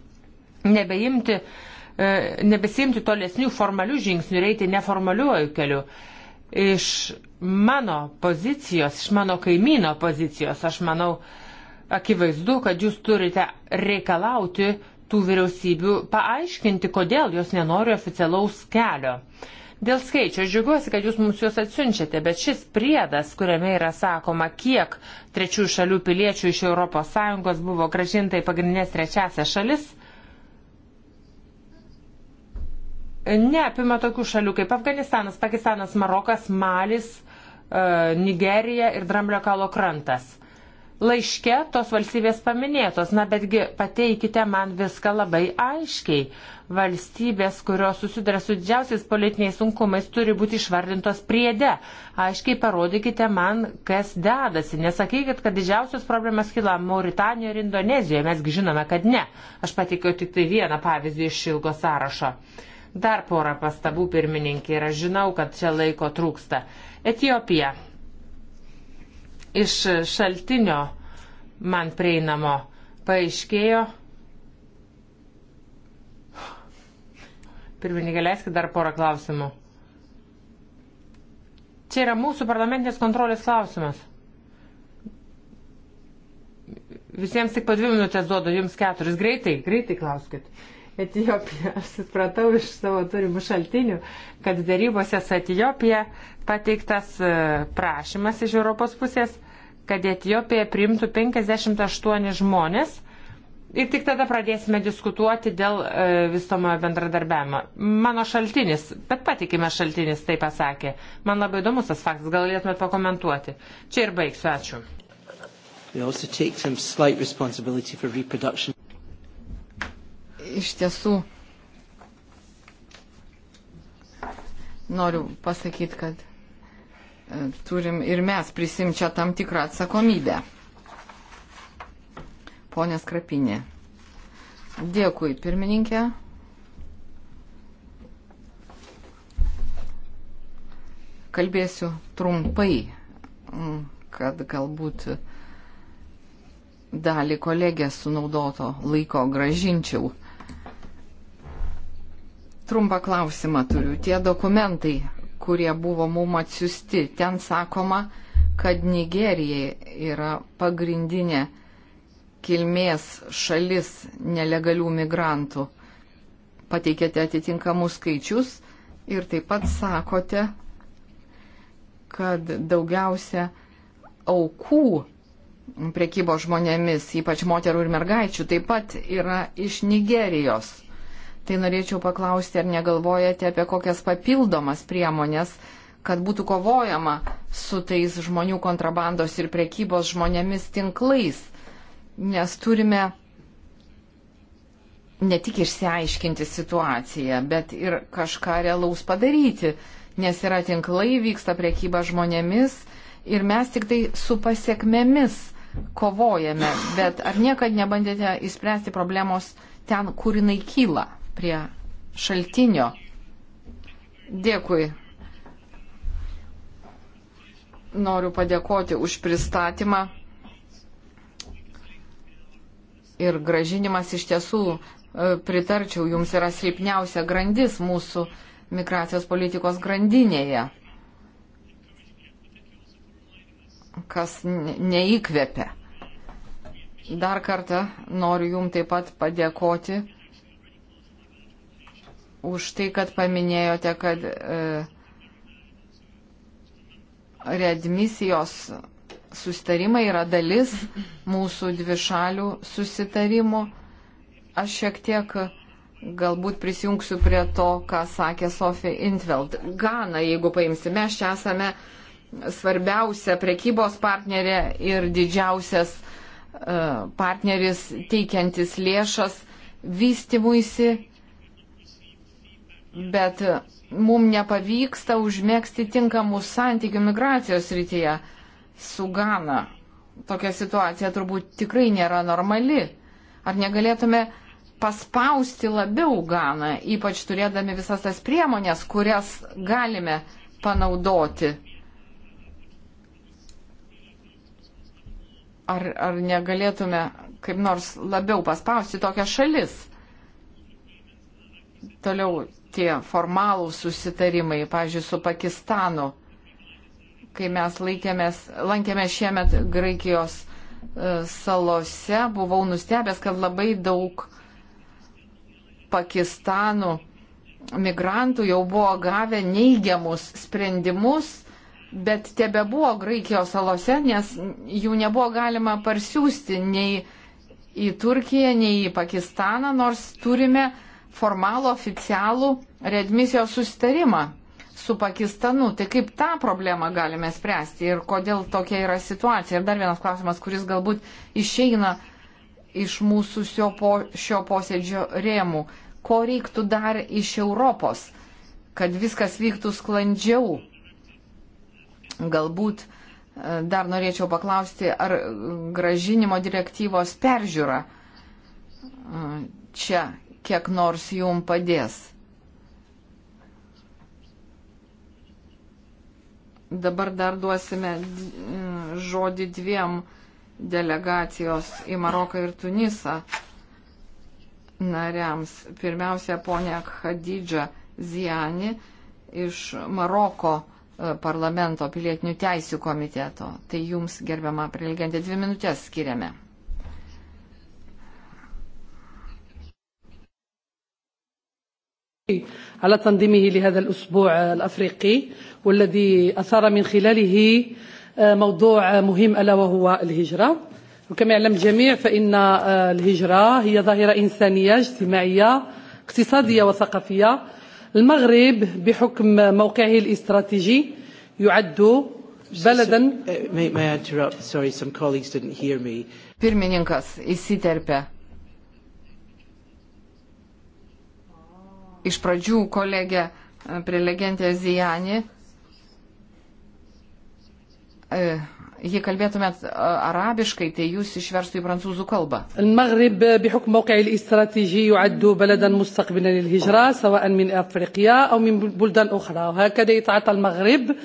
Nebeimti, e, nebesimti tolesnių formalių žingsnių, reiti neformaliuoju keliu. Iš mano pozicijos, iš mano kaimyno pozicijos, aš manau, uh, Akivaizdu, kad jūs turite reikalauti tų vyriausybių paaiškinti, kodėl jos nenori oficialaus kelio. Dėl skaičių, aš džiaugiuosi, kad jūs mums juos atsiunčiate, bet šis priedas, kuriame yra sakoma, kiek trečių šalių piliečių iš ES buvo gražinta į pagrindinės trečiasią šalis, neapima tokių šalių kaip Afganistanas, Pakistanas, Marokas, Malis, e, Nigerija ir Dramblio kalo krantas laiške tos valstybės paminėtos. Na, betgi pateikite man viską labai aiškiai. Valstybės, kurios susiduria su didžiausiais politiniais sunkumais, turi būti išvardintos priede. Aiškiai parodykite man, kas dedasi. Nesakykit, kad didžiausios problemas kyla Mauritanijoje ir Indonezijoje. Mesgi žinome, kad ne. Aš pateikiau tik tai vieną pavyzdį iš ilgo sąrašo. Dar porą pastabų pirmininkė ir aš žinau, kad čia laiko trūksta. Etijopija iš šaltinio man prieinamo paaiškėjo. Pirmininkė, leiskit dar porą klausimų. Čia yra mūsų parlamentinės kontrolės klausimas. Visiems tik po dvi minutės duodu, jums keturis. Greitai, greitai klauskit. Etijopija, aš supratau iš savo turimų šaltinių, kad darybose su Etijopija pateiktas e, prašymas iš Europos pusės kad Etijopija priimtų 58 žmonės ir tik tada pradėsime diskutuoti dėl e, visomojo bendradarbiavimo. Mano šaltinis, bet patikime šaltinis, tai pasakė. Man labai įdomus tas faktas, gal galėtumėt pakomentuoti. Čia ir baigsiu, ačiū. Iš tiesų, noriu pasakyti, kad turim ir mes prisimčia tam tikrą atsakomybę. Pone Skrapinė. Dėkui, pirmininkė. Kalbėsiu trumpai, mm, kad galbūt dalį kolegės sunaudoto laiko gražinčiau. Trumpą klausimą turiu. Tie dokumentai, kurie buvo mum atsiusti. Ten sakoma, kad Nigerija yra pagrindinė kilmės šalis nelegalių migrantų. Pateikėte atitinkamus skaičius ir taip pat sakote, kad daugiausia aukų prekybo žmonėmis, ypač moterų ir mergaičių, taip pat yra iš Nigerijos tai norėčiau paklausti, ar negalvojate apie kokias papildomas priemonės, kad būtų kovojama su tais žmonių kontrabandos ir prekybos žmonėmis tinklais, nes turime ne tik išsiaiškinti situaciją, bet ir kažką realaus padaryti, nes yra tinklai, vyksta prekyba žmonėmis ir mes tik tai su pasiekmėmis kovojame, bet ar niekad nebandėte įspręsti problemos ten, kur jinai kyla? prie šaltinio. Dėkui. Noriu padėkoti už pristatymą. Ir gražinimas iš tiesų, e, pritarčiau, jums yra silpniausia grandis mūsų migracijos politikos grandinėje, kas neįkvepia. Dar kartą noriu jums taip pat padėkoti už tai, kad paminėjote, kad e, readmisijos susitarimai yra dalis mūsų dvišalių susitarimų. Aš šiek tiek galbūt prisijungsiu prie to, ką sakė Sofija Intveld. Gana, jeigu paimsime, mes čia esame svarbiausia prekybos partnerė ir didžiausias e, partneris teikiantis lėšas vystimuisi bet mums nepavyksta užmėgsti tinkamų santykių migracijos rytyje su Gana. Tokia situacija turbūt tikrai nėra normali. Ar negalėtume paspausti labiau Ganą, ypač turėdami visas tas priemonės, kurias galime panaudoti? Ar, ar negalėtume kaip nors labiau paspausti tokias šalis? Toliau tie formalūs susitarimai, pavyzdžiui, su Pakistanu, kai mes laikėmės, lankėmės šiemet Graikijos e, salose, buvau nustebęs, kad labai daug Pakistanų migrantų jau buvo gavę neigiamus sprendimus, bet tebe buvo Graikijos salose, nes jų nebuvo galima parsiųsti nei į Turkiją, nei į Pakistaną, nors turime formalų oficialų redmisijos sustarimą su Pakistanu. Tai kaip tą problemą galime spręsti ir kodėl tokia yra situacija? Ir dar vienas klausimas, kuris galbūt išeina iš mūsų šio, po, šio posėdžio rėmų. Ko reiktų dar iš Europos, kad viskas vyktų sklandžiau? Galbūt e, dar norėčiau paklausti, ar gražinimo direktyvos peržiūra e, čia kiek nors jum padės. Dabar dar duosime mm, žodį dviem delegacijos į Maroką ir Tunisą nariams. Pirmiausia, ponia Khadidža Zijani iš Maroko e, parlamento pilietinių teisių komiteto. Tai jums, gerbiama prelegentė, dvi minutės skiriame. على تنظيمه لهذا الأسبوع الأفريقي والذي أثار من خلاله موضوع مهم ألا وهو الهجرة وكما يعلم الجميع فإن الهجرة هي ظاهرة إنسانية اجتماعية اقتصادية وثقافية المغرب بحكم موقعه الاستراتيجي يعد بلدا Pirmininkas įsiterpia. iš pradžių kolegė e, prelegentė Zijani. E, Jei kalbėtumėt e, arabiškai, tai jūs išverstų į prancūzų kalbą. المغرب بحكم موقعه الاستراتيجي يعد بلدا مستقبلا للهجرة سواء من أفريقيا أو من بلدان أخرى وهكذا يتعاطى المغرب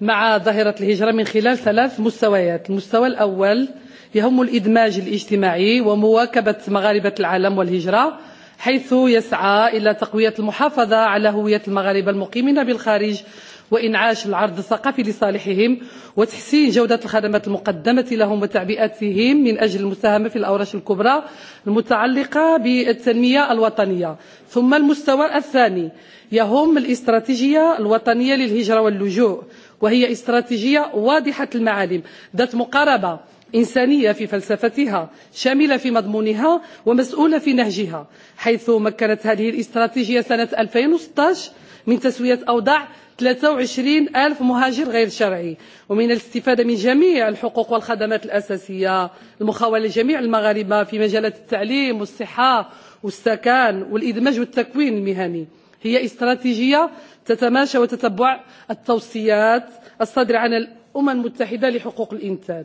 مع ظاهرة الهجرة من خلال ثلاث مستويات المستوى الأول يهم الإدماج الاجتماعي ومواكبة مغاربة العالم والهجرة حيث يسعى إلى تقوية المحافظة على هوية المغاربة المقيمين بالخارج وإنعاش العرض الثقافي لصالحهم وتحسين جودة الخدمات المقدمة لهم وتعبئتهم من أجل المساهمة في الأورش الكبرى المتعلقة بالتنمية الوطنية ثم المستوى الثاني يهم الاستراتيجية الوطنية للهجرة واللجوء وهي استراتيجية واضحة المعالم ذات مقاربة إنسانية في فلسفتها شاملة في مضمونها ومسؤولة في نهجها حيث مكنت هذه الاستراتيجية سنة 2016 من تسوية أوضاع 23 ألف مهاجر غير شرعي ومن الاستفادة من جميع الحقوق والخدمات الأساسية المخاولة لجميع المغاربة في مجالات التعليم والصحة والسكن والإدماج والتكوين المهني هي استراتيجية تتماشى وتتبع التوصيات الصادرة عن الأمم المتحدة لحقوق الإنسان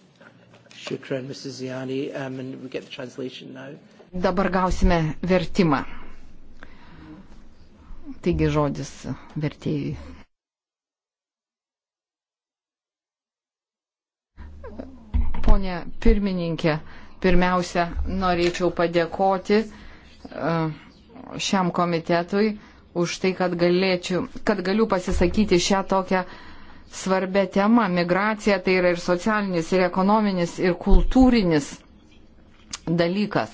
Shukran, Mrs. Ziani, um, and we get the translation now. Dabar gausime vertimą. Taigi žodis vertėjui. Pone pirmininkė, pirmiausia, norėčiau padėkoti uh, šiam komitetui už tai, kad, galėčiau, kad galiu pasisakyti šią tokią uh, svarbia tema. Migracija tai yra ir socialinis, ir ekonominis, ir kultūrinis dalykas.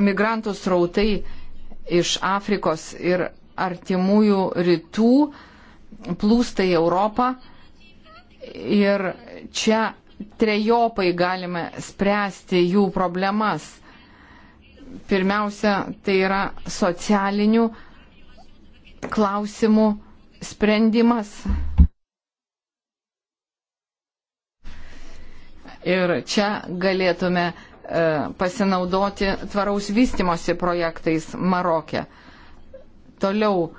Migrantų srautai iš Afrikos ir artimųjų rytų plūsta į Europą ir čia trejopai galime spręsti jų problemas. Pirmiausia, tai yra socialinių klausimų sprendimas. Ir čia galėtume e, pasinaudoti tvaraus vystimosi projektais Marokė. Toliau.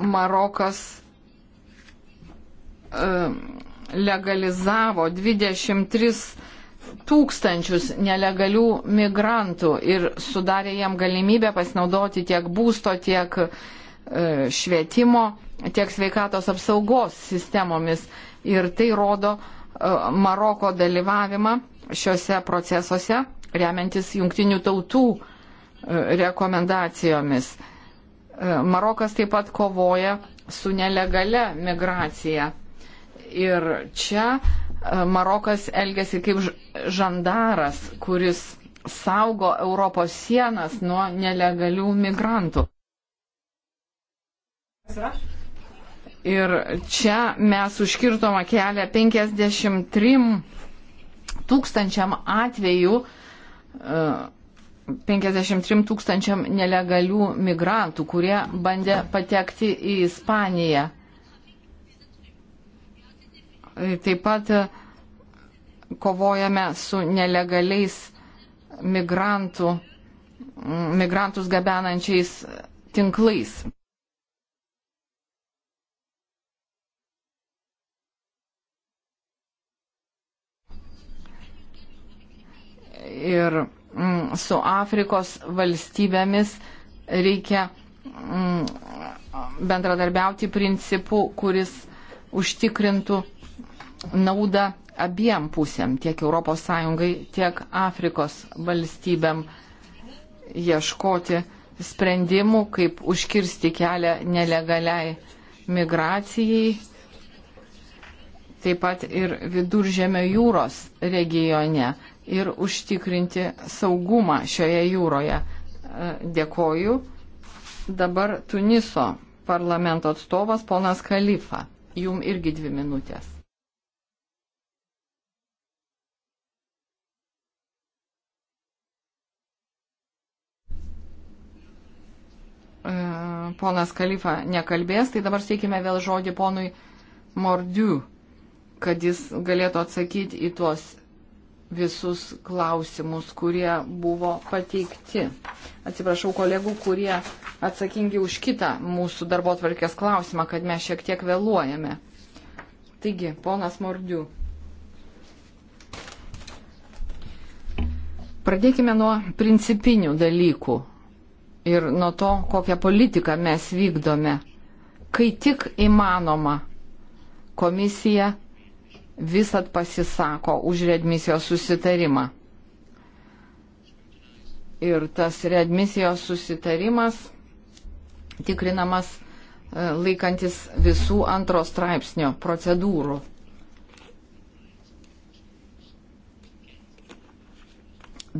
Marokas e, legalizavo 23 tūkstančius nelegalių migrantų ir sudarė jam galimybę pasinaudoti tiek būsto, tiek e, švietimo, tiek sveikatos apsaugos sistemomis. Ir tai rodo e, Maroko dalyvavimą šiuose procesuose, remiantis jungtinių tautų e, rekomendacijomis. Marokas taip pat kovoja su nelegale migracija. Ir čia uh, E, Marokas elgesi kaip žandaras, kuris saugo Europos sienas nuo nelegalių migrantų. Ir čia mes užkirtoma kelią 53 tūkstančiam atvejų, 53 e, tūkstančiam nelegalių migrantų, kurie bandė patekti į Ispaniją. Taip pat kovojame su nelegaliais migrantų, migrantus gabenančiais tinklais. Ir mm, su Afrikos valstybėmis reikia mm, bendradarbiauti principu, kuris užtikrintų naudą abiem pusėm, tiek ES, tiek Afrikos valstybėm ieškoti sprendimų, kaip užkirsti kelią nelegaliai migracijai, taip pat ir viduržėmio jūros regione ir užtikrinti saugumą šioje jūroje. E, dėkoju. Dabar Tuniso parlamento atstovas ponas Kalifa. Jum irgi dvi minutės. E, ponas Kalifa nekalbės, tai dabar steikime vėl žodį ponui Mordiu, kad jis galėtų atsakyti į tuos visus klausimus, kurie buvo pateikti. Atsiprašau kolegų, kurie atsakingi už kitą mūsų darbo tvarkės klausimą, kad mes šiek tiek vėluojame. Taigi, ponas Mordiu. Pradėkime nuo principinių dalykų, ir nuo to, kokią politiką mes vykdome. Kai tik įmanoma, komisija visat pasisako už readmisijos susitarimą. Ir tas readmisijos susitarimas tikrinamas e, laikantis visų antro straipsnio procedūrų.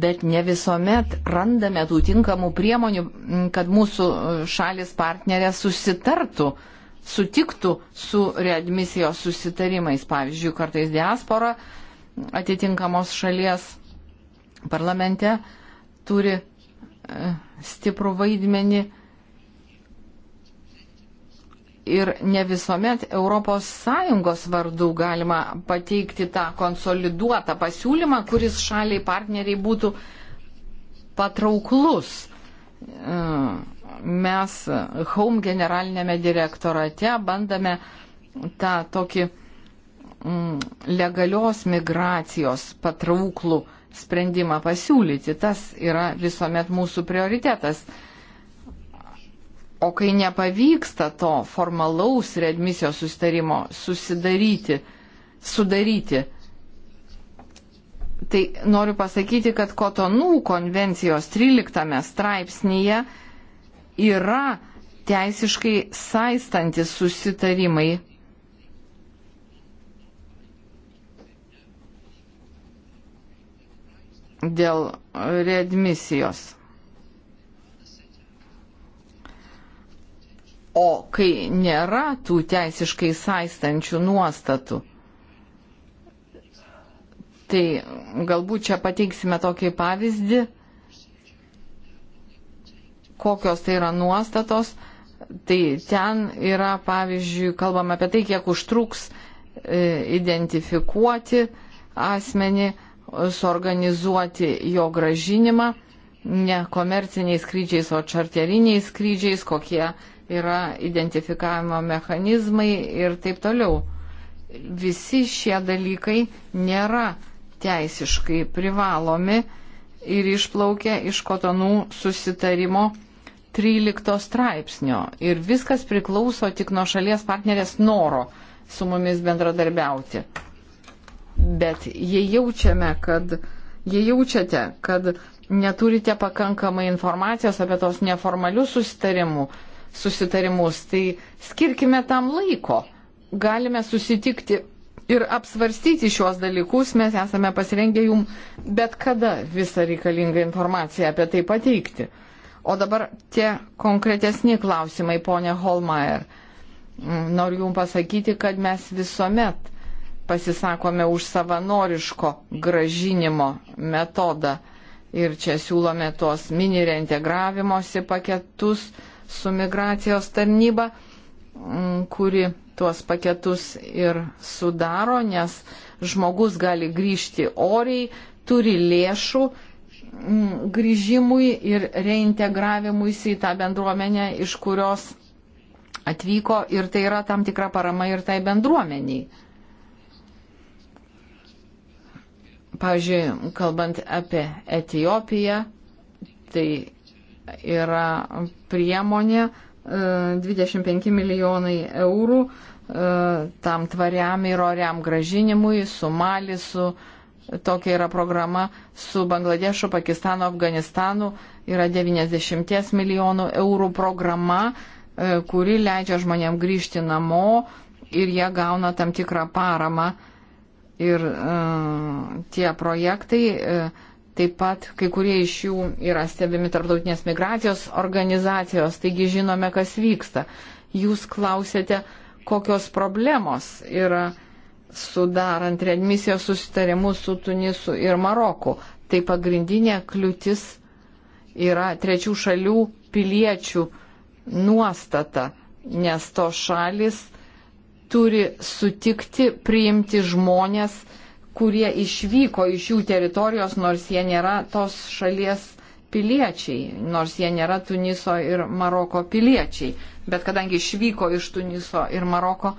bet ne visuomet randame tų tinkamų priemonių, kad mūsų šalis partnerės susitartų, sutiktų su readmisijos susitarimais. Pavyzdžiui, kartais diaspora atitinkamos šalies parlamente turi e, stiprų vaidmenį ir ne visuomet ES vardu galima pateikti tą konsoliduotą pasiūlymą, kuris šaliai partneriai būtų patrauklus. Mes Home generalinėme direktorate bandame tą tokį mm, legalios migracijos patrauklų sprendimą pasiūlyti. Tas yra visuomet mūsų prioritetas. O kai nepavyksta to formalaus readmisijos sustarimo susidaryti, sudaryti, tai noriu pasakyti, kad Kotonų konvencijos 13 straipsnėje yra teisiškai saistantis susitarimai. Dėl readmisijos. O kai nėra tų teisiškai saistančių nuostatų, tai galbūt čia pateiksime tokį pavyzdį, kokios tai yra nuostatos. Tai ten yra, pavyzdžiui, kalbame apie tai, kiek užtruks e, identifikuoti asmenį, suorganizuoti jo gražinimą, ne komerciniais skrydžiais, o čarteriniais skrydžiais, kokie yra identifikavimo mechanizmai ir taip toliau. Visi šie dalykai nėra teisiškai privalomi ir išplaukia iš kotonų susitarimo 13 straipsnio. Ir viskas priklauso tik nuo šalies partnerės noro su mumis bendradarbiauti. Bet jei jaučiame, kad, jei jaučiate, kad neturite pakankamai informacijos apie tos neformalius susitarimų, susitarimus, tai skirkime tam laiko. Galime susitikti ir apsvarstyti šiuos dalykus, mes esame pasirengę jum bet kada visą reikalingą informaciją apie tai pateikti. O dabar tie konkretesni klausimai, ponė Holmeier. Mm, noriu jums pasakyti, kad mes visuomet pasisakome už savanoriško gražinimo metodą. Ir čia siūlome tuos mini reintegravimosi paketus su migracijos tarnyba, mm, kuri tuos paketus ir sudaro, nes žmogus gali grįžti oriai, turi lėšų mm, grįžimui ir reintegravimui į tą bendruomenę, iš kurios atvyko ir tai yra tam tikra parama ir tai bendruomeniai. Pavyzdžiui, kalbant apie Etijopiją, tai yra priemonė 25 e, milijonai eurų e, tam tvariam ir oriam gražinimui, su Mali, su tokia yra programa, su Bangladešu, Pakistanu, Afganistanu yra 90 milijonų eurų programa, e, kuri leidžia žmonėm grįžti namo ir jie gauna tam tikrą paramą. Ir uh, tie projektai uh, Taip pat kai kurie iš jų yra stebimi tarptautinės migracijos organizacijos, taigi žinome, kas vyksta. Jūs klausėte, kokios problemos yra sudarant readmisijos susitarimus su Tunisu ir Maroku. Tai pagrindinė kliūtis yra trečių šalių piliečių nuostata, nes to šalis turi sutikti priimti žmonės, kurie išvyko iš jų teritorijos, nors jie nėra tos šalies piliečiai, nors jie nėra Tuniso ir Maroko piliečiai. Bet kadangi išvyko iš Tuniso ir Maroko,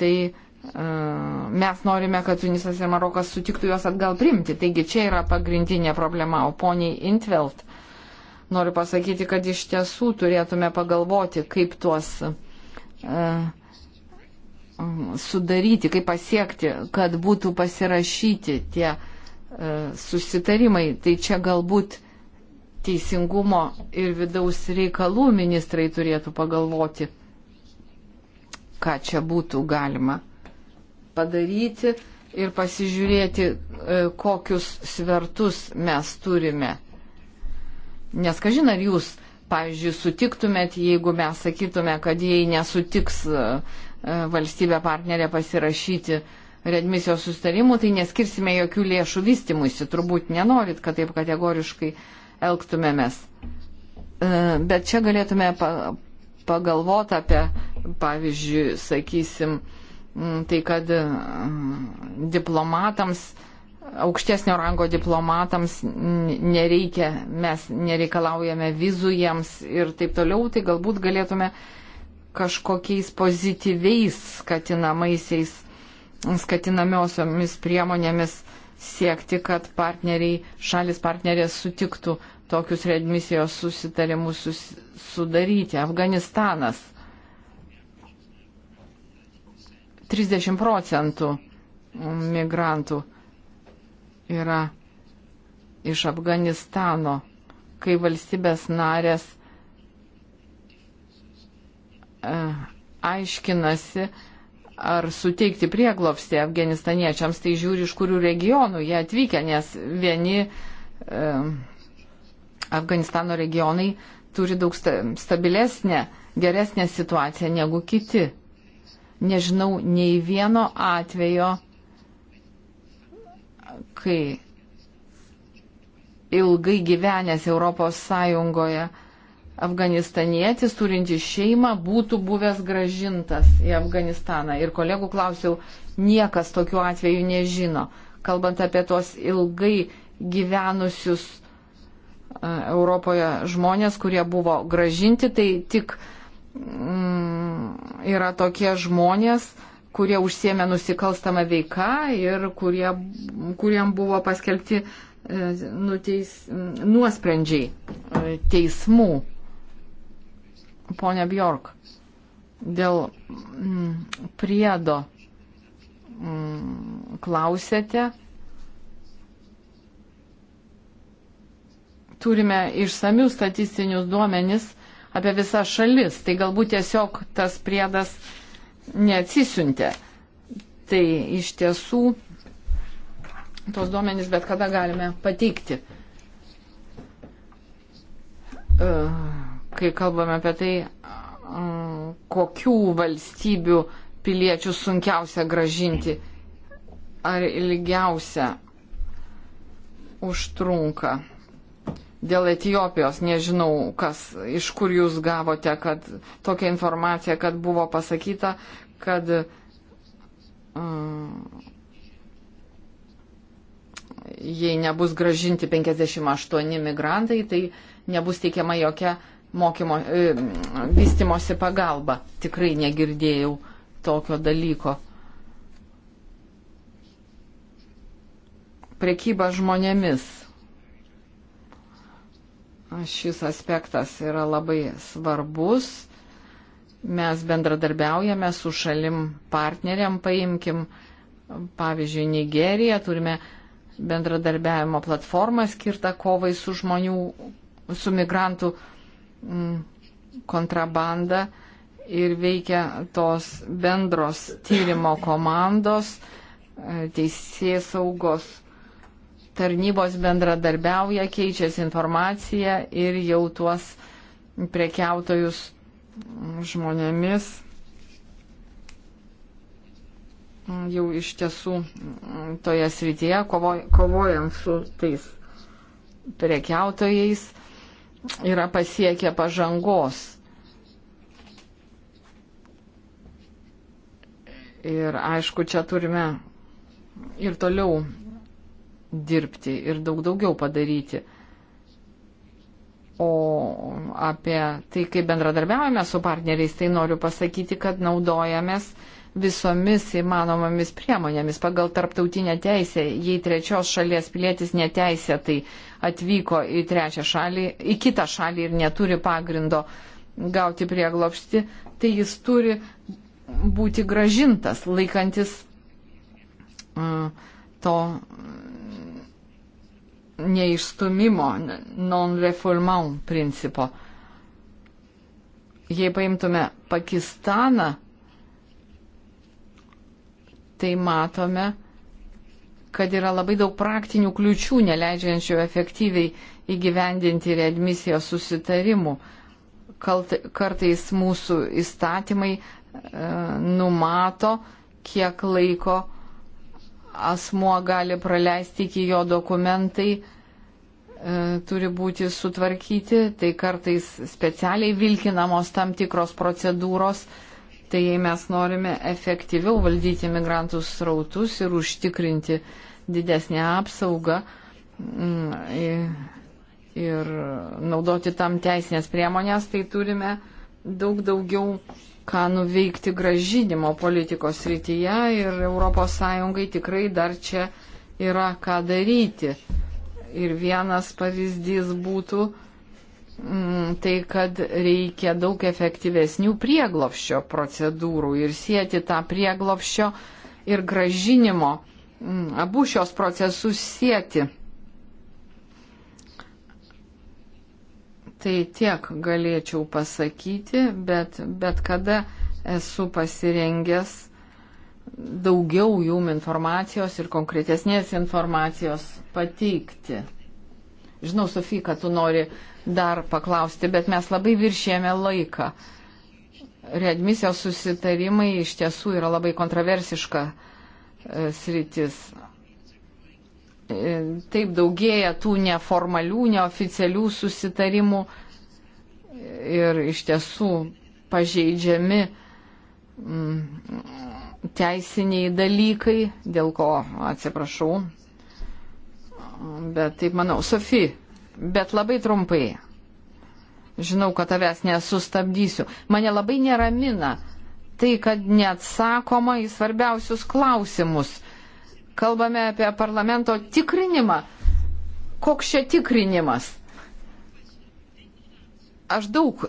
tai e, mes norime, kad Tunisas ir Marokas sutiktų juos atgal priimti. Taigi čia yra pagrindinė problema. O poniai Intvelt, noriu pasakyti, kad iš tiesų turėtume pagalvoti, kaip tuos uh, Um, sudaryti, kaip pasiekti, kad būtų pasirašyti tie e, susitarimai. Tai čia galbūt teisingumo ir vidaus reikalų ministrai turėtų pagalvoti, ką čia būtų galima padaryti ir pasižiūrėti, e, kokius svertus mes turime. Nes, kažin, ar jūs, pavyzdžiui, sutiktumėt, jeigu mes sakytume, kad jei nesutiks uh, valstybę partnerę pasirašyti redmisijos sustarimų, tai neskirsime jokių lėšų vystimuisi. Turbūt nenorit, kad taip kategoriškai elgtumėmės. E, bet čia galėtume pagalvoti apie, pavyzdžiui, sakysim, tai kad e, diplomatams, aukštesnio rango diplomatams nereikia, mes nereikalaujame vizų jiems ir taip toliau, tai galbūt galėtume uh, kažkokiais pozityviais skatinamaisiais, skatinamiosiomis priemonėmis siekti, kad partneriai, šalis partnerės sutiktų tokius readmisijos susitarimus sus, sudaryti. Afganistanas 30 procentų migrantų yra iš Afganistano, kai valstybės narės E, aiškinasi, ar suteikti prieglopstį afganistaniečiams, tai žiūri, iš kurių regionų jie atvykę, nes vieni e, Afganistano regionai turi daug stabilesnę, geresnę situaciją negu kiti. Nežinau nei vieno atvejo, kai ilgai gyvenęs Europos Sąjungoje afganistanietis turintis šeimą būtų buvęs gražintas į Afganistaną. Ir kolegų klausiau, niekas tokiu atveju nežino. Kalbant apie tos ilgai gyvenusius e, Europoje žmonės, kurie buvo gražinti, tai tik mm, yra tokie žmonės, kurie užsiemė nusikalstamą veiką ir kurie, kuriem buvo paskelbti e, nuteis, nuosprendžiai e, teismų ponia Bjork, dėl mm, priedo mm, klausėte. Turime išsamius statistinius duomenis apie visas šalis, tai galbūt tiesiog tas priedas neatsisiuntė. Tai iš tiesų tos duomenys bet kada galime pateikti. Uh kai kalbame apie tai, kokių valstybių piliečių sunkiausia gražinti ar ilgiausia užtrunka. Dėl Etijopijos nežinau, kas, iš kur jūs gavote kad, tokią informaciją, kad buvo pasakyta, kad um, jei nebus gražinti 58 migrantai, tai nebus teikiama jokia mokymo, e, vystimosi pagalba. Tikrai negirdėjau tokio dalyko. Prekyba žmonėmis. Šis aspektas yra labai svarbus. Mes bendradarbiaujame su šalim partneriam, paimkim, pavyzdžiui, Nigeriją, turime bendradarbiavimo platformą skirtą kovai su žmonių, su migrantų Mm, kontrabandą ir veikia tos bendros tyrimo komandos, e, teisės saugos tarnybos bendradarbiauja, keičiasi informacija ir jau tuos prekiautojus mm, žmonėmis mm, jau iš tiesų toje srityje, kovojant su tais prekiautojais, yra pasiekę pažangos. Ir aišku, čia turime ir toliau dirbti ir daug daugiau padaryti. O apie tai, kaip bendradarbiavame su partneriais, tai noriu pasakyti, kad naudojamės uh, visomis įmanomomis priemonėmis pagal tarptautinę teisę, jei trečios šalies pilietis neteisėtai atvyko į trečią šalį, į kitą šalį ir neturi pagrindo gauti prieglopšti, tai jis turi būti gražintas, laikantis uh, to neišstumimo, non-reformant principo. Jei paimtume Pakistaną, tai matome, kad yra labai daug praktinių kliučių neleidžiančių efektyviai įgyvendinti readmisijos susitarimų. Kartais mūsų įstatymai e, numato, kiek laiko asmuo gali praleisti iki jo dokumentai e, turi būti sutvarkyti, tai kartais specialiai vilkinamos tam tikros procedūros, e, Tai jei mes norime efektyviau valdyti migrantų srautus ir užtikrinti didesnį apsaugą mm, ir naudoti tam teisinės priemonės, tai turime daug daugiau ką nuveikti gražinimo politikos rytyje ir ES tikrai dar čia yra ką daryti. Ir vienas pavyzdys būtų, Mm, tai, kad reikia daug efektyvesnių prieglopščio procedūrų ir sieti tą prieglopščio ir gražinimo, mm, abu šios procesus sieti. Tai tiek galėčiau pasakyti, bet, bet kada esu pasirengęs daugiau jum informacijos ir konkretesnės informacijos pateikti. Žinau, Sofija, kad tu nori uh, dar paklausti, bet mes labai viršėjame laiką. Readmisijos susitarimai iš tiesų yra labai kontroversiška e, sritis. E, taip daugėja tų neformalių, neoficialių susitarimų ir iš tiesų pažeidžiami mm, teisiniai dalykai, dėl ko atsiprašau. Bet taip manau, Sofi bet labai trumpai. Žinau, kad tavęs nesustabdysiu. Mane labai neramina tai, kad neatsakoma į svarbiausius klausimus. Kalbame apie parlamento tikrinimą. Koks čia tikrinimas? Aš daug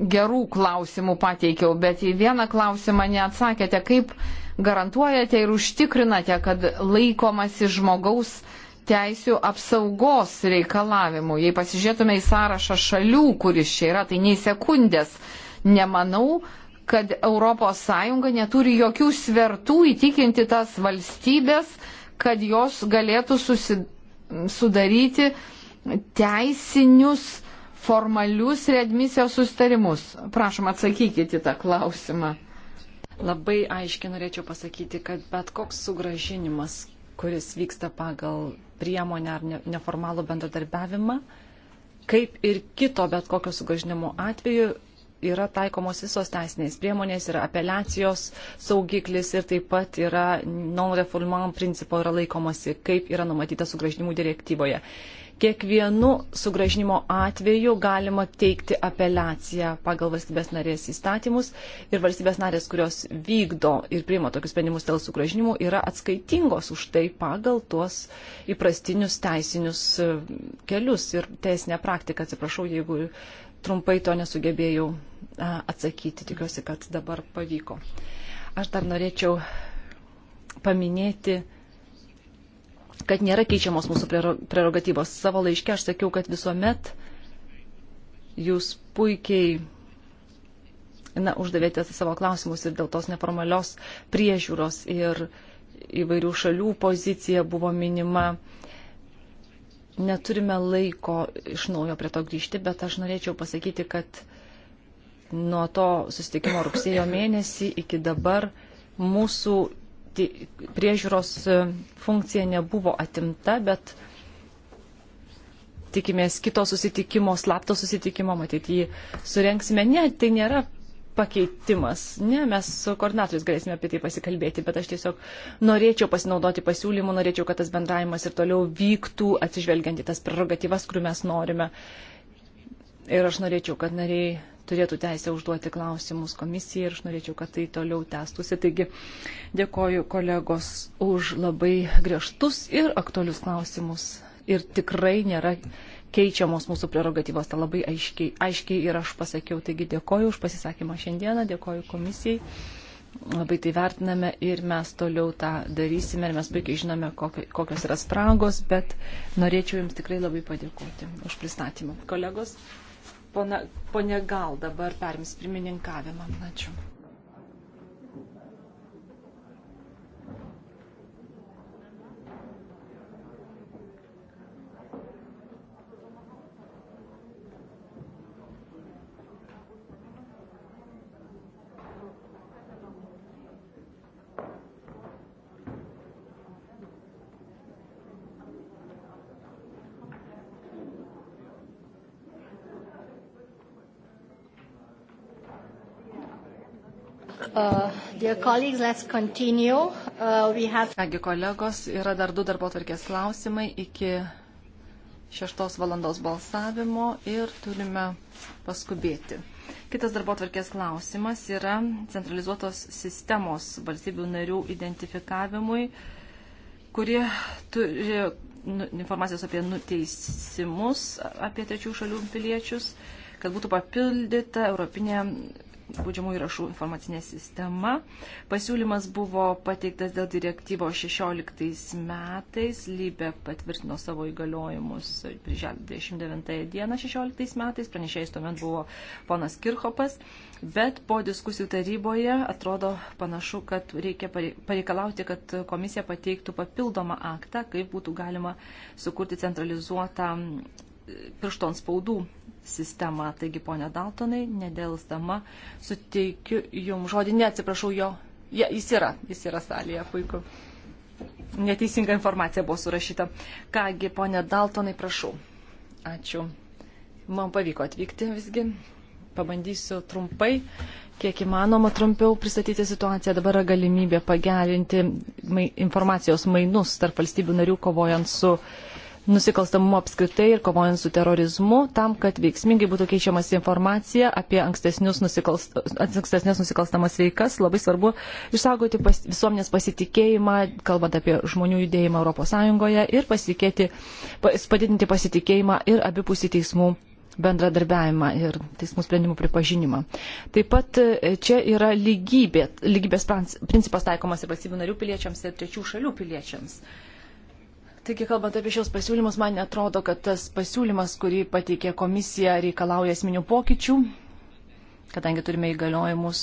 gerų klausimų pateikiau, bet į vieną klausimą neatsakėte, kaip garantuojate ir užtikrinate, kad laikomasi žmogaus teisių apsaugos reikalavimų. Jei pasižiūrėtume į sąrašą šalių, kuris čia yra, tai nei sekundės nemanau, kad ES neturi jokių svertų įtikinti tas valstybės, kad jos galėtų susi, sudaryti teisinius formalius readmisijos sustarimus. Prašom, atsakykite į tą klausimą. Labai aiškiai norėčiau pasakyti, kad bet koks sugražinimas, kuris vyksta pagal priemonę ar neformalų bendradarbiavimą, kaip ir kito bet kokio sugažinimo atveju yra taikomos visos teisinės priemonės, yra apeliacijos saugiklis ir taip pat yra non-refoulement principo yra laikomasi, kaip yra numatyta sugražinimų direktyvoje. Kiekvienu sugražinimo atveju galima teikti apeliaciją pagal valstybės narės įstatymus ir valstybės narės, kurios vykdo ir priima tokius sprendimus dėl sugražinimų, yra atskaitingos už tai pagal tuos įprastinius teisinius e, kelius ir teisinę praktiką. Atsiprašau, jeigu trumpai to nesugebėjau e, atsakyti, tikiuosi, kad dabar pavyko. Aš dar norėčiau paminėti kad nėra keičiamos mūsų prerogatyvos. Savo laiške aš sakiau, kad visuomet jūs puikiai na, uždavėte savo klausimus ir dėl tos neformalios priežiūros ir įvairių šalių pozicija buvo minima. Neturime laiko iš naujo prie to grįžti, bet aš norėčiau pasakyti, kad nuo to susitikimo rugsėjo mėnesį iki dabar mūsų priežiūros e, funkcija nebuvo atimta, bet tikimės kito susitikimo, slapto susitikimo, matyt, jį surenksime. Ne, tai nėra pakeitimas. Ne, mes su koordinatoriais galėsime apie tai pasikalbėti, bet aš tiesiog norėčiau pasinaudoti pasiūlymu, norėčiau, kad tas bendravimas ir toliau vyktų, atsižvelgiant į tas prerogatyvas, kurių mes norime. Ir aš norėčiau, kad nariai turėtų teisę užduoti klausimus komisijai ir aš norėčiau, kad tai toliau tęstusi. Taigi dėkoju kolegos už labai griežtus ir aktualius klausimus. Ir tikrai nėra keičiamos mūsų prerogatyvos, tai labai aiškiai, aiškiai ir aš pasakiau. Taigi dėkoju už pasisakymą šiandieną, dėkoju komisijai labai tai vertiname ir mes toliau tą darysime ir mes puikiai žinome, kokios yra spragos, bet norėčiau Jums tikrai labai padėkoti už pristatymą. Kolegos, Pone Gal dabar perims pirmininkavimą. Ačiū. Uh, uh, Kągi uh, uh, have... kolegos, yra dar du darbo tvarkės klausimai iki 6 valandos balsavimo ir turime paskubėti. Kitas darbo tvarkės klausimas yra centralizuotos sistemos valstybių narių identifikavimui, kurie turi nu, informacijos apie nuteisimus apie trečių šalių piliečius, kad būtų papildyta Europinė baudžiamų įrašų informacinė sistema. Pasiūlymas buvo pateiktas dėl direktyvo 16 metais, Lybė patvirtino savo įgaliojimus 29 dieną 16 metais, pranešėjas tuomet buvo ponas Kirchopas, bet po diskusijų taryboje atrodo panašu, kad reikia pareikalauti, kad komisija pateiktų papildomą aktą, kaip būtų galima sukurti centralizuotą piršton spaudų sistemą. Taigi, ponia Daltonai, nedėlstama, suteikiu jums žodį, neatsiprašau jo, ja, jis yra, jis yra salėje, puiku. Neteisinga informacija buvo surašyta. Kągi, ponia Daltonai, prašau. Ačiū. Man pavyko atvykti visgi. Pabandysiu trumpai, kiek įmanoma trumpiau pristatyti situaciją. Dabar yra galimybė pagerinti informacijos mainus tarp valstybių narių kovojant su uh, nusikalstamumu apskritai ir kovojant su terorizmu, tam, kad veiksmingai būtų keičiamas informacija apie nusikalst, ankstesnės nusikalstamas veikas. Labai svarbu išsaugoti pas, visuomenės pasitikėjimą, kalbant apie žmonių judėjimą ES ir pasitikėti, pas, padidinti pasitikėjimą ir abipusį teismų bendradarbiavimą ir teismų sprendimų pripažinimą. Taip pat e, čia yra lygybė, lygybės principas taikomas ir valstybių narių piliečiams ir trečių šalių piliečiams. Uh, Taigi, kalbant apie šios pasiūlymus, man netrodo, kad tas pasiūlymas, kurį pateikė komisija, reikalauja esminių pokyčių, kadangi turime įgaliojimus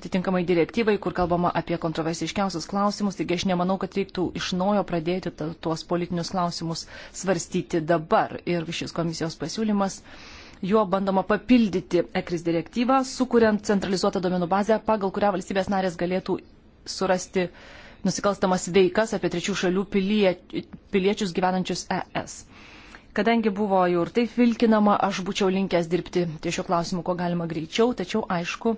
atitinkamai direktyvai, kur kalbama apie kontroversiškiausius klausimus, taigi aš nemanau, kad reiktų iš naujo pradėti tuos politinius klausimus svarstyti dabar. Ir šis komisijos pasiūlymas, juo bandoma papildyti ECRIS direktyvą, sukuriant centralizuotą domenų bazę, pagal kurią valstybės narės galėtų surasti uh, nusikalstamas veikas apie trečių šalių pilie, piliečius gyvenančius ES. Kadangi buvo jau ir taip vilkinama, aš būčiau linkęs dirbti ties šiuo klausimu, kuo galima greičiau, tačiau aišku,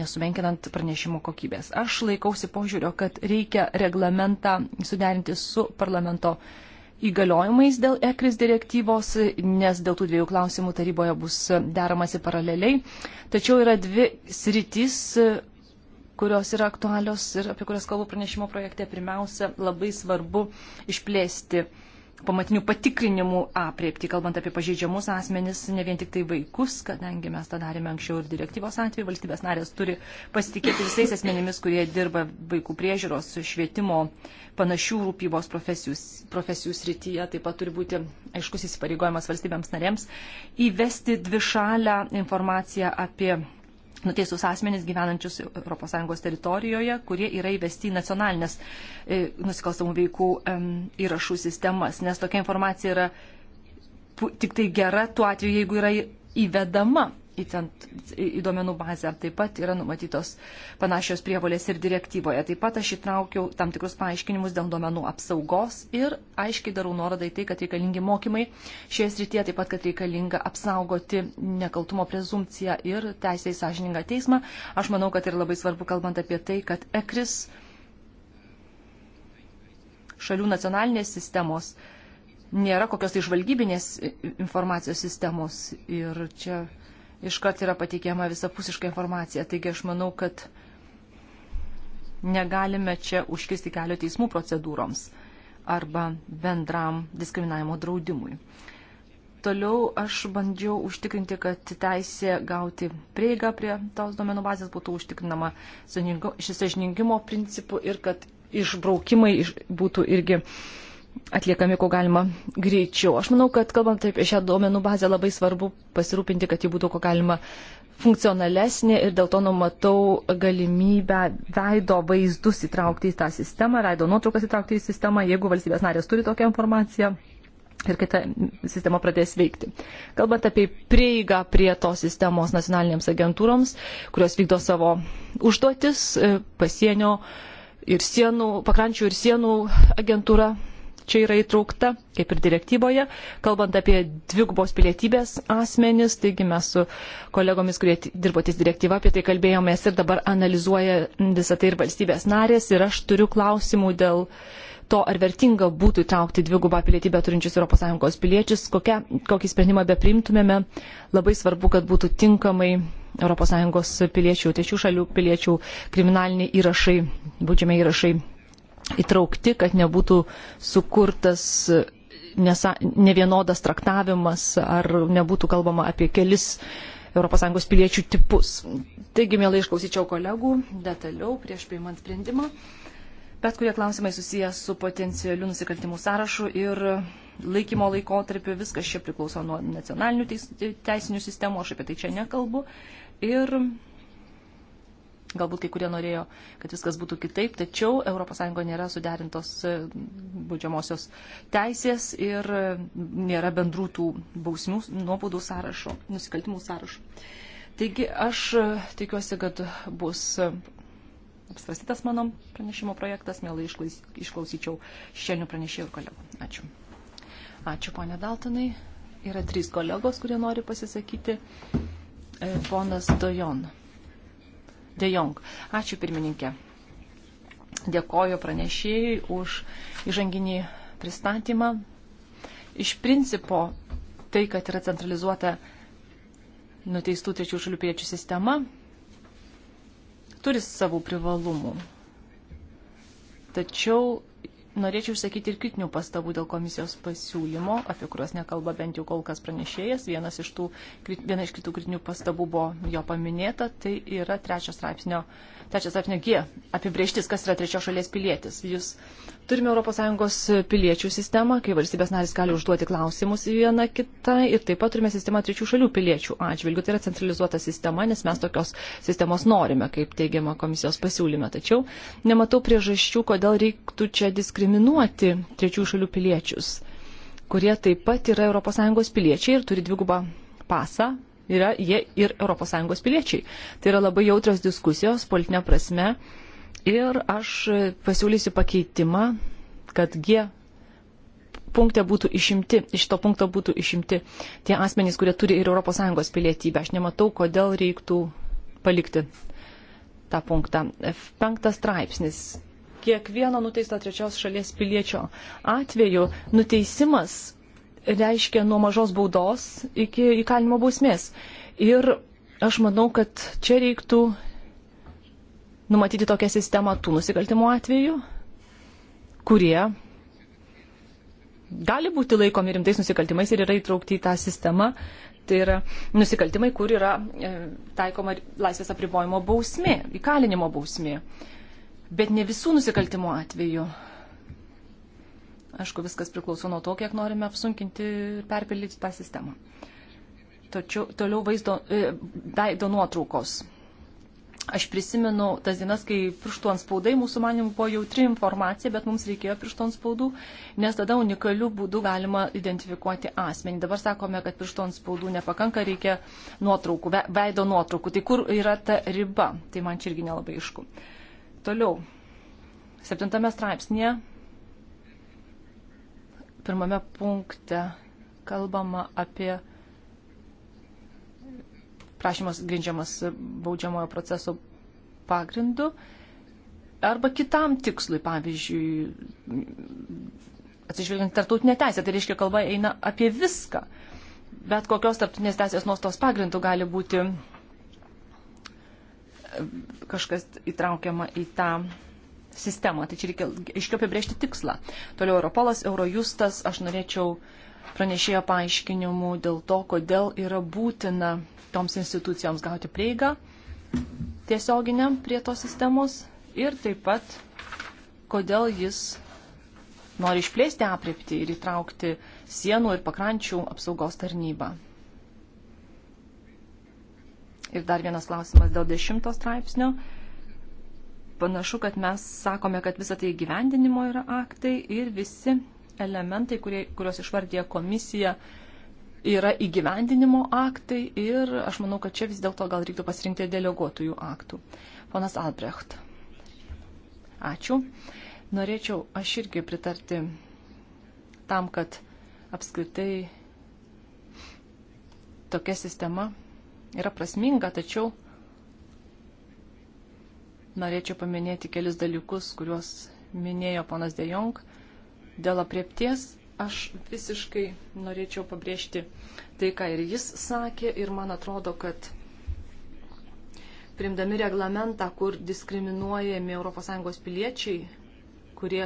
nesumenkinant pranešimo kokybės. Aš laikausi požiūrio, kad reikia reglamentą suderinti su parlamento įgaliojimais dėl ekris direktyvos, nes dėl tų dviejų klausimų taryboje bus deramasi paraleliai. Tačiau yra dvi sritys, kurios yra aktualios ir apie kurias kalbu pranešimo projekte. Pirmiausia, labai svarbu išplėsti pamatinių patikrinimų apriepti, kalbant apie pažeidžiamus asmenis, ne vien tik tai vaikus, kadangi mes tą darėme anksčiau ir direktyvos atveju, valstybės narės turi pasitikėti visais asmenimis, kurie dirba vaikų priežiūros, švietimo, panašių rūpybos profesijų, profesijų srityje, taip pat turi būti aiškus įsipareigojimas valstybėms narėms įvesti dvišalę informaciją apie nuteistus asmenys gyvenančius ES teritorijoje, kurie yra įvesti į nacionalinės e, nusikalstamų veikų įrašų sistemas, nes tokia informacija yra tik tai gera tuo atveju, jeigu yra įvedama į, cent, į duomenų bazę. Taip pat yra numatytos panašios prievolės ir direktyvoje. Taip pat aš įtraukiau tam tikrus paaiškinimus dėl duomenų apsaugos ir aiškiai darau nuorodą į tai, kad reikalingi mokymai šioje srityje, taip pat, kad reikalinga apsaugoti nekaltumo prezumciją ir teisę į sąžiningą teismą. Aš manau, kad ir labai svarbu kalbant apie tai, kad ekris šalių nacionalinės sistemos nėra kokios tai žvalgybinės informacijos sistemos ir čia iškart yra pateikiama visapusiška informacija. Taigi aš manau, kad negalime čia užkisti kelio teismų procedūroms arba bendram diskriminavimo draudimui. Toliau aš bandžiau užtikrinti, kad teisė gauti prieigą prie tos domenų bazės būtų užtikrinama šis sažiningimo principu ir kad išbraukimai būtų irgi uh, atliekami, ko galima greičiau. Aš manau, kad kalbant apie šią duomenų bazę, labai svarbu pasirūpinti, kad ji būtų ko galima funkcionalesnė ir dėl to numatau galimybę veido vaizdus įtraukti į tą sistemą, veido nuotraukas įtraukti į sistemą, jeigu valstybės narės turi tokią informaciją ir kai ta sistema pradės veikti. Kalbant apie prieigą prie tos sistemos nacionalinėms agentūroms, kurios vykdo savo užduotis e, pasienio ir sienų, pakrančių ir sienų agentūra čia yra įtraukta, kaip ir direktyvoje, kalbant apie dvigubos pilietybės asmenis, taigi mes su kolegomis, kurie dirbo ties direktyva, apie tai kalbėjomės ir dabar analizuoja visą tai ir valstybės narės ir aš turiu klausimų dėl to, ar vertinga būtų įtraukti dvigubą pilietybę turinčius ES piliečius, kokia, kokį sprendimą be priimtumėme, labai svarbu, kad būtų tinkamai ES piliečių, trečių šalių piliečių kriminaliniai įrašai, būdžiame įrašai įtraukti, kad nebūtų sukurtas e, nesa, nevienodas traktavimas ar nebūtų kalbama apie kelis ES piliečių tipus. Taigi, mielai išklausyčiau kolegų detaliau prieš priimant sprendimą. Bet kurie klausimai susijęs su potencialiu nusikaltimų sąrašu ir laikymo laikotarpiu, viskas čia priklauso nuo nacionalinių teis, teisinių sistemų, aš apie tai čia nekalbu. Ir Galbūt kai kurie norėjo, kad viskas būtų kitaip, tačiau ES nėra suderintos e, baudžiamosios teisės ir e, nėra bendrų tų bausmių nuobaudų sąrašo, nusikaltimų sąrašo. Taigi aš e, tikiuosi, kad bus apsvarstytas mano pranešimo projektas, mielai išklausyčiau šiandien pranešėjų ir kolegų. Ačiū. Ačiū, ponė Daltonai. Yra trys kolegos, kurie nori pasisakyti. Ponas Dojon. De Jong. Ačiū pirmininkė. Dėkoju pranešėjai už įžanginį pristatymą. Iš principo tai, kad yra centralizuota nuteistų trečių šalių piliečių sistema, turi savų privalumų. Tačiau norėčiau išsakyti ir kritinių pastabų dėl komisijos pasiūlymo, apie kuriuos nekalba bent jau kol kas pranešėjas. Vienas iš tų, viena iš kitų kritinių pastabų buvo jo paminėta, tai yra trečias straipsnio, trečias straipsnio G apibrieštis, kas yra trečios šalies pilietis. Jūs Turime ES piliečių sistemą, kai valstybės narys gali užduoti klausimus viena kitą ir taip pat turime sistemą trečių šalių piliečių atžvilgių. Tai yra centralizuota sistema, nes mes tokios sistemos norime, kaip teigiama komisijos pasiūlyme. Tačiau nematau priežasčių, kodėl reiktų čia diskriminuoti trečių šalių piliečius, kurie taip pat yra ES piliečiai ir turi dvigubą pasą. Yra jie ir ES piliečiai. Tai yra labai jautrios diskusijos politinė prasme Ir aš pasiūlysiu pakeitimą, kad G punkte būtų išimti, iš to punkto būtų išimti tie asmenys, kurie turi ir ES pilietybę. Aš nematau, kodėl reiktų palikti tą punktą. Penktas straipsnis. Kiekvieno nuteisto trečios šalies piliečio atveju nuteisimas reiškia nuo mažos baudos iki įkalinimo bausmės. Ir aš manau, kad čia reiktų numatyti tokią sistemą tų nusikaltimų atveju, kurie gali būti laikomi rimtais nusikaltimais ir yra įtraukti į tą sistemą. Tai yra nusikaltimai, kur yra e, taikoma laisvės apribojimo bausmė, įkalinimo bausmė. Bet ne visų nusikaltimų atveju. Aišku, viskas priklauso nuo to, kiek norime apsunkinti ir perpildyti tą sistemą. Tačiau toliau vaizdo, e, veido nuotraukos Aš prisimenu tas dienas, kai pirštų ant spaudai mūsų manimų buvo jautri informacija, bet mums reikėjo pirštų ant spaudų, nes tada unikalių būdų galima identifikuoti asmenį. Dabar sakome, kad pirštų ant spaudų nepakanka, reikia nuotraukų, veido nuotraukų. Tai kur yra ta riba? Tai man čia irgi nelabai aišku. Toliau. Septintame straipsnėje, pirmame punkte, kalbama apie prašymas grindžiamas baudžiamojo proceso pagrindu arba kitam tikslui, pavyzdžiui, atsižvelgiant tarptautinę teisę, tai reiškia kalba eina apie viską. Bet kokios tarptautinės teisės nuostos pagrindų gali būti kažkas įtraukiama į tą sistemą. Tai čia reikia aiškiau apibriežti tikslą. Toliau Europolas, Eurojustas, aš norėčiau uh, pranešėjo paaiškinimų dėl to, kodėl yra būtina toms institucijoms gauti prieigą tiesioginę prie tos sistemos ir taip pat, kodėl jis nori išplėsti apriepti ir įtraukti sienų ir pakrančių apsaugos tarnybą. Ir dar vienas klausimas dėl dešimto straipsnio. Panašu, kad mes sakome, kad visa tai gyvendinimo yra aktai ir visi elementai, kurie, kuriuos išvardė komisija, yra įgyvendinimo aktai ir aš manau, kad čia vis dėlto gal reiktų pasirinkti deleguotųjų aktų. Ponas Albrecht. Ačiū. Norėčiau aš irgi pritarti tam, kad apskritai tokia sistema yra prasminga, tačiau norėčiau paminėti kelis dalykus, kuriuos minėjo ponas Dejong. Dėl apriepties aš visiškai norėčiau pabrėžti tai, ką ir jis sakė, ir man atrodo, kad primdami reglamentą, kur diskriminuojami ES piliečiai, kurie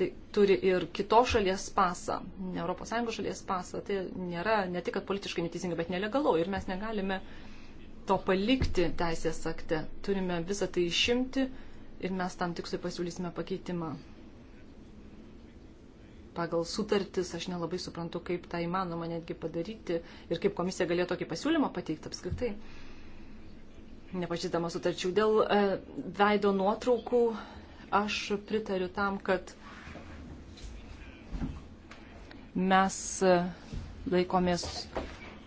tai, turi ir kitos šalies pasą, ne ES šalies pasą, tai nėra ne tik politiškai neteisinga, bet nelegalu ir mes negalime to palikti teisės akte. Turime visą tai išimti ir mes tam tikslui pasiūlysime pakeitimą pagal sutartis, aš nelabai suprantu, kaip tą įmanoma netgi padaryti ir kaip komisija galėjo tokį pasiūlymą pateikti apskritai. Nepažįstama sutarčių. Dėl e, veido nuotraukų aš pritariu tam, kad mes e, laikomės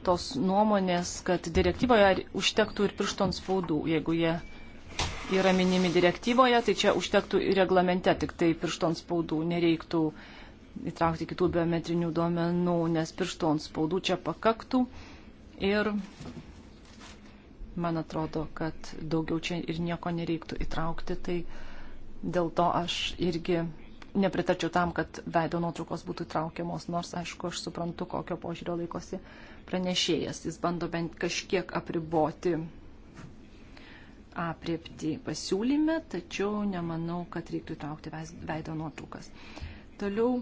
tos nuomonės, kad direktyvoje užtektų ir pirštų ant spaudų. Jeigu jie yra minimi direktyvoje, tai čia užtektų ir reglamente, tik tai pirštų ant spaudų nereiktų uh, įtraukti kitų biometrinių duomenų, nes pirštų ant spaudų čia pakaktų. Ir man atrodo, kad daugiau čia ir nieko nereiktų įtraukti, tai dėl to aš irgi nepritarčiau tam, kad veido nuotraukos būtų traukiamos, nors aišku, aš suprantu, kokio požiūrio laikosi pranešėjas. Jis bando bent kažkiek apriboti apriepti pasiūlyme, tačiau nemanau, kad reiktų traukti veido nuotraukas. Toliau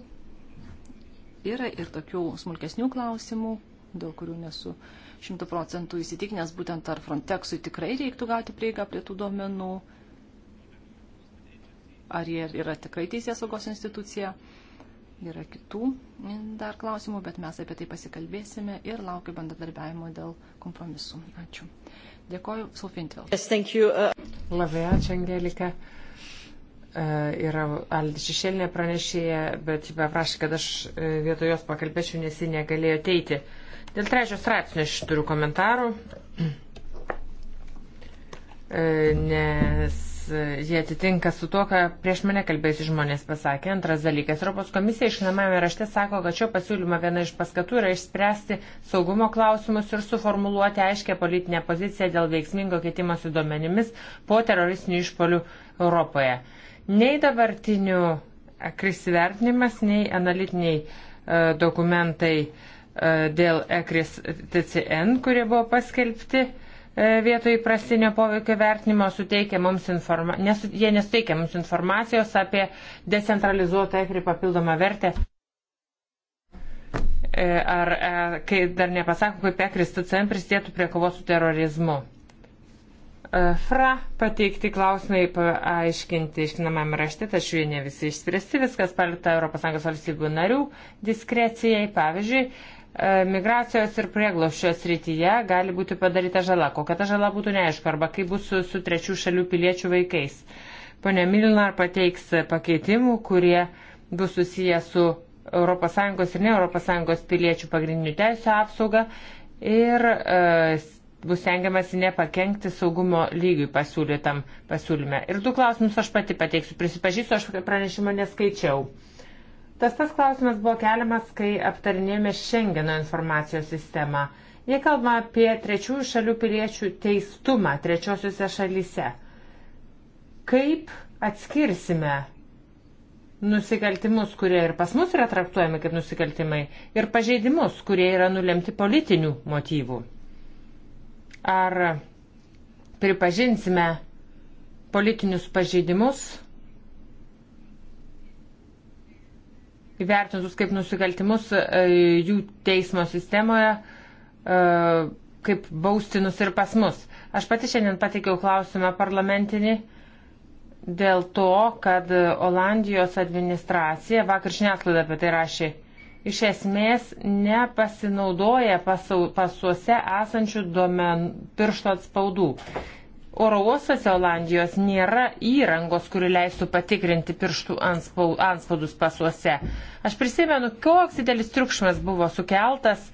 yra ir tokių smulkesnių klausimų, dėl kurių nesu šimtų procentų įsitikinęs, būtent ar Frontexui tikrai reiktų gauti prieigą prie tų duomenų, ar jie yra tikrai teisės saugos institucija. Yra kitų mm, dar klausimų, bet mes apie tai pasikalbėsime ir laukiu bendradarbiavimo dėl kompromisų. Ačiū. Dėkoju, Sofintvėl. Yes, uh... Labai ačiū, Angelika. Uh, E, yra Aldis šešėlinė pranešėja, bet ji paprašė, kad aš e, vietoj jos pakalbėčiau, nes ji negalėjo ateiti. Dėl trečio straipsnio aš turiu komentarų, e, nes jie atitinka su to, ką prieš mane kalbėjusi žmonės pasakė. Antras dalykas, Europos komisija išinamame rašte sako, kad šio pasiūlymo viena iš paskatų yra išspręsti saugumo klausimus ir suformuluoti aiškę politinę poziciją dėl veiksmingo keitimosi duomenimis po teroristinių išpolių Europoje. Nei dabartinių ekris vertinimas, nei analitiniai e, dokumentai e, dėl ekris e, TCN, kurie buvo paskelbti vietoj įprastinio poveikio vertinimo, mums informa... Nesu... jie nesuteikia mums informacijos apie decentralizuotą ekri papildomą vertę. Ar kai dar nepasako, kaip ekris TCN prisidėtų prie kovos su terorizmu fra pateikti klausimai paaiškinti iškinamam rašte, tačiau jie ne visi išspręsti, viskas palikta ES valstybių narių diskrecijai. Pavyzdžiui, e, migracijos ir prieglošio srityje gali būti padaryta žala. Kokia ta žala būtų neaišku, arba kaip bus su, su trečių šalių piliečių vaikais. Pone Milinar pateiks pakeitimų, kurie bus susiję su ES ir ne ES piliečių pagrindinių teisų apsauga ir e, bus tengiamasi nepakengti saugumo lygiui pasiūlytam pasiūlyme. Ir du klausimus aš pati pateiksiu. Prisipažįstu, aš pranešimo neskaičiau. Tas tas klausimas buvo keliamas, kai aptarinėjome Schengeno informacijos sistemą. Jie kalba apie trečiųjų šalių piliečių teistumą trečiosiuose šalyse. Kaip atskirsime nusikaltimus, kurie ir pas mus yra traktuojami kaip nusikaltimai, ir pažeidimus, kurie yra nulemti politinių motyvų? ar pripažinsime politinius pažeidimus, įvertintus kaip nusikaltimus e, jų teismo sistemoje, e, kaip baustinus ir pas mus. Aš pati šiandien pateikiau klausimą parlamentinį dėl to, kad Olandijos administracija, vakar žiniasklaida apie tai rašė, iš esmės nepasinaudoja pasau, pasuose esančių duomen, piršto atspaudų. Oro uostose Olandijos nėra įrangos, kuri leistų patikrinti pirštų anspaudus pasuose. Aš prisimenu, koks didelis triukšmas buvo sukeltas.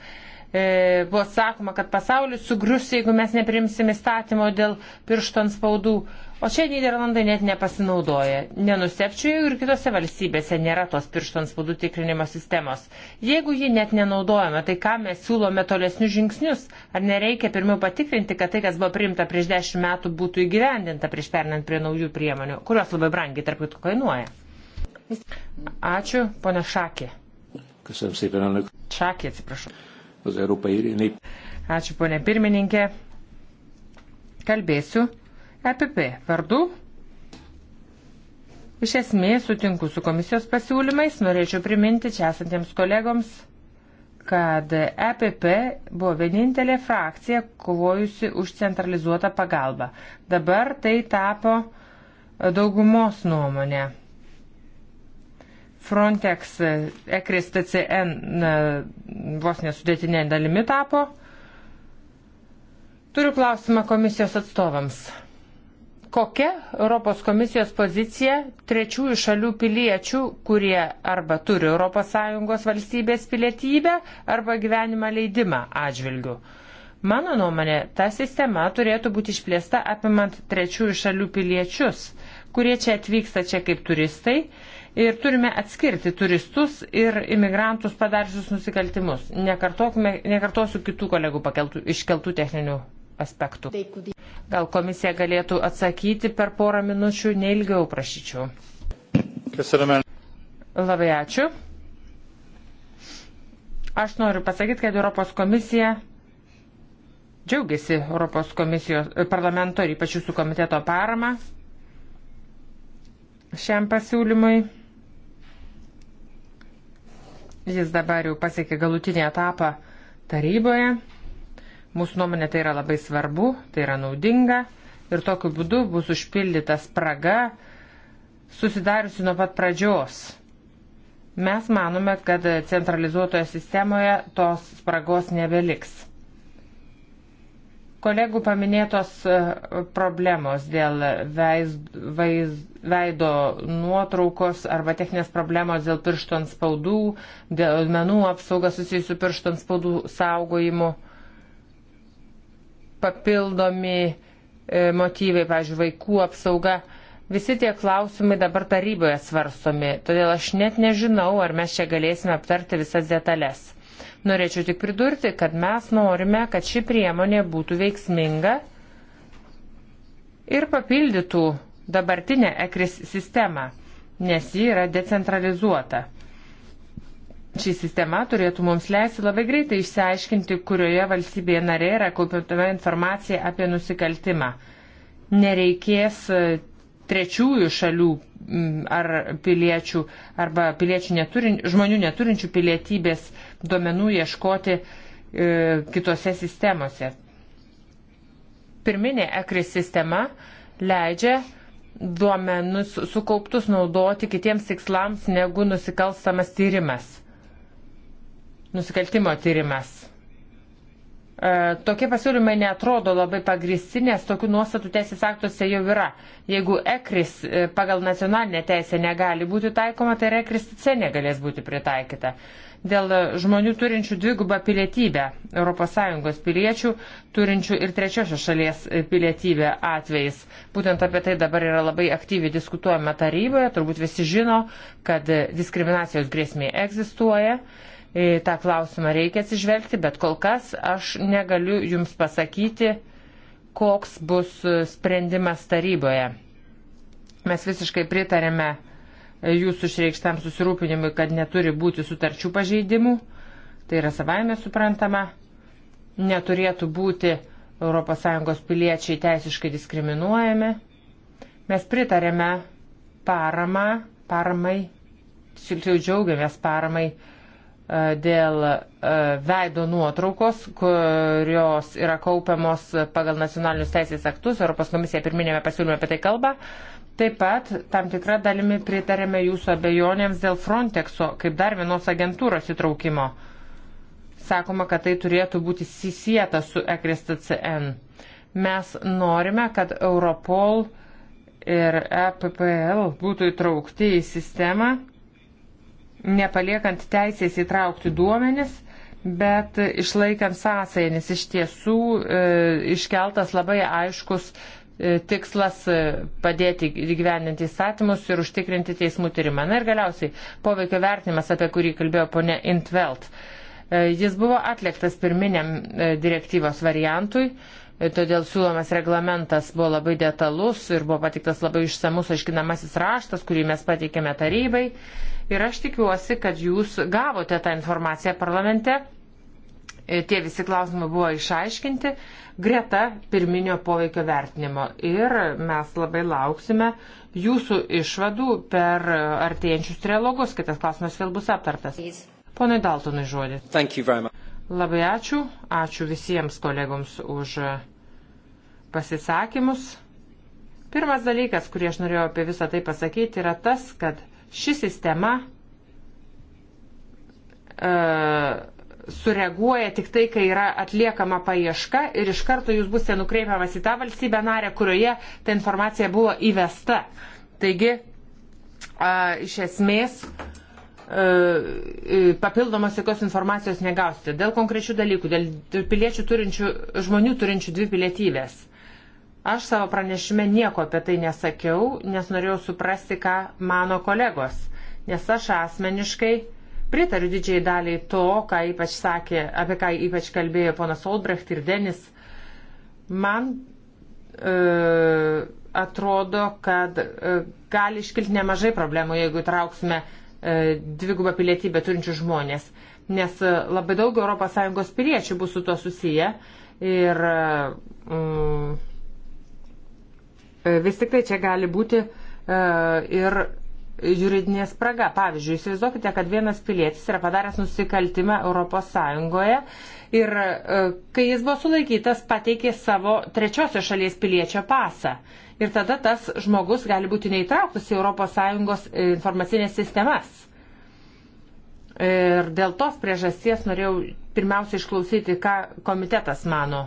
E, buvo sakoma, kad pasaulis sugrius, jeigu mes neprimsim įstatymo dėl pirštų anspaudų. spaudų O čia Niderlandai net nepasinaudoja. Nenustepčiau, jeigu ir kitose valstybėse nėra tos piršto ant spaudų tikrinimo sistemos. Jeigu ji net nenaudojama, tai ką mes siūlome tolesnius žingsnius? Ar nereikia pirmiau patikrinti, kad tai, kas buvo priimta prieš dešimt metų, būtų įgyvendinta prieš pernant prie naujų priemonių, kurios labai brangiai tarp kitų kainuoja? Ačiū, ponia Šakė. Šakė, atsiprašau. Ačiū, ponia pirmininkė. Kalbėsiu EPP vardu. Iš esmės sutinku su komisijos pasiūlymais, norėčiau priminti čia esantiems kolegoms, kad EPP buvo vienintelė frakcija kovojusi už centralizuotą pagalbą. Dabar tai tapo daugumos nuomonė. Frontex ekris TCN vos nesudėtinė dalimi tapo. Turiu klausimą komisijos atstovams. Kokia Europos komisijos pozicija trečiųjų šalių piliečių, kurie arba turi ES valstybės pilietybę arba gyvenimą leidimą atžvilgių? Mano nuomonė, ta sistema turėtų būti išplėsta apimant trečiųjų šalių piliečius, kurie čia atvyksta čia kaip turistai ir turime atskirti turistus ir imigrantus padaržius nusikaltimus. Nekartosiu kitų kolegų pakeltų, iškeltų techninių aspektų. Gal komisija galėtų atsakyti per porą minučių, neilgiau prašyčiau. Labai ačiū. Aš noriu pasakyti, kad Europos komisija džiaugiasi Europos komisijos e, parlamento ir ypač jūsų komiteto parama šiam pasiūlymui. Jis dabar jau pasiekė galutinį etapą taryboje. Mūsų nuomonė tai yra labai svarbu, tai yra naudinga ir tokiu būdu bus užpildyta spraga susidariusi nuo pat pradžios. Mes manome, kad centralizuotoje sistemoje tos spragos nebeliks. Kolegų paminėtos e, problemos dėl veiz, veiz, veido nuotraukos arba techninės problemos dėl pirštų ant spaudų, dėl menų apsaugas susijusių pirštų ant spaudų saugojimu papildomi e, motyvai, pavyzdžiui, vaikų apsauga. Visi tie klausimai dabar taryboje svarstomi, todėl aš net nežinau, ar mes čia galėsime aptarti visas detalės. Norėčiau tik pridurti, kad mes norime, kad ši priemonė būtų veiksminga ir papildytų dabartinę ekris sistemą, nes ji yra decentralizuota. Ši sistema turėtų mums leisti labai greitai išsiaiškinti, kurioje valstybėje narė yra kaupiama informacija apie nusikaltimą. Nereikės e, trečiųjų šalių ar piliečių arba piliečių neturin, žmonių neturinčių pilietybės duomenų ieškoti e, kitose sistemose. Pirminė ekris sistema leidžia duomenus sukauptus naudoti kitiems tikslams negu nusikalstamas tyrimas nusikaltimo tyrimas. E, tokie pasiūlymai netrodo labai pagristi, nes tokių nuostatų teisės aktuose jau yra. Jeigu ekris e, pagal nacionalinę teisę negali būti taikoma, tai ir ekris C negalės būti pritaikyta. Dėl žmonių turinčių dvigubą pilietybę, ES piliečių, turinčių ir trečiosios šalies e, pilietybę atvejais. Būtent apie tai dabar yra labai aktyviai diskutuojama taryboje, turbūt visi žino, kad diskriminacijos grėsmė egzistuoja į tą klausimą reikia atsižvelgti, bet kol kas aš negaliu Jums pasakyti, koks bus sprendimas taryboje. Mes visiškai pritarėme Jūsų išreikštam susirūpinimui, kad neturi būti sutarčių pažeidimų. Tai yra savaime suprantama. Neturėtų būti ES piliečiai teisiškai diskriminuojami. Mes pritarėme parama, paramai, šilčiau džiaugiamės paramai E, dėl e, veido nuotraukos, kurios yra kaupiamos pagal nacionalinius teisės aktus, Europos komisija pirminėme pasiūlyme apie tai kalba. Taip pat tam tikrą dalimi pritarėme jūsų abejonėms dėl Frontexo kaip dar vienos agentūros įtraukimo. Sakoma, kad tai turėtų būti susijęta su ECRISTCN. Mes norime, kad Europol ir EPPL būtų įtraukti į sistemą nepaliekant teisės įtraukti duomenis, bet išlaikant sąsąją, nes iš tiesų e, iškeltas labai aiškus e, tikslas e, padėti įgyveninti įstatymus ir užtikrinti teismų tyrimą. Na ir galiausiai poveikio vertinimas, apie kurį kalbėjo ponė Intvelt. E, jis buvo atliktas pirminiam e, direktyvos variantui e, todėl siūlomas reglamentas buvo labai detalus ir buvo patiktas labai išsamus aiškinamasis raštas, kurį mes pateikėme tarybai. Ir aš tikiuosi, kad jūs gavote tą informaciją parlamente. E, tie visi klausimai buvo išaiškinti greta pirminio poveikio vertinimo. Ir mes labai lauksime jūsų išvadų per artėjančius trialogus. Kitas klausimas vėl bus aptartas. Ponai Daltonai žodį. Labai ačiū. Ačiū visiems kolegoms už pasisakymus. Pirmas dalykas, kurį aš norėjau apie visą tai pasakyti, yra tas, kad Ši sistema e, sureaguoja tik tai, kai yra atliekama paieška ir iš karto jūs busite nukreipiamas į tą valstybę narę, kurioje ta informacija buvo įvesta. Taigi, a, iš esmės, e, e, papildomos jokios informacijos negausite dėl konkrečių dalykų, dėl piliečių turinčių, žmonių turinčių dvi pilietybės. Aš savo pranešime nieko apie tai nesakiau, nes norėjau suprasti, ką mano kolegos, nes aš asmeniškai pritariu didžiai daliai to, ką ypač sakė, apie ką ypač kalbėjo ponas Olbrecht ir Denis. Man e, atrodo, kad e, gali iškilti nemažai problemų, jeigu įtrauksime e, dvigubą pilietybę turinčių žmonės, nes e, labai daug ES piliečių bus su tuo susiję ir e, mm, Vis tik tai čia gali būti e, ir juridinė spraga. Pavyzdžiui, įsivaizduokite, kad vienas pilietis yra padaręs nusikaltimą ES ir e, kai jis buvo sulaikytas, pateikė savo trečiosios šalies piliečio pasą. Ir tada tas žmogus gali būti neįtrauktas į ES e, informacinės sistemas. Ir dėl tos priežasties norėjau pirmiausia išklausyti, ką komitetas mano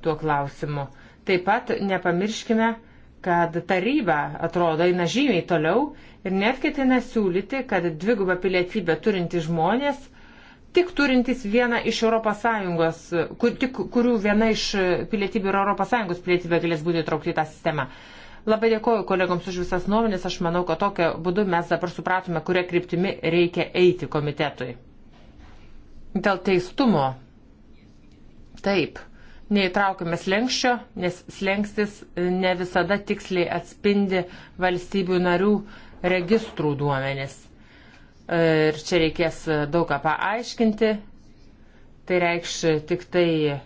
tuo klausimu. Taip pat nepamirškime, kad taryba atrodo eina žymiai toliau ir net ketina siūlyti, kad dvigubą pilietybę turintys žmonės, tik turintys vieną iš ES, kur, tik, kurių viena iš pilietybių yra ES pilietybė, galės būti įtraukti į tą sistemą. Labai dėkoju kolegoms už visas nuomonės, aš manau, kad tokiu būdu mes dabar supratome, kuria kryptimi reikia eiti komitetui. Dėl teistumo. Taip neįtraukiame slengščio, nes slengstis e, ne visada tiksliai atspindi valstybių narių registrų duomenis. E, ir čia reikės e, daug ką paaiškinti. Tai reikš tik tai e,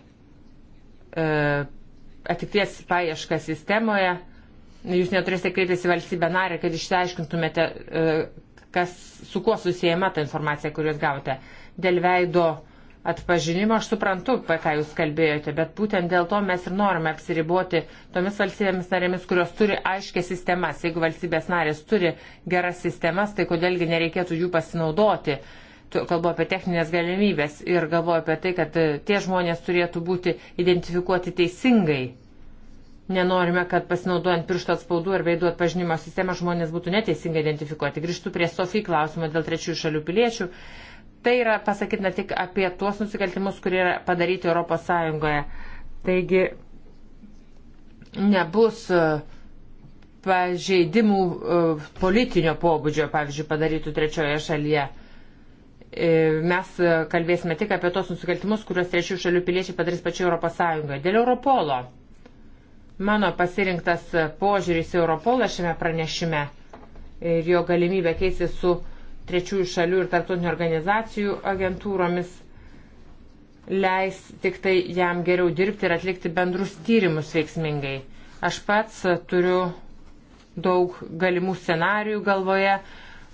atikties paiešką sistemoje. Jūs neturėsite kreiptis į valstybę narę, kad išsiaiškintumėte, e, kas, su kuo susijęma ta informacija, kurios gavote. Dėl veido atpažinimo aš suprantu, apie ką jūs kalbėjote, bet būtent dėl to mes ir norime apsiriboti tomis valstybėmis narėmis, kurios turi aiškę sistemas. Jeigu valstybės narės turi geras sistemas, tai kodėlgi nereikėtų jų pasinaudoti. Kalbu apie techninės galimybės ir galvoju apie tai, kad e, tie žmonės turėtų būti identifikuoti teisingai. Nenorime, kad pasinaudojant piršto atspaudų ar veidų atpažinimo sistemą žmonės būtų neteisingai identifikuoti. Grįžtų prie Sofijų klausimo dėl trečiųjų šalių piliečių. Uh, Tai yra pasakytina tik apie tuos nusikaltimus, kurie yra padaryti ES. Taigi nebus e, pažeidimų e, politinio pobūdžio, pavyzdžiui, padarytų trečioje šalyje e, mes kalbėsime tik apie tos nusikaltimus, kuriuos trečių šalių piliečiai padarys pačiu Europos Sąjungoje. Dėl Europolo. Mano pasirinktas požiūris į Europolą šiame pranešime ir jo galimybę keisti su trečiųjų šalių ir tarptautinių organizacijų agentūromis leis tik tai jam geriau dirbti ir atlikti bendrus tyrimus veiksmingai. Aš pats turiu daug galimų scenarijų galvoje.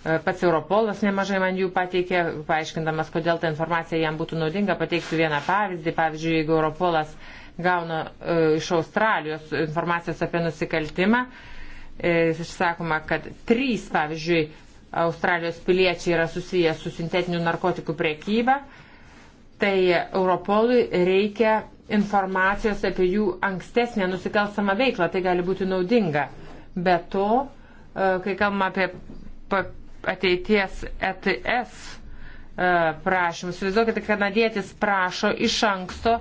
Pats Europolas nemažai man jų pateikė, paaiškindamas, kodėl ta informacija jam būtų naudinga. Pateiksiu vieną pavyzdį. Pavyzdžiui, jeigu Europolas gauna e, iš Australijos informacijos apie nusikaltimą, e, išsakoma, kad trys, pavyzdžiui, Australijos piliečiai yra susijęs su sintetinių narkotikų priekyba, tai Europolui reikia informacijos apie jų ankstesnę nusikalstamą veiklą, tai gali būti naudinga. Be to, e, kai kalbam apie ateities ETS e, prašymus, įsivaizduokite, kanadietis prašo iš anksto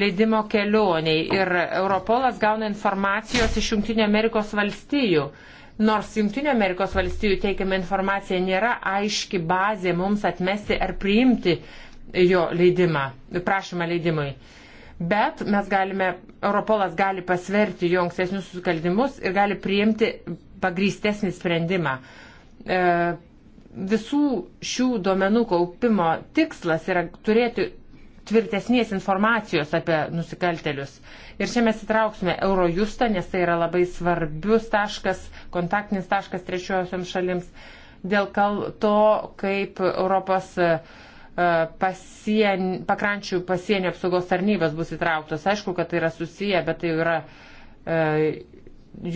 leidimo kelioniai ir Europolas gauna informacijos iš Junktinio Amerikos valstijų. Nors Junktinio Amerikos valstijų teikiama informacija nėra aiški bazė mums atmesti ar priimti jo leidimą, prašymą leidimui. Bet mes galime, Europolas gali pasverti jo ankstesnius susikaldimus ir gali priimti pagrystesnį sprendimą. E, visų šių duomenų kaupimo tikslas yra turėti tvirtesnės informacijos apie nusikaltelius. Ir čia mes įtrauksime Eurojustą, nes tai yra labai svarbius taškas, kontaktinis taškas trečiosiam šalims, dėl to, kaip Europos e, pasien, pakrančių pasienio apsaugos tarnybos bus įtrauktos. Aišku, kad tai yra susiję, bet tai yra e,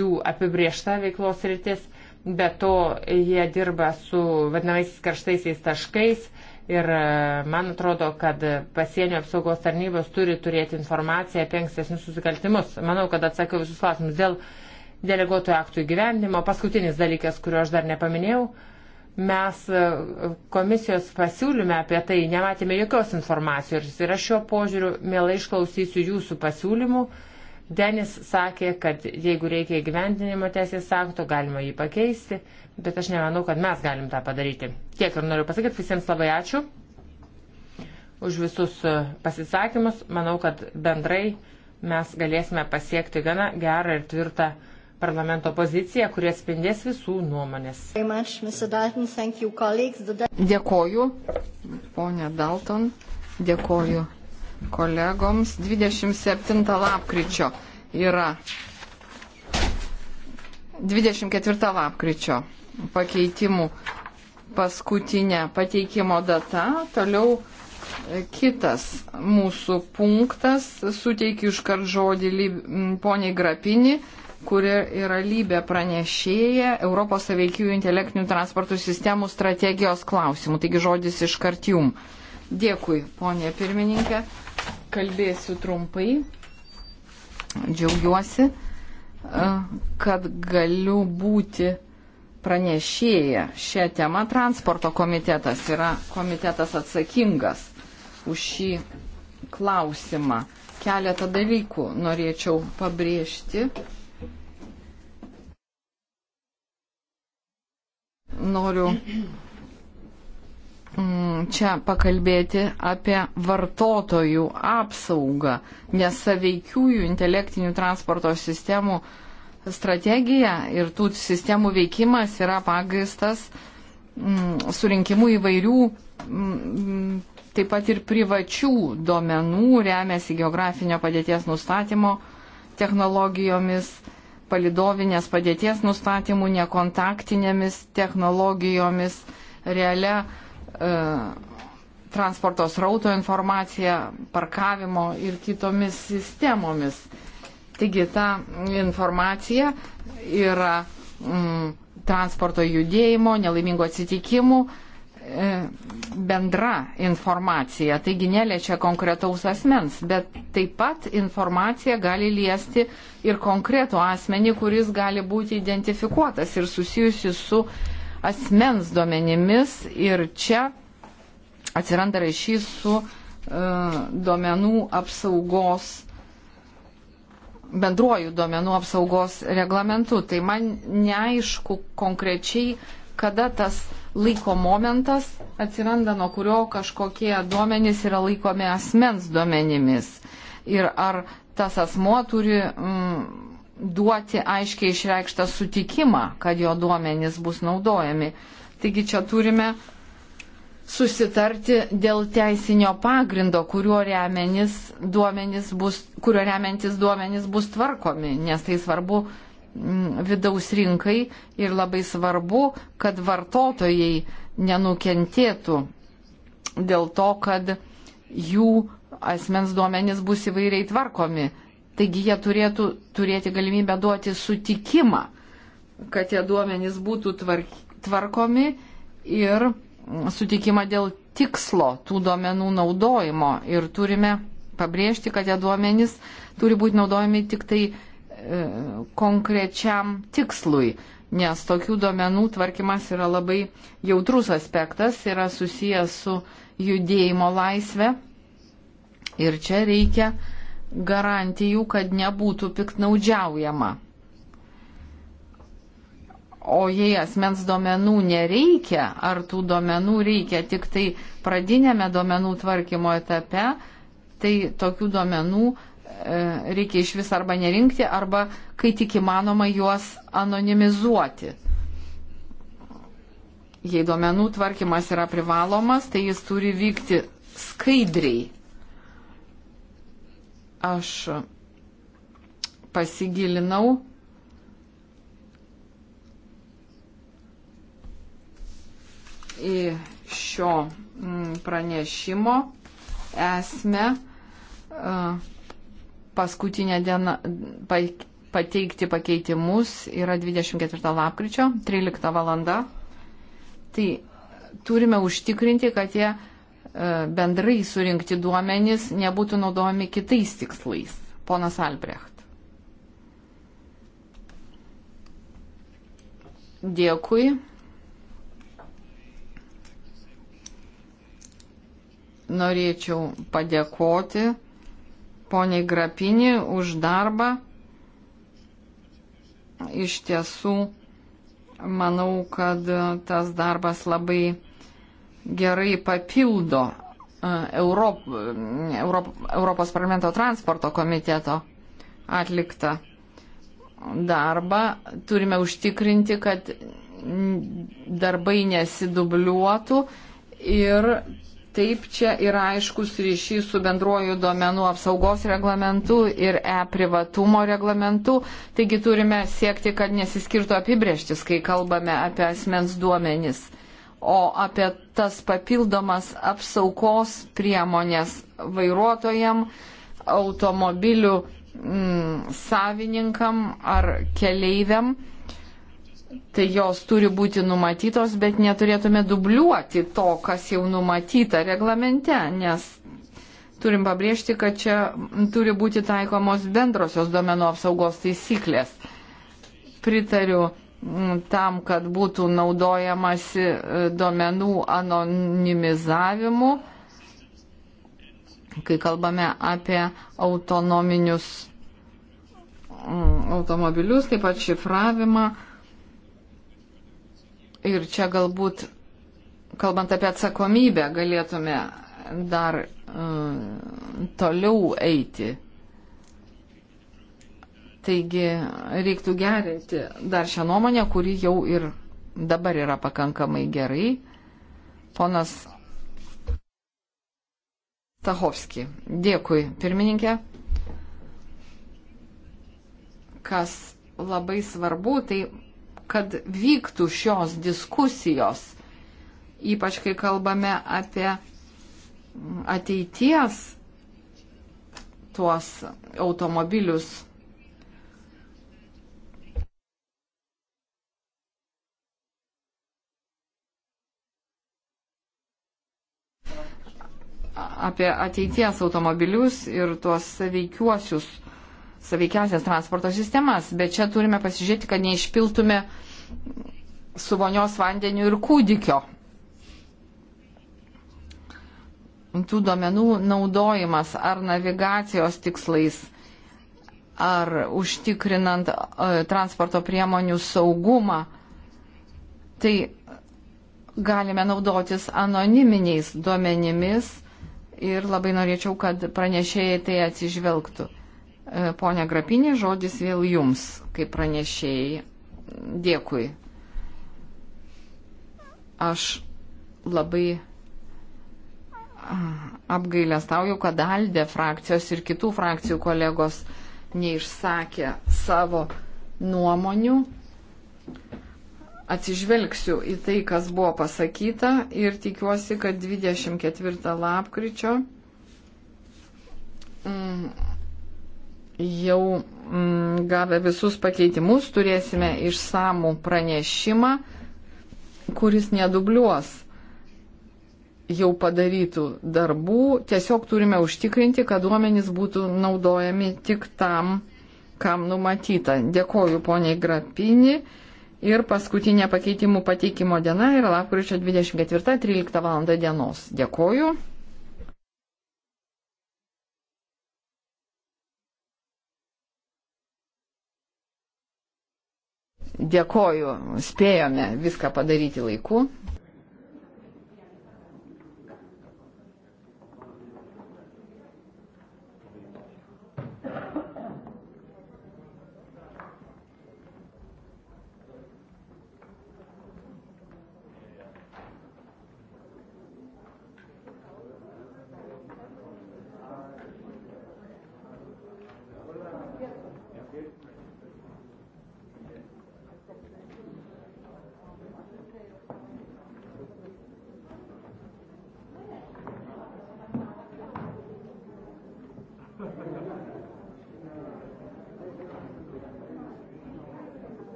jų apibriešta veiklos rytis. Be to, jie dirba su vadinamaisiais karštaisiais taškais, uh, Ir e, man atrodo, kad pasienio apsaugos tarnybos turi turėti informaciją apie ankstesnius susikaltimus. Manau, kad atsakiau visus klausimus dėl deleguotų aktų įgyvendimo. Paskutinis dalykas, kurio aš dar nepaminėjau, mes e, komisijos pasiūlyme apie tai nematėme jokios informacijos. Ir aš šiuo požiūriu mielai išklausysiu jūsų pasiūlymų. Denis sakė, kad jeigu reikia įgyvendinimo teisės akto, galima jį pakeisti bet aš nemanau, kad mes galim tą padaryti. Tiek ir noriu pasakyti, visiems labai ačiū už visus e, pasisakymus. Manau, kad bendrai mes galėsime pasiekti gana gerą ir tvirtą parlamento poziciją, kurie atspindės visų nuomonės. Dėkoju, ponė Dalton, dėkoju kolegoms. 27 lapkričio yra. 24 lapkričio pakeitimų paskutinė pateikimo data. Toliau e, kitas mūsų punktas. Suteikiu iškart žodį poniai Grapini, kuri yra lybė pranešėja Europos saveikių intelektinių transportų sistemų strategijos klausimų. Taigi žodis iškart jum. Dėkui, ponė pirmininkė. Kalbėsiu trumpai. Džiaugiuosi, e, kad galiu būti pranešėja šią temą. Transporto komitetas yra komitetas atsakingas už šį klausimą. Keletą dalykų norėčiau pabrėžti. Noriu mm, čia pakalbėti apie vartotojų apsaugą, nes saveikiųjų intelektinių transporto sistemų uh, strategija ir tų sistemų veikimas yra pagristas mm, surinkimu įvairių, mm, taip pat ir privačių duomenų, remiasi geografinio padėties nustatymo technologijomis, palidovinės padėties nustatymų, nekontaktinėmis technologijomis, realia e, transporto srauto informacija, parkavimo ir kitomis sistemomis. Taigi ta informacija yra mm, transporto judėjimo, nelaimingo atsitikimų e, bendra informacija, taigi neliečia konkretaus asmens, bet taip pat informacija gali liesti ir konkretų asmenį, kuris gali būti identifikuotas ir susijusi su asmens duomenimis ir čia atsiranda ryšys su e, duomenų apsaugos bendruoju duomenų apsaugos reglamentu. Tai man neaišku konkrečiai, kada tas laiko momentas atsiranda, nuo kurio kažkokie duomenys yra laikomi asmens duomenimis. Ir ar tas asmo turi mm, duoti aiškiai išreikštą sutikimą, kad jo duomenys bus naudojami. Taigi čia turime susitarti dėl teisinio pagrindo, kuriuo, duomenys bus, kuriuo remiantis duomenys bus tvarkomi, nes tai svarbu mm, vidaus rinkai ir labai svarbu, kad vartotojai nenukentėtų dėl to, kad jų asmens duomenys bus įvairiai tvarkomi. Taigi jie turėtų turėti galimybę duoti sutikimą, kad tie duomenys būtų tvark, tvarkomi ir sutikimą dėl tikslo tų duomenų naudojimo ir turime pabrėžti, kad tie duomenys turi būti naudojami tik tai e, konkrečiam tikslui, nes tokių duomenų tvarkymas yra labai jautrus aspektas, yra susijęs su judėjimo laisvė ir čia reikia garantijų, kad nebūtų piknaudžiaujama. O jei asmens duomenų nereikia, ar tų duomenų reikia tik tai pradinėme duomenų tvarkymo etape, tai tokių duomenų e, reikia iš vis arba nerinkti, arba kai tik įmanoma juos anonimizuoti. Jei duomenų tvarkymas yra privalomas, tai jis turi vykti skaidriai. Aš pasigilinau šio mm, pranešimo esmę e, paskutinę dieną pateikti pakeitimus yra 24 lapkričio 13 valanda. Tai turime užtikrinti, kad tie e, bendrai surinkti duomenys nebūtų naudojami kitais tikslais. Ponas Albrecht. Dėkui. norėčiau padėkoti poniai Grapinį už darbą. Iš tiesų, manau, kad tas darbas labai gerai papildo e, Europ, Europ, Europos parlamento transporto komiteto atliktą darbą. Turime užtikrinti, kad darbai nesidubliuotų ir Taip, čia yra aiškus ryšys su bendruoju duomenų apsaugos reglamentu ir e-privatumo reglamentu. Taigi turime siekti, kad nesiskirtų apibrieštis, kai kalbame apie asmens duomenis. O apie tas papildomas apsaugos priemonės vairuotojam, automobilių m, mm, savininkam ar keleiviam tai jos turi būti numatytos, bet neturėtume dubliuoti to, kas jau numatyta reglamente, nes turim pabrėžti, kad čia turi būti taikomos bendrosios duomenų apsaugos taisyklės. Pritariu mm, tam, kad būtų naudojamasi e, duomenų anonimizavimu, kai kalbame apie autonominius mm, automobilius, taip pat šifravimą Ir čia galbūt, kalbant apie atsakomybę, galėtume dar uh, toliau eiti. Taigi reiktų gerinti dar šią nuomonę, kuri jau ir dabar yra pakankamai gerai. Ponas Stahovski. Dėkui, pirmininkė. Kas labai svarbu, tai kad vyktų šios diskusijos, ypač kai kalbame apie ateities tuos automobilius. apie ateities automobilius ir tuos veikiuosius saveikiausias transporto sistemas, bet čia turime pasižiūrėti, kad neišpiltume su vonios vandeniu ir kūdikio. Tų duomenų naudojimas ar navigacijos tikslais, ar užtikrinant e, transporto priemonių saugumą, tai galime naudotis anoniminiais duomenimis ir labai norėčiau, kad pranešėjai tai atsižvelgtų. E, Pone Grapinė, žodis vėl jums, kaip pranešėjai. Dėkui. Aš labai apgailę stauju, kad Aldė frakcijos ir kitų frakcijų kolegos neišsakė savo nuomonių. Atsižvelgsiu į tai, kas buvo pasakyta ir tikiuosi, kad 24 lapkričio mm, jau mm, gavę visus pakeitimus turėsime išsamų pranešimą, kuris nedubliuos jau padarytų darbų. Tiesiog turime užtikrinti, kad duomenys būtų naudojami tik tam, kam numatyta. Dėkoju poniai Grapini. Ir paskutinė pakeitimų pateikimo diena yra lapkričio 24.13 val. dienos. Dėkoju. Dėkoju, spėjome viską padaryti laiku.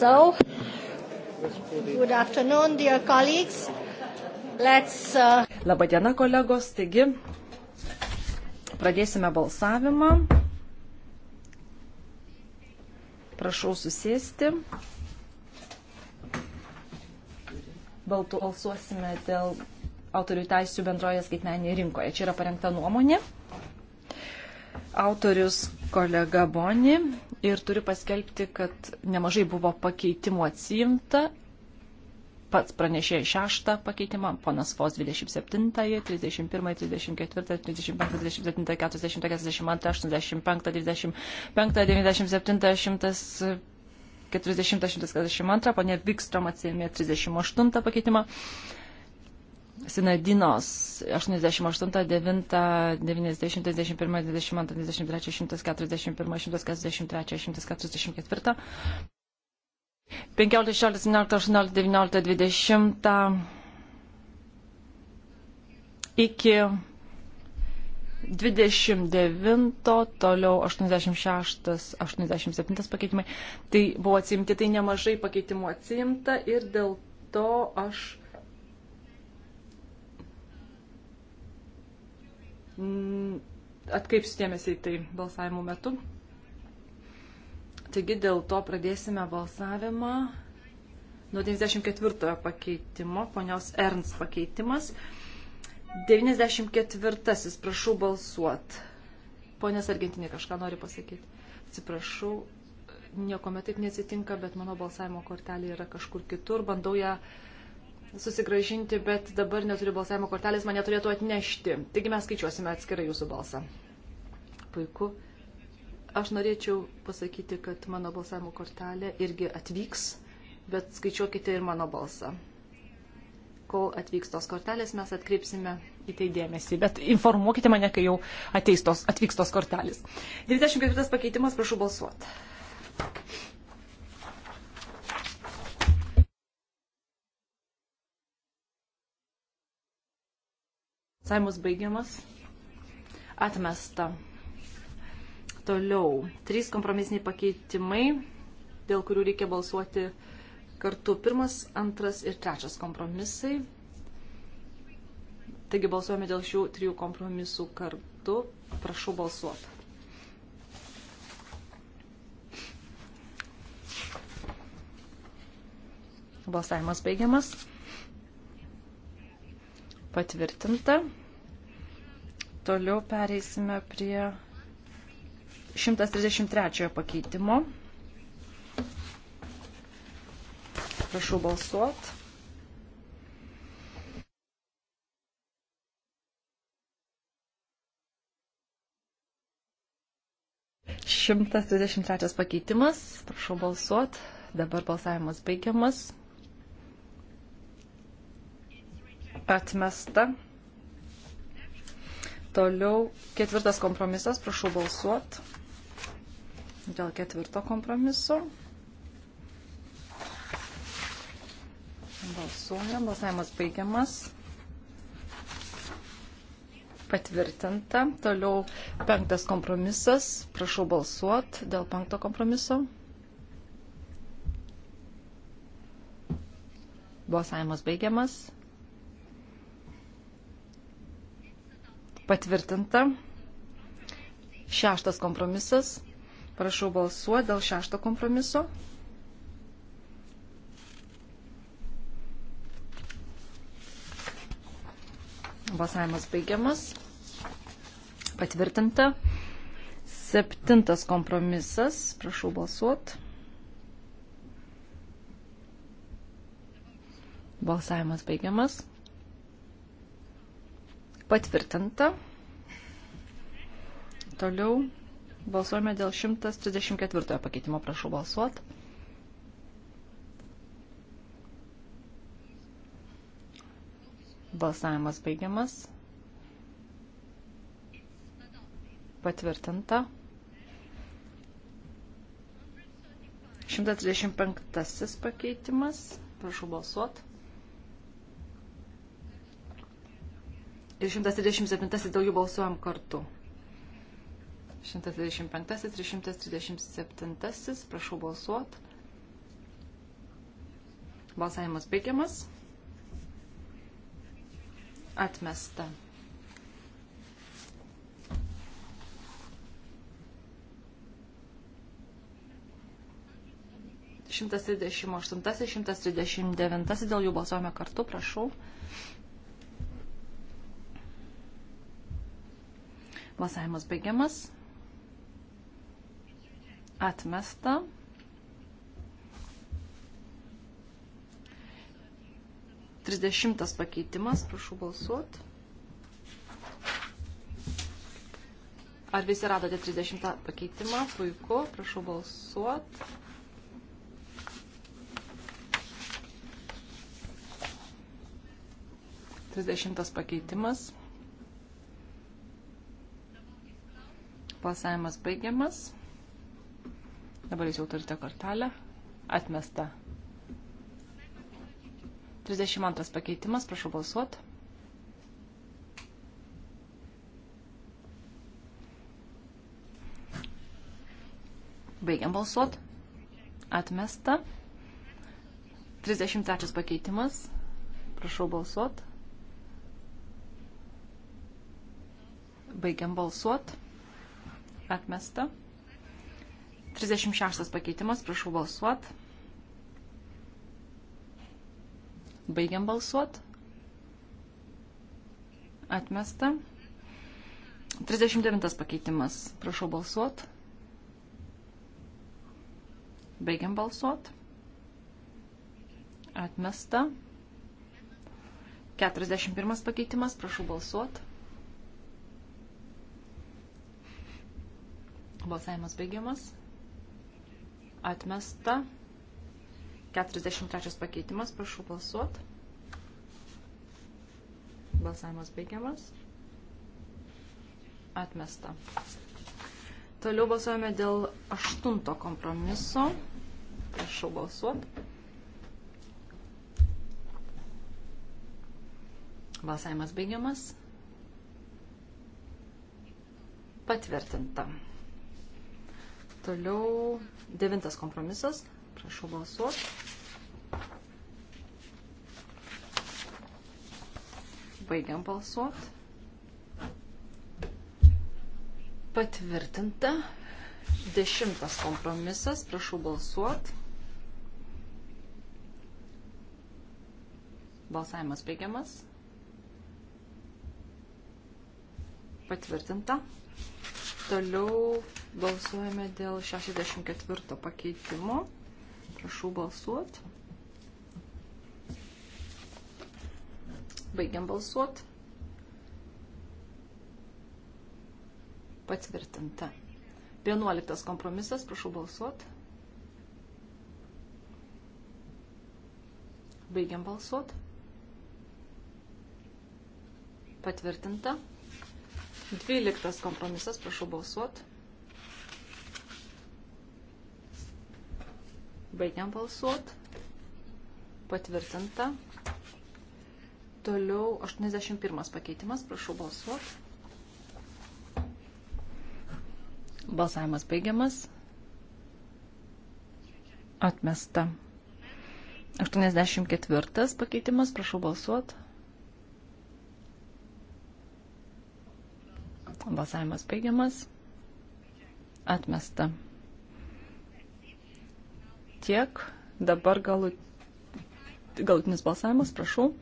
So, good afternoon, dear colleagues. Let's. Uh... Labadiena, kolegos. Taigi, pradėsime balsavimą. Prašau susėsti. Baltų balsuosime dėl autorių teisų bendroje skaitmeninėje rinkoje. Čia yra parengta nuomonė. Autorius kolega Boni, ir turiu paskelbti, kad nemažai buvo pakeitimų atsiimta. Pats pranešė šeštą pakeitimą, ponas Fos 27, 31, 34, 35, 37, 40, 42, 85, 95, 97, 140, 142, ponė Vikstrom atsiėmė 38 pakeitimą. Sinadinos 88, 9, 90, 91, 22, 23, 141, 143, 144. 15, 16, 17, 18, 19, 20 iki 29, toliau 86, 87 pakeitimai. Tai buvo atsimti, tai nemažai pakeitimų atsimta ir dėl to aš Mm, atkreipsiu dėmesį į tai balsavimo metu. Taigi dėl to pradėsime balsavimą nuo 94 pakeitimo, ponios Ernst pakeitimas. 94, prašau balsuot. Ponės Argentinė kažką nori pasakyti. Atsiprašau, niekuomet taip neatsitinka, bet mano balsavimo kortelė yra kažkur kitur, bandau ją. Ja susigražinti, bet dabar neturiu balsavimo kortelės, mane turėtų atnešti. Taigi mes skaičiuosime atskirai jūsų balsą. Puiku. Aš norėčiau pasakyti, kad mano balsavimo kortelė irgi atvyks, bet skaičiuokite ir mano balsą. Kol atvyks tos kortelės, mes atkreipsime į tai dėmesį, bet informuokite mane, kai jau ateis tos, atvyks tos kortelės. 24 pakeitimas, prašau balsuoti. Saimus baigiamas. Atmesta. Toliau. Trys kompromisiniai pakeitimai, dėl kurių reikia balsuoti kartu. Pirmas, antras ir trečias kompromisai. Taigi balsuojame dėl šių trijų kompromisų kartu. Prašau balsuoti. Balsavimas baigiamas. Patvirtinta. Toliau pereisime prie 133 pakeitimo. Prašau balsuot. Šimtas dvidešimt trečias pakeitimas. Prašau balsuot. Dabar balsavimas baigiamas. Atmesta. Toliau ketvirtas kompromisas, prašau balsuot. Dėl ketvirto kompromiso. Balsuojam, balsavimas baigiamas. Patvirtinta. Toliau penktas kompromisas, prašau balsuot dėl penkto kompromiso. Balsavimas baigiamas. Patvirtinta. Šeštas kompromisas. Prašau balsuoti dėl šešto kompromiso. Balsavimas baigiamas. Patvirtinta. Septintas kompromisas. Prašau balsuoti. Balsavimas baigiamas. Patvirtinta. Toliau balsuojame dėl 134 pakeitimo. Prašau balsuot. Balsavimas baigiamas. Patvirtinta. 135 pakeitimas. Prašau balsuot. ir 137 dėl jų balsuojam kartu. 135 ir 137, prašau balsuot. Balsavimas baigiamas. Atmesta. Šimtas trisdešimt aštuntasis, šimtas trisdešimt devintasis, dėl jų balsuojame kartu, prašau. Balsavimas baigiamas. Atmesta. Trisdešimtas pakeitimas, prašau balsuoti. Ar visi radote 30 pakeitimą? Puiku, prašau balsuot. Trisdešimtas pakeitimas. Balsavimas baigiamas. Dabar jūs jau turite kortelę. Atmesta. 32 pakeitimas, prašau balsuoti. Baigiam balsuot. Atmesta. 33 pakeitimas. Prašau balsuot. Baigiam balsuot. Atmesta. 36 pakeitimas, prašau balsuot. Baigiam balsuot. Atmesta. 39 pakeitimas, prašau balsuot. Baigiam balsuot. Atmesta. 41 pakeitimas, prašau balsuot. Balsavimas baigiamas. Atmesta. 43 pakeitimas, prašau balsuot. Balsavimas baigiamas. Atmesta. Toliau balsuojame dėl aštunto kompromiso. Prašau balsuot. Balsavimas baigiamas. Patvirtinta. Toliau devintas kompromisas. Prašau balsuoti. Baigiam balsuoti. Patvirtinta. Dešimtas kompromisas. Prašau balsuoti. Balsavimas baigiamas. Patvirtinta. Toliau balsuojame dėl 64 pakeitimo. Prašau balsuot. Baigiam balsuot. Patvirtinta. 11 kompromisas, prašau balsuot. Baigiam balsuot. Patvirtinta. 12 kompromisas, prašau balsuot. Baigiam balsuot. Patvirtinta. Toliau 81 pakeitimas, prašau balsuot. Balsavimas baigiamas. Atmesta. 84 pakeitimas, prašau balsuot. Balsavimas baigiamas. Atmesta. Tiek. Dabar galu... galutinis balsavimas, prašau.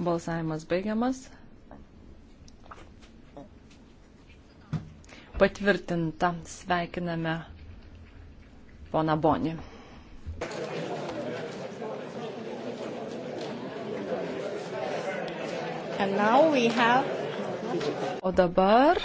Balsavimas baigiamas. Patvirtinta. Sveikiname poną Bonį. O dabar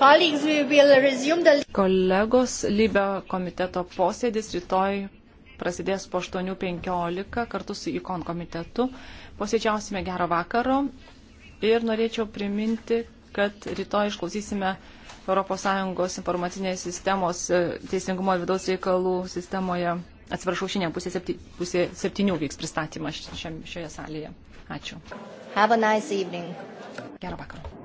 Kolegos Libio komiteto posėdis rytoj prasidės po 8.15 kartu su IKON komitetu. Posėdžiausime gerą vakaro ir norėčiau priminti, kad rytoj išklausysime ES informacinės sistemos e, teisingumo ir vidaus reikalų sistemoje. Atsiprašau, šiandien pusė, septy, pusė septynių vyks pristatymas šioje salėje. Ačiū. Have a nice evening. Gerą vakarą.